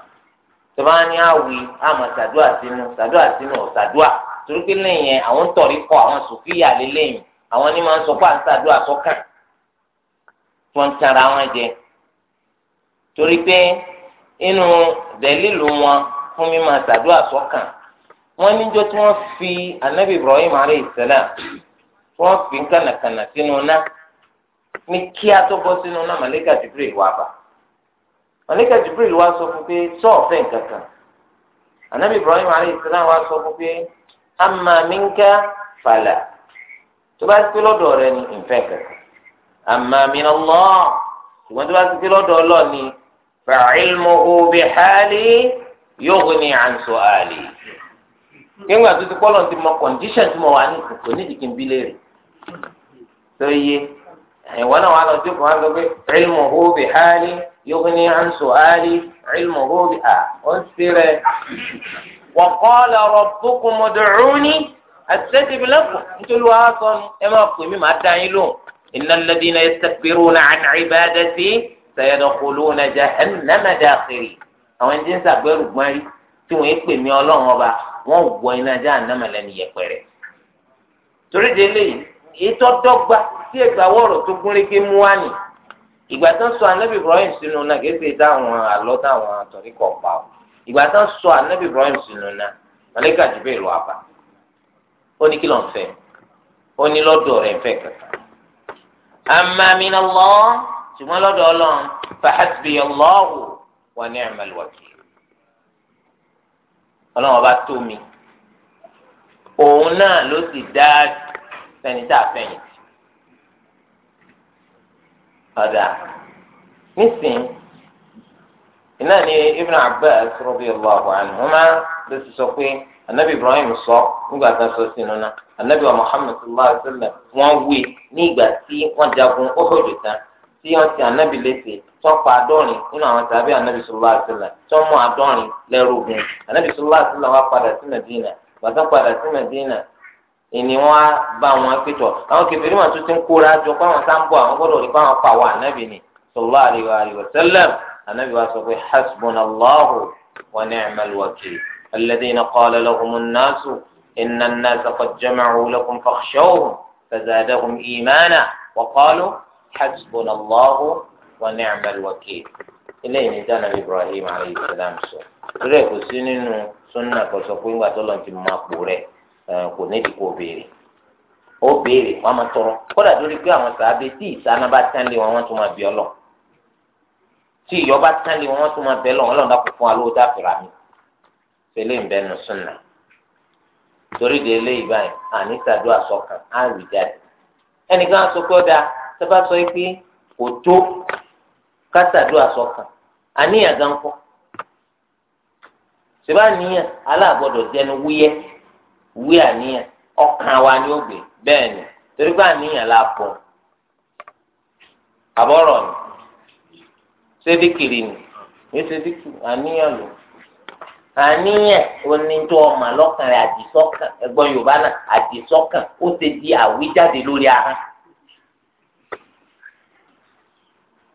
ní àwì àmọ́ sàdúà sínú sàdúà sínú torí pé lẹ́yìn àwọn ń tọ̀rí torí pé inú dẹ̀lílù wọn fún mímọ àtàdúrà sọ́kàn wọ́n níjọ́ tí wọ́n fi anabi ibrahim alayhi salam tí wọ́n fi kànàkànà sínú náà ní kí a tó bọ́ sínú náà màlẹ́kà jibril wà bá màlẹ́kà jibril wá sọ fún pé sọ́ọ̀fẹ́ nǹkan kan anabi ibrahim alayhi salam wá sọ fún pé amma minka fala tó bá sí lọ́dọ̀ rẹ ní nǹkan kan amma min Allah ṣùgbọ́n tó bá sí lọ́dọ̀ ọlọ́ọ̀ ni. فعلمه بحالي يغني عن سؤالي nígbà tó ti kọ́lọ̀ ti mọ kọ̀ǹdíṣàn tí mo wà ní kòkò nídìí kí n bí léèrè tó yé ìwọ náà wà lọ sí fún wa sọ pé ilmuhu bihali yughni an su'ali ilmuhu bi a ó ń sèrè wa qala rabbukum ud'uni astajib lakum nítorí wàá sọ ẹ máa pè mí màá dá yín lóhùn innal ladina yastakbiruna an ibadati. sayadkhuluna jahannama dakhirin àwọn ẹni tí ń tí wọ́n pè mí ọlọ́run ọba wọ́n wọ iná jahannama lẹ́nu yẹpẹrẹ. torí de léyìí ètò dọ́gba sí ẹgbà wọ̀rọ̀ tó mú wá ìgbà tó ń sọ Ibrahim sínú náà àlọ́ táwọn kọ̀ pa ìgbà tó ń sọ Ibrahim sínú náà ṣùgbọ́n lọ́dọ̀ ọlọ́run fàhásìbìyà lọ́hù wà ní ẹ̀mẹ́lùwàkì ọlọ́run ọba tó mi òun náà ló sì dá sẹ́nitá fẹ̀yìntì ọ̀dà nísìnyí iná ni Ibn Abbas radiyallahu anhuma ló ti sọ pé anabi Ibrahim sọ nígbà tí wọ́n sọ sínú náà anabi wa Muhammad sallallahu alaihi wa sallam wọ́n wí ní ìgbà tí wọ́n jagun ó hòjò tán tí wọ́n ti ànábì léṣe tọ́pọ̀ àdọ́rin nínú àwọn tàbí ànábì sọlá àtìlẹ̀ tọ́mọ àdọ́rin lẹ́rù gan ànábì sọlá àtìlẹ̀ wá padà sí Mẹdínà gbàtà padà sí Mẹdínà ìní wọn á bá wọn pẹ̀tọ̀ àwọn kẹfìrí wọn tún ti ń kóra jọ pé àwọn sáńbọ̀ àwọn gbọ́dọ̀ rí pé àwọn pa wà ànábì ni sọlá àríwá sẹlẹm ànábì wa sọ pé hasbunallahu wa ni'mal wakil alladhina qala lahumun nasu inna an-nasa qad jama'u lakum fakhshawhum fazadahum imana hasbuna allahu wa ni'mal wakil ilé yìí ní dáná ibrahim alayhi salam sọ rẹ kò sí nínú sunna kò sọ pé ńgbà tó lọ ti mọ àpò rẹ kò nídìí kò béèrè ó béèrè wọn máa tọrọ kódà lórí pé àwọn sàábé tí ìsáná bá wọn wọn tún máa bí ọlọ tí ìyọ bá wọn wọn tún máa bẹ lọ wọn lọdà kó fún wa lówó dáfìrà mi tẹ́lẹ̀ ń bẹ nù sunna torí de eléyìí báyìí àní sàdúrà sọkàn á rí jáde ẹnìkan sọ pé ó dáa sábà sọ pé kò tó kásàdúrà sọkàn àníyàn gan kọ́ ṣèbá níyàn aláàgbọ́dọ̀ jẹnu wúyẹ́ wí àníyàn ọkàn wa ni ó gbé bẹ́ẹ̀ ni torí pé àníyàn la pọ̀ àbọ̀rọ̀ ni sédìkìrì ni ní sédìkìrì àníyàn lò àníyàn onítọ̀ ọmọ lọ́kàn rẹ̀ àdìsọ́kàn ẹ̀gbọ́n yorùbá náà àdìsọ́kàn ó ti di àwíjáde lórí ahọ́n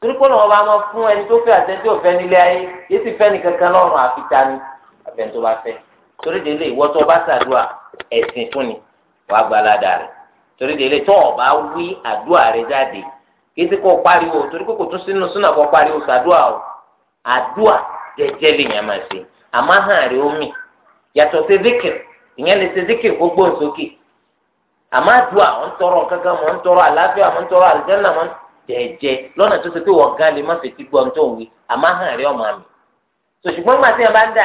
torí kó lọ́wọ́ bá máa fún ẹni tó fẹ́ àtẹ́jọ́ òfẹ́ nílé ayé yìí sì fẹ́ nìkankan lọ́rùn àfitá ni àfẹ́ni tó bá fẹ́ torí délé ìwọ́ tó bá ṣàdúrà ẹ̀sìn fún ni wàá gbalada rẹ̀ torí délé tó o bá wí àdúrà rẹ̀ jáde yìí sì kọ́ pariwo torí kókò tún sínú súnà kọ́ pariwo ṣàdúrà o àdúrà jẹ́jẹ́ lè yàn máa ṣe àmọ́ hàn rẹ̀ ó mì yàtọ̀ sí zikir ìyẹn lè ṣe zikir gbogbo nsókè àmọ́ àdúrà ọ̀ ń tọrọ jẹjẹ lọ́nà tó ṣe pé wọ́n gan lè má fetí gbọ́ ohun tó ń hàn rí ọmọ mi gbà tí bá ń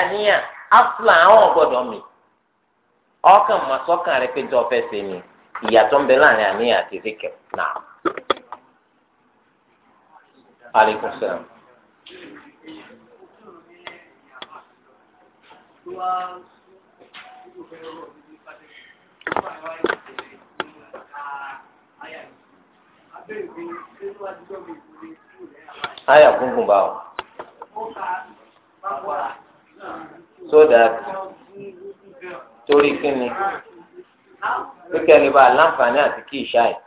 mi ọkàn mà rẹ pé jọ́ fẹ́ ni ìyàtọ̀ ń bẹ láàrin àníyàn àti Aya gungun bá o. So that torí kíni kíkẹ́ lè bá a láǹfààní àti kí ìṣá yìí.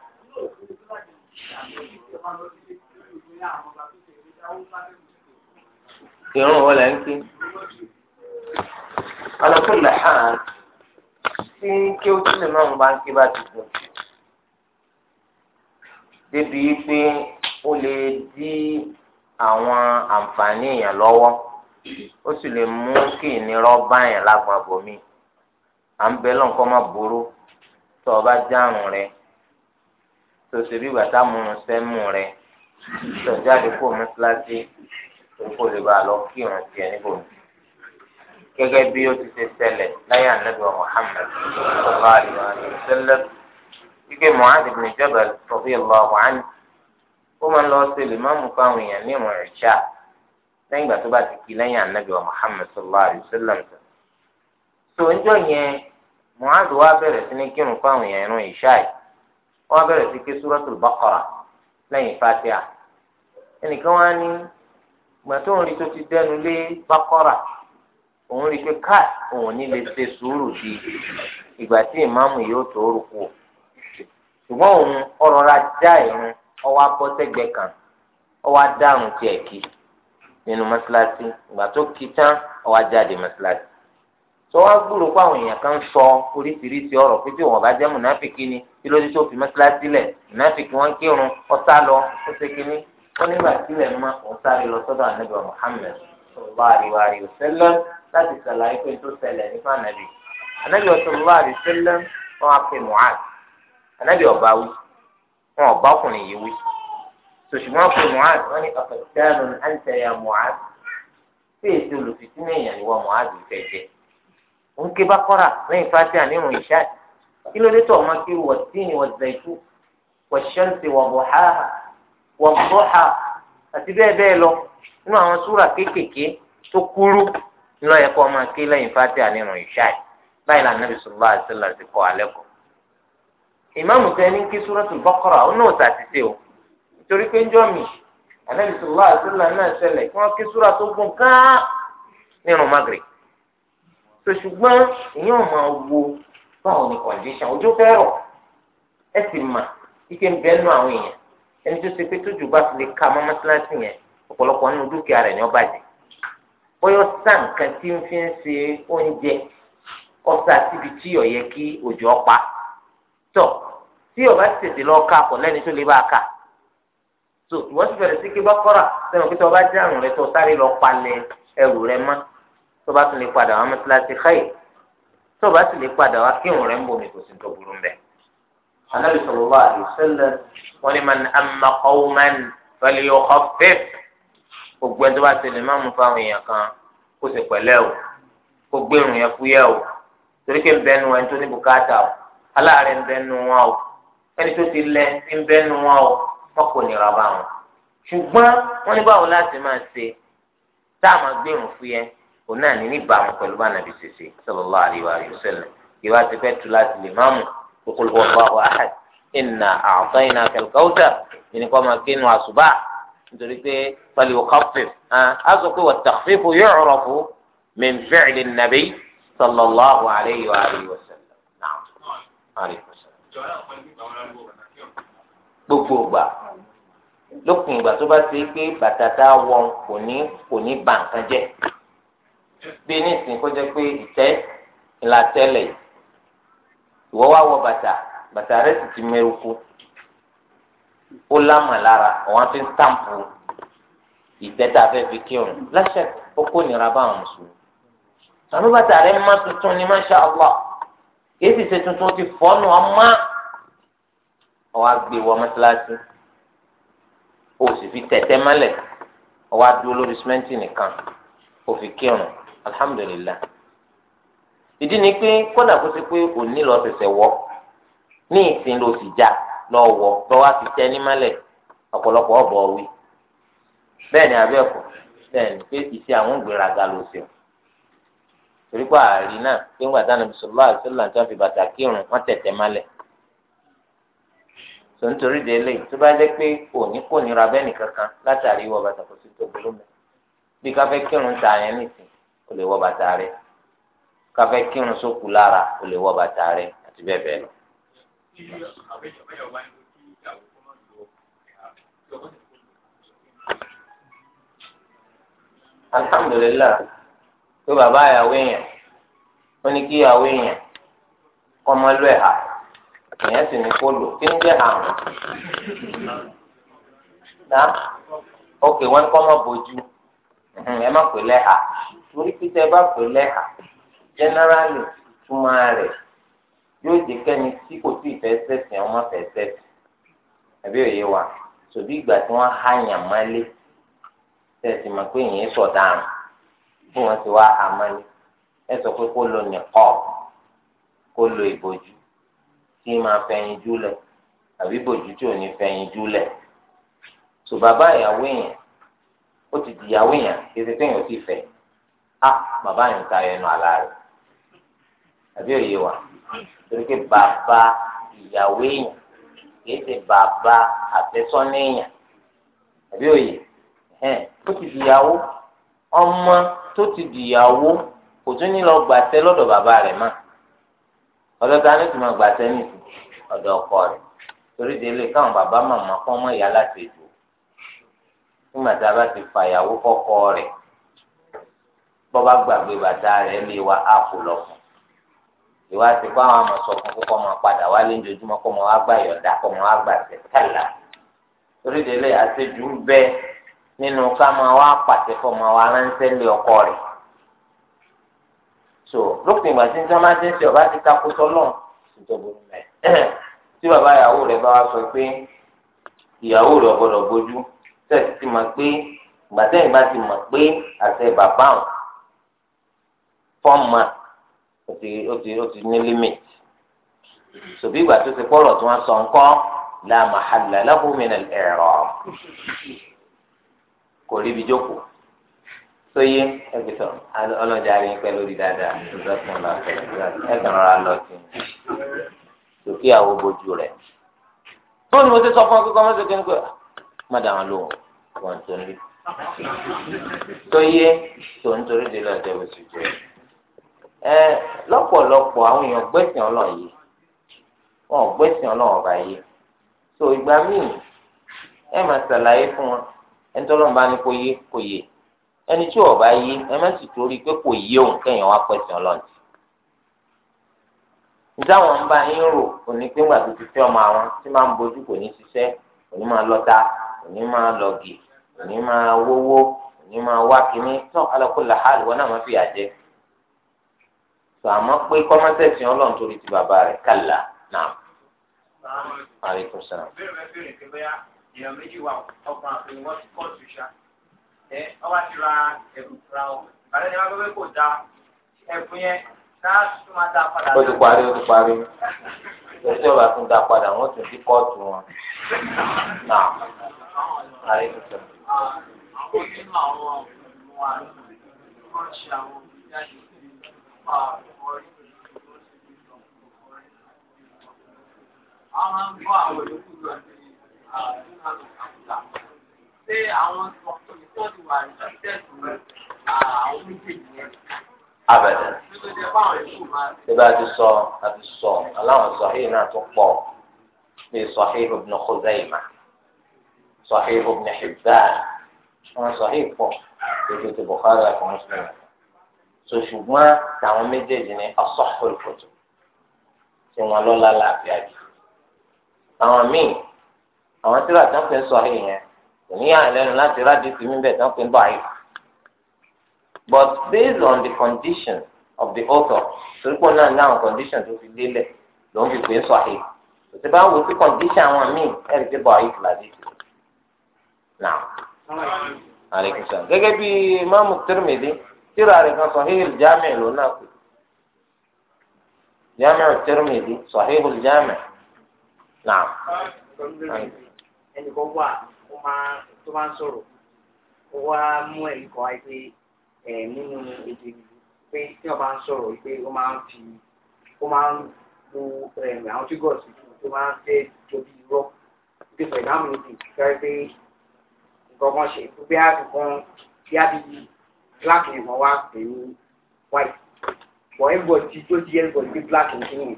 Irun wo lẹ́ ń kí? Alọ́kùnrin lẹ́hàn tí kí ó tún lè máa ń bá ń kí bá ti dùn débi pé ó lè dí àwọn àǹfààní èèyàn lọ́wọ́ ó sì lè mú kí ìnira bá yẹn lágbọn bòmí à ń bẹ lọ́nkọ́ má burú tó o bá járun rẹ tó o ṣe bí bàtà múrun sẹ́mù rẹ tó o jáde kó o mú síláṣí kó lè bá a lọ kí irun tiẹ̀ níbò ní. gẹ́gẹ́ bí ó ti ṣe ṣẹlẹ̀ láyé ànábì wa Muhammad sallallahu alaihi wa wípé Mu'adh ibn Jabal radiyallahu anhu ó máa ń lọ sí olùmọ́ọ̀mù fáwọn èèyàn ní ìmọ̀ ìṣá lẹ́yìn ìgbà tó bá ti kí lẹ́yìn anabi wa Muhammad sallallahu alayhi wa sallam tó. tó ń jọ yẹn Mu'adh wá bẹ̀rẹ̀ sí ní kírun fáwọn èèyàn ìrún ìṣá yìí wọ́n bẹ̀rẹ̀ sí ké Suratul Baqara lẹ́yìn Fatiha ẹnìkan wá ní ìgbà tó ń rí tó ti dẹnu lé Baqara òun rí pé káà òun ní lè ṣe sùúrù di ìgbà tí ìmáàmù yóò tó rúkú ṣùgbọ́n òun ọ̀rọ̀ra já irun ọwọ́ abọ́ sẹ́gbẹ̀ẹ́ kan ọwọ́ adáhùn tiẹ̀ kí nínú mọ́ṣáláṣí ìgbà tó kí tán ọwọ́ ajáde mọ́ṣáláṣí. tó wá gbúrò pé àwọn èèyàn kan ń sọ oríṣiríṣi ọ̀rọ̀ pé bí wọn bá jẹ́ mùnáfìkì ni kí ló dé tó fi mọ́ṣáláṣí lẹ̀ mùnáfìkì wọn kírun ọ̀sá lọ ó ṣe kínní wọn nígbà sílẹ̀ mọ́ ọ̀sá rẹ lọ sọ́dọ̀ ànábì Muhammad sallallahu alaihi wa sallam láti sàlàyé pé tó ṣẹlẹ̀ nípa ànábì ànábì sallallahu alaihi wa sallam wọn á pè Mu'adh anabi ọba wí wọn ọba ọkùnrin yìí wí sòṣùgbọ́n pé muhammed wọn ní ọ̀kẹ́tẹ́rùn àǹtẹ̀yà muhammed tí èsì olùfitínà èèyàn ni wọn muhammed fẹ́ jẹ òun ké bá kọ́ra lẹ́yìn fati ànírun ìṣá kí ló dé tó ọmọ kí wọ́n tí ni wọ́n zẹ̀ ikú wọ́n ṣẹ́ǹtì wọ́n bọ̀ ha wọ́n àti bẹ́ẹ̀ bẹ́ẹ̀ lọ nínú àwọn súrà kéékèèké tó kúrú ńlọ yẹ kó ọmọ kí lẹ́yìn fati ànírun ìṣá báyìí lànà bisu ìmáàmù tẹ ní kí súrọ́tù bọ́kọ̀rọ̀ àwọn náà ṣàtìṣe o nítorí pé ń jọ mi ànábì sọlá àṣìlá náà ṣẹlẹ̀ kí wọ́n kí súrà tó gùn káá nínú magre tó ṣùgbọ́n ìyẹn ò máa wo báwo ni condition ojú fẹ́ rọ̀ ẹ sì mà ike ń bẹ́nu àwọn èèyàn ẹni tó ṣe pé tójú bá ti lè ka mọ́ mọ́sálásí yẹn ọ̀pọ̀lọpọ̀ nínú dúkìá rẹ̀ ni ó bàjẹ́ bóyá ọ̀sà nǹkan tí ń fi ń ṣe oúnjẹ ọ̀sà síbi tí ó kí òjò ọ̀pá tọ̀ tí ọba ti tètè lọ ka kọ lẹ́ni tó lè bá a kà so ìwọ́n ti bẹ̀rẹ̀ sí kí bákọ́rà sẹ́wọ̀n pé tí ọba jẹ́ àrùn rẹ tó sáré lọ palẹ̀ ẹrù rẹ mọ́ tó bá tún lè padà wá mọ́tíláṣí káyì tó bá sì lè padà wá kí òun rẹ ń bomi kò sí tó burú mbẹ. anabi sallallahu alaihi wasallam wọn ni man amma qawman falyukhaffif gbogbo ẹni tó bá ti lè má mú fáwọn èèyàn kan kó sì pẹ̀lẹ́ o kó gbẹrun yẹn fúyẹ́ o torí pé ń bẹnu ẹni tó ní bùkátà o aláàárẹ̀ ń bẹnu wọn o ẹni tó ti lẹ ń bẹ́nu wọn o wọn kò nira bá wọn ṣùgbọ́n wọ́n ní báwo láti máa ṣe tá a máa gbẹ̀rùn fún yẹn òun náà ní níbàámu pẹ̀lú bá nàbì ṣèṣe sallallahu alaihi wa sallam ìwà ti fẹ́ tu láti lè máàmù qul huwallahu ahad inna a'tainakal kawthar ìní kọ́ máa kínú àṣùbà nítorí pé pẹ̀lú kọ́fìf á sọ pé wat-takhfifu yu'rafu min fi'li an-nabi sallallahu alaihi wa sallam gbogbo ìgbà lópin ìgbà tó bá ṣe é pé bàtà tá a wọ kò ní kò ní bà nǹkan jẹ́ bí nísìnyí kó jẹ́ pé ìtẹ́ ńlá tẹ́lẹ̀ ìwọ wá wọ bàtà bàtà rẹ̀ sì ti mẹ́rùkú ó lámà lára àwọn fi ń tàǹpù ìtẹ́ tá a fẹ́ fi kírun láṣẹ ó kó nira bá mùsùlùmí àmì bàtà rẹ̀ má tuntun ni masha Allah kì í ṣe tuntun ti fọ́nù ọmọ ọwọ́ agbè wọ mọ́sálásí o sì fi tẹ̀tẹ̀ mọ́lẹ̀ ọwọ́ adúró lórí sìmẹ́ǹtì nìkan o fi kírun alhamdulilah ìdí ni pé kódà kó ṣe pé òní lọ ṣẹ̀ṣẹ̀ wọ̀ ní ìsìn ló sì já lọ́wọ́ lọ́wọ́ fi tẹ́ ní mọ́lẹ̀ ọ̀pọ̀lọpọ̀ ọ̀bọ̀ wí bẹ́ẹ̀ ni abẹ́ẹ̀kọ́ bẹ́ẹ̀ ni pé ìṣe àwọn ìgbéraga ló ṣe torí pé ààrí náà pé ńgbà táwọn ibi sọ̀rọ̀ àti sọ̀rọ̀ àti wọn fi bàtà kírun wọn tẹ̀tẹ̀ mọ́lẹ̀ tó ń torí de lé tó bá jẹ́ pé òní kò ní ra bẹ́ẹ̀ nìkankan látàrí ìwọ bàtà kò sí tó burú mọ́ bí káfẹ́ kírun ta yẹn nìsín o lè wọ bàtà rẹ káfẹ́ kírun sókù lára o lè wọ bàtà rẹ àti bẹ́ẹ̀ bẹ́ẹ̀ lọ. alhamdulilah tó bàbá àyàwó èèyàn ó ní kí àyàwó èèyàn kọ́ ọmọ lọ́ẹ̀ hà. ìyẹn sì ni kó lò kí ń jẹ́ àrùn dá wọn kọ́ mọ́ bójú ẹ má pè lẹ́hà torí pété ẹ bá pè lẹ́hà jẹ́nẹ́rálì túmọ̀ rẹ̀ yóò jẹ́ kẹ́ni tí kò tí ì fẹ́ sẹ̀sìn ọmọ fẹ́ sẹ̀sìn àbí òye wa tòbí ìgbà tí wọ́n há yàn pé ìyẹn sọ̀dáàrùn bí wọ́n kí n máa fẹ̀yìn júlẹ̀ àbí bòjú tí ò ní fẹ̀yìn júlẹ̀ tó bàbá ìyàwó èèyàn ó ti di ìyàwó èèyàn kí ẹsẹ̀ fẹ̀yìn ò ti fẹ̀ á bàbá yẹn ta ẹnu àlá rẹ̀ àbí òye wa torí pé bàbá ìyàwó èèyàn kì bàbá àfẹ́sọ́nà èèyàn àbí òye ó ti dìyàwó ọmọ tó ti dìyàwó kò tún ní lọ gbàtẹ lọ́dọ̀ bàbá rẹ̀ mọ́ ọ̀dọ̀ ta ni tùmọ̀ gbà sẹ́yìn sí ọ̀dọ̀ ọkọ rẹ̀ torí délé káwọn bàbá màmá kọ́ mọ́ ìyá láti ètò nígbà tá a bá ti fa ìyàwó kọ́kọ́ rẹ̀ bọ́ba gbàgbé bàtà rẹ̀ lé wa áàpù lọ́kùn ìwà ti kọ́ àwọn àmọ̀ sọ fún kókó máa padà wá lé njojúmọ́ kó máa wá gbà yọ̀dá kó máa wá gbà tẹ̀ kálá torí délé àṣejù ń bẹ nínú ká máa wá pàṣẹ fọ́ máa wá ránṣẹ́ lé ọkọ rẹ̀ so lópin ìgbà tí nígbà máa ti ń ṣe ọba ti takò sọlọ ìjọba ọmọ ẹ [CLEARS THROAT] tí bàbá ìyàwó rẹ bá wa sọ pé ìyàwó rẹ ọgbọdọ gbójú tẹsí ti mọ pé ìgbà tẹyìn bá ti mọ pé àṣẹ bàbá wọn fọọmà ó ti ní límìt sòbí ìgbà tó ti pọlọ tí wọn sọ nǹkan la mahalla lahu min al-i'rab jókòó sóyè ẹgbẹ̀tọ̀ ọlọ́jà rí pẹ́ lórí dáadáa ìdọ́sùn ọ̀la ẹ̀gbọ̀n rárá lọ sí i sókè àwọn bójú rẹ̀. tó ni mo ti sọ fún ọ kíkọ́ mọ́tò kí n pè má dà wọn lóhùn wọn tó ń lé. sóyè tó ń torí de lọ́jọ́ bó ti jẹ́. ẹ lọ́pọ̀lọpọ̀ àwọn èèyàn gbẹ̀sìn ọlọ́run yìí wọn ò gbẹ̀sìn ọlọ́run ọba yìí. so ìgbà míì ẹ máa ṣàlàyé fún wọn ẹni tó lọ́nba ni kò yé kò yé. ẹni tí ọba yé ẹ má sì torí pé kò yé òun kéèyàn wá pẹ̀sìn ọlọ́ọ̀tì. ìdáwọn ń yín rò òní pé ọmọ àwọn tí máa ń bójú kò ní ṣiṣẹ́ kò máa lọ́ta kò máa lọ́gì kò máa wówó kò máa wá kínní tó ha náà má fi àjẹ́. sọ àmọ́ pé kọ́mọ́tẹ̀sìn ọlọ́run torí ti bàbá rẹ̀ kàlà náà. ẹ ọwọ́ ti ra ẹ̀bùn ra ọ àlẹ́ ni wọ́n gbé kò da ẹ̀bùn yẹn náà tún máa dá padà. ó ti parí ó ti parí ẹsẹ̀ ọ̀rọ̀ àti dá padà wọ́n ti di kóòtù wọn. náà àlẹ́ ti sọ. àwọn onímọ̀ àwọn ọmọ wa wọ́n ṣe àwọn ìdájọ́ nípa ọ̀rẹ́ àwọn máa ń gbọ́ àwọn olùkúrò àti àwọn ìdájọ́ pé àwọn ọkùnrin tó ti wà ní tẹ́sán àwọn méjèèjì yẹn. abẹ́rẹ́ bí bá ti sọ àti sọ aláwọn sọ̀hìn náà tó pọ̀ bí sọ̀hìn ibn Khuzaima sọ̀hìn ibn Hibban wọn sọ̀hìn pọ̀ ètò ti Bukhari àti Muslim so ṣùgbọ́n táwọn méjèèjì ni asọ́fò ìfòtò tí wọ́n lọ́la láàbíà jù àwọn míì àwọn tí wàá tán fẹ́ sọ yẹn kò ní àìlẹ́nu láti rádi sí mi bẹ́ẹ̀ tán pé ń but based on the condition of the author torípò náà ní àwọn condition tó fi lélẹ̀ ló ń fi pè é sọ àyè. òtí bá wo sí condition àwọn míì ẹ̀rí pé bọ̀ àyè kìlá dé sí. now aleykum salaam gẹ́gẹ́ bí imaamu Tirmidhi tíra rẹ̀ kan Sahih al-Jami' ló náà pè Jami' al-Tirmidhi Sahih al-Jami' naam. ẹnì kan wà ó máa tó máa ń sọ̀rọ̀ ó wá mú ẹ̀rí kan wáyé pé ẹ̀ nínú èdè ìlú pé tí wọ́n bá ń sọ̀rọ̀ pé ó máa ń fi ó máa ń lo àwọn tí gọ̀ọ̀sì tó máa ń fẹ́ jọbi irọ́ pé for example ní ti pé nǹkan kan ṣe tó bí àtúnkan bí a bí black nìkan wá pẹ̀lú white for everybody tó ti everybody bí black ni, yẹn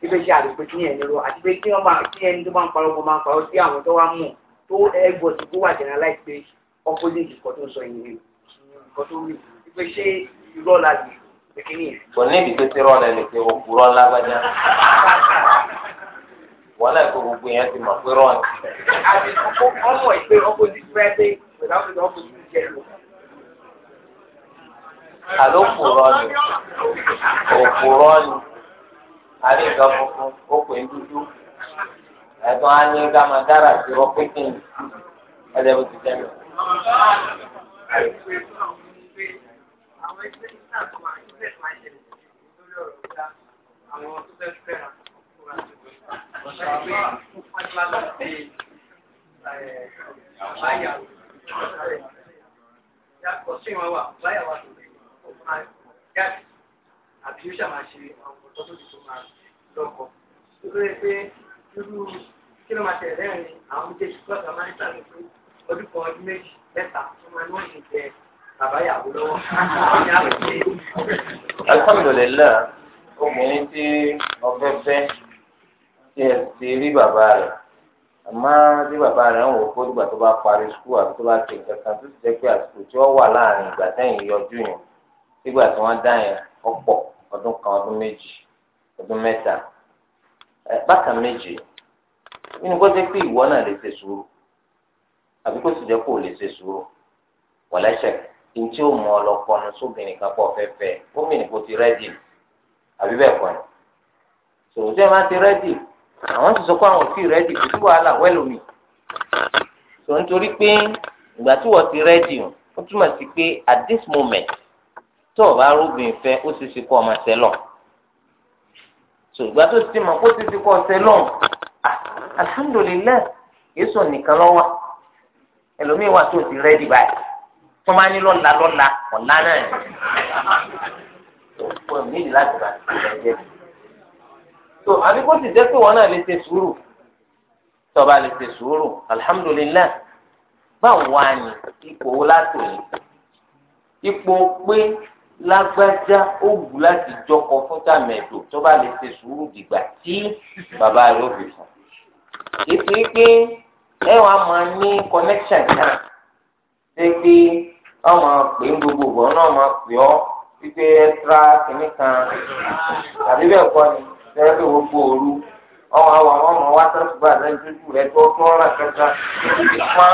bí bẹ́ẹ̀ ṣe àdìpẹ́ kí yẹn nílò àti pé kí wọ́n máa kí ẹni tó máa ń parọ́ kó máa parọ́ sí àwọn tó wá mú un tó ẹgbọ̀ sí kó wà jẹ̀rẹ̀ aláìpé opposite nǹkan tó ń sọ ìyẹn nǹkan tó rí pé ṣé irọ́ la lè pékinì yẹn. kò ní ibi tó ti rọ lẹ lè pe òkúrọ ńlá gbájá wọn náà kó gbogbo yẹn ti mọ̀ pé rọ ni. àti ọmọ ìpè opposite fẹ́ pé without the opposite jẹ́ lọ. Àló òpùrọ́ ni òpùrọ́ ni àrí funfun ó pè ń dúdú ẹ̀gbọ́n á ní ká máa dára sí ọ pínpín ẹ̀dẹ̀ bó ti jẹ́ mi. Àbí irú kí ló máa tẹ̀ lẹ́yìn àwọn méjèèjì tó ọ̀gá máa ń sáré fún ọdún kan ọdún méjì mẹ́ta tó máa ń wọ́n jẹ bàbáyàwó lọ́wọ́ alhamdulillah obìnrin tí ọbẹ̀ bẹ́ tí ẹ ti rí bàbá rẹ̀ àmọ́ tí bàbá rẹ̀ ń wò ó dìgbà tó bá parí skul àti tó bá ti nǹkan kan tó ti jẹ́ pé àsìkò tí wọ́n wà láàrin ìgbà tẹ́yìn yọjú yẹn nígbà tí wọ́n dá yẹn ọ̀pọ̀ ọdún kan ọdún méjì ọdún mẹ́ta bákan méjì nínú kó jẹ́ pé ìwọ náà lè ṣe sùúrù àbí kó sì jẹ́ kó lè ṣe sùúrù wọ̀lẹ́sẹ̀ kí n tí ó mọ ọlọ́pọ̀nù sóbìnrin kan pọ̀ fẹ́fẹ́ gómìnà kò ti rẹ́dì àbí bẹ́ẹ̀ kọ́ ni sòwò tí ẹ máa ti rẹ́dì àwọn ti sọ pé àwọn ò tí ì rẹ́dì kò sí wàhálà wẹ́lómi sọ nítorí pé ìgbà tí wọ́n ti rẹ́dì ó túmọ̀ sí pé at this moment tó o bá rúbìn fẹ́ ó ṣeé ṣe kó ọmọ sẹ́lọ̀ so ìgbà tó ti mọ̀ kó ti ti kọ́ ọ̀sẹ̀ lọ́n ah, alhamdulilayi yéésù nìkan lọ́wọ́ ẹlòmíín wà tó ti rẹ́dí báyìí tó máa ní lọ́la lọ́la ọ̀la náà ni tó nídìí láti bá ẹ̀jẹ̀ so àbí kó ti jẹ́ pé wọn náà lè ṣe sùúrù tọ́ba lè ṣe sùúrù alhamdulilayi báwo wá ní ipò láti ipò pé lágbájá ó wù láti jọkọ fún tàmẹ̀dò tó bá lè ṣe sùúrù dìgbà tí bàbá rẹ̀ ó fi fún. ètò pé ẹ wàá máa ní connection kan ṣe pé wọ́n máa pè é gbogbo ọ̀gbọ́n náà máa pè ọ́ wípé extra kìíní kan tàbí bẹ́ẹ̀ kọ́ ni é pé gbogbo òru ọmọ àwọn àwọn ọmọ wa sọ́ọ́ ṣùgbọ́n àti ẹ̀ńdúdú rẹ̀ tó tó ọ̀ràn kankan ìdí pọ́n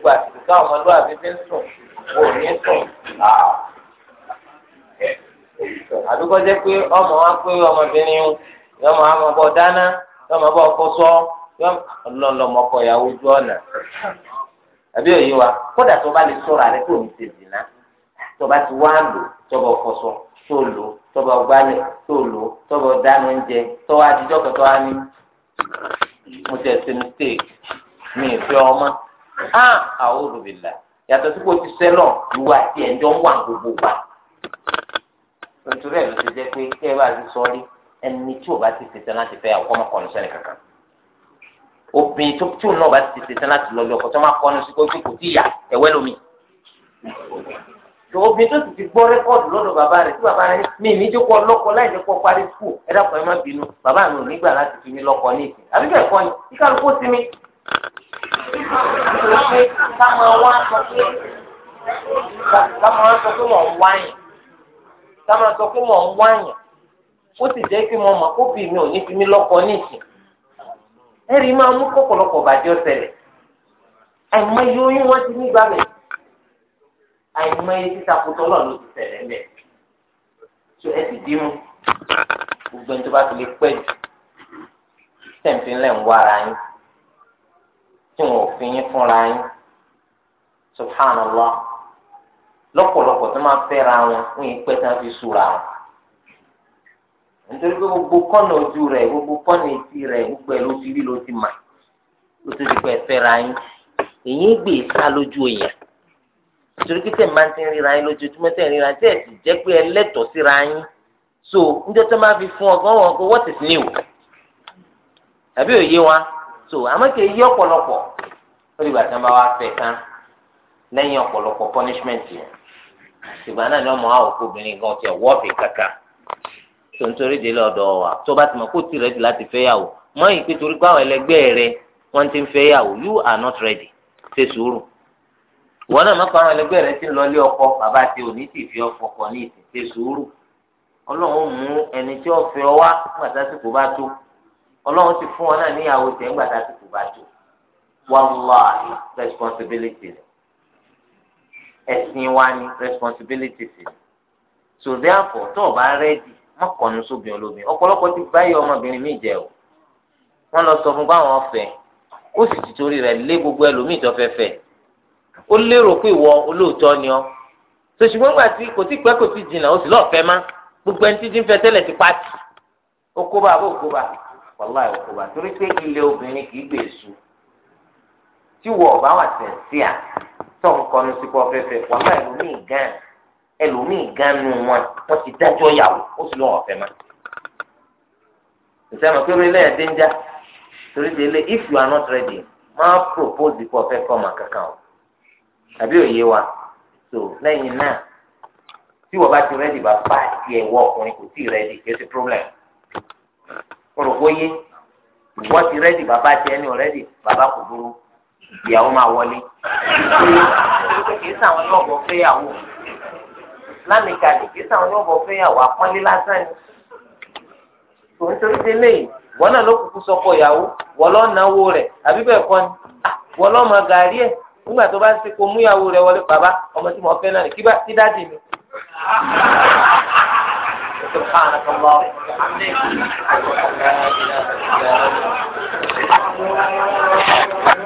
gbogbo àtìkà ọmọlúwàbí fi ń sùn wò ní sùn. àdúgbò jẹ́ pé ọmọ wa pé ọmọbìnrin yọmọ àwọn ọmọ dáná yọmọ bọ ọkọ sọ yọmọ lọmọ ọkọ ìyàwó ojú ọ̀nà àbí òye wa kódà tó bá lè sọ̀rọ̀ àrẹ kò ní dìnnà tó bá ti wá lò tó bá ọkọ sọ tó lò tó tó lò tó dáná oúnjẹ tó wá ní nítorí ẹ̀ ló ti jẹ́ pé kí ẹ bá ti sọ rí ẹni tí o bá ti ṣetán láti fẹ́ àwọn ọmọkọ ní sẹ́ni kankan obìnrin tó tí o náà bá ti ṣetán láti lọ lọ́kọ tó máa kọ́ ní sikọ́ pé kò tí ì yà ẹ̀wẹ́ lómi tó obìnrin tó sì ti gbọ́ rẹ́kọ́ọ̀dù lọ́dọ̀ bàbá rẹ̀ tí bàbá rẹ̀ mi ní jókòó ọlọ́kọ láì jẹ́ kó o parí skul ẹ dàpọ̀ ẹ má bínú bàbá mi ò nígbà láti fi mí lọ́kọ ní ìsìn ká máa sọ pé mò ń wáyàn ó sì jẹ́ pé mo mọ̀ kó bí mi ò ní fi mí lọ́kọ ní ìsìn ẹ̀rí máa mú kọ̀pọ̀lọpọ̀ bàjẹ́ ọ̀sẹ̀lẹ̀ àìmọye oyún wọn ti ní gbàgbẹ́ àìmọye títakùtọ̀ lọ́ọ̀ ló ti ṣẹlẹ̀ mẹ́ tó ẹ ti dín mú gbogbo ẹni tó bá ti lè pẹ́ jù tẹ̀m̀pé ń wá ara yín tí wọn ò fi yín fúnra yín subhanallah lọ́pọ̀lọpọ̀ tó máa fẹ́ra wọn fún yín pẹ́ tán fi súra wọn. nítorí pé gbogbo kọ́nà ojú rẹ̀ gbogbo kọ́nà etí rẹ̀ gbogbo ẹ̀ ló ti rí ló ti mà ló ti di pé ẹ fẹ́ra yín èyí gbè sá lójú èèyàn nítorí pé tẹ̀ máa ń ti ríra yín lójoojúmọ́ tẹ̀ ríra tẹ̀ sì jẹ́ pé ẹ lẹ́tọ̀ọ́ síra yín so níjọ́ tó máa fi fún ọgọ́ wọn pé what is new tàbí òye wa so àmọ́ kì í yí ọ̀pọ̀lọpọ̀ ó dìgbà tí wọ́n bá wá fẹ́ tán lẹ́yìn ọ̀pọ̀lọpọ̀ punishment yẹn ìgbà náà ni ọmọ àwọn obìnrin gan ti ọwọ́ ọ̀fìn kankan tó ń torí délé ọ̀dọ̀ wa tó bá ti mọ̀ kó tirẹ̀ ti láti fẹ́ yàwó mọ́ ìpè torí pé àwọn ẹlẹgbẹ́ rẹ wọ́n ti ń fẹ́ yàwó you are not ready ṣe sùúrù wọn náà mọ̀kàn àwọn ẹlẹgbẹ́ rẹ ti ń lọlé ọkọ bàbá àti òní ti fi ọkọ kọ ní ìsìn ṣe sùúrù ọlọ́run mú ẹni tí ó fẹ́ ọ wá nígbà tásìkò bá tó ọlọ́run ti fún ọ náà níyàwó tẹ̀ nígbà tásìkò bá tó wàhálà responsibility rẹ̀ ẹ̀sìn wa ni responsibility sí so therefore tó o bá rẹ́dì má kọnu sóbìnrin olóbìnrin ọ̀pọ̀lọpọ̀ ti báyìí ọmọbìnrin mi jẹ o wọ́n lọ sọ fún báwọn ọ̀fẹ́ ó sì ti torí rẹ̀ lé gbogbo ẹlòmíì tó fẹ́ fẹ́ ó lérò pé ìwọ olóòótọ́ ni ọ́ so ṣùgbọ́n gbà tí kò tí pẹ́ kò tí jìnnà ó sì lọ́ọ́ fẹ́ má gbogbo ẹni tí ti ń fẹ́ tẹ́lẹ̀ ti pàtì ó kó bá àbó kó bá wàlá ẹ̀ kó bá torí pé ilé obìnrin kì í gbèsù tí wọ́ọ̀ bá wà sẹ̀ tó ń kọnu sí pọ fẹfẹ wàhálà ẹlòmíì gan ẹlòmíì gan nu wọn wọn ti dájọ yàwó ó sì lọ ọfẹ ma ìsẹ́mi pé orí lẹ́yìn dénjà torí délé if you are not ready máa propose pọ fẹ́ kọ́ ọmọ kankan o àbí òye wa so lẹ́yìn náà tí wọ́n bá ti rẹ́dì bá bá tiẹ̀ wọ ọkùnrin kò tí ì rẹ́dì kì í ṣe problem orò kó yé wọ́n ti rẹ́dì bàbá tiẹ̀ ní ọ̀rẹ́dì bàbá kò dúró ìyàwó máa wọlé kì í sàwọn ní ọbọ fẹ́yàwó lámìkàdé kì í sàwọn ní ọbọ fẹ́yàwó àpọ́nlé lásán ni tòun torí délé yìí wọn náà ló kúkú sọkọ ìyàwó wọn lọ náwó rẹ̀ àbí bẹ́ẹ̀ kọ́ ni ah, wọn lọ mọ gàrí ẹ nígbà tó bá ń ṣe kó mú ìyàwó rẹ̀ wọlé bàbá ọmọ tí mo fẹ́ náà ni kí bá ti dáàdì mi. سبحانك الله وبحمدك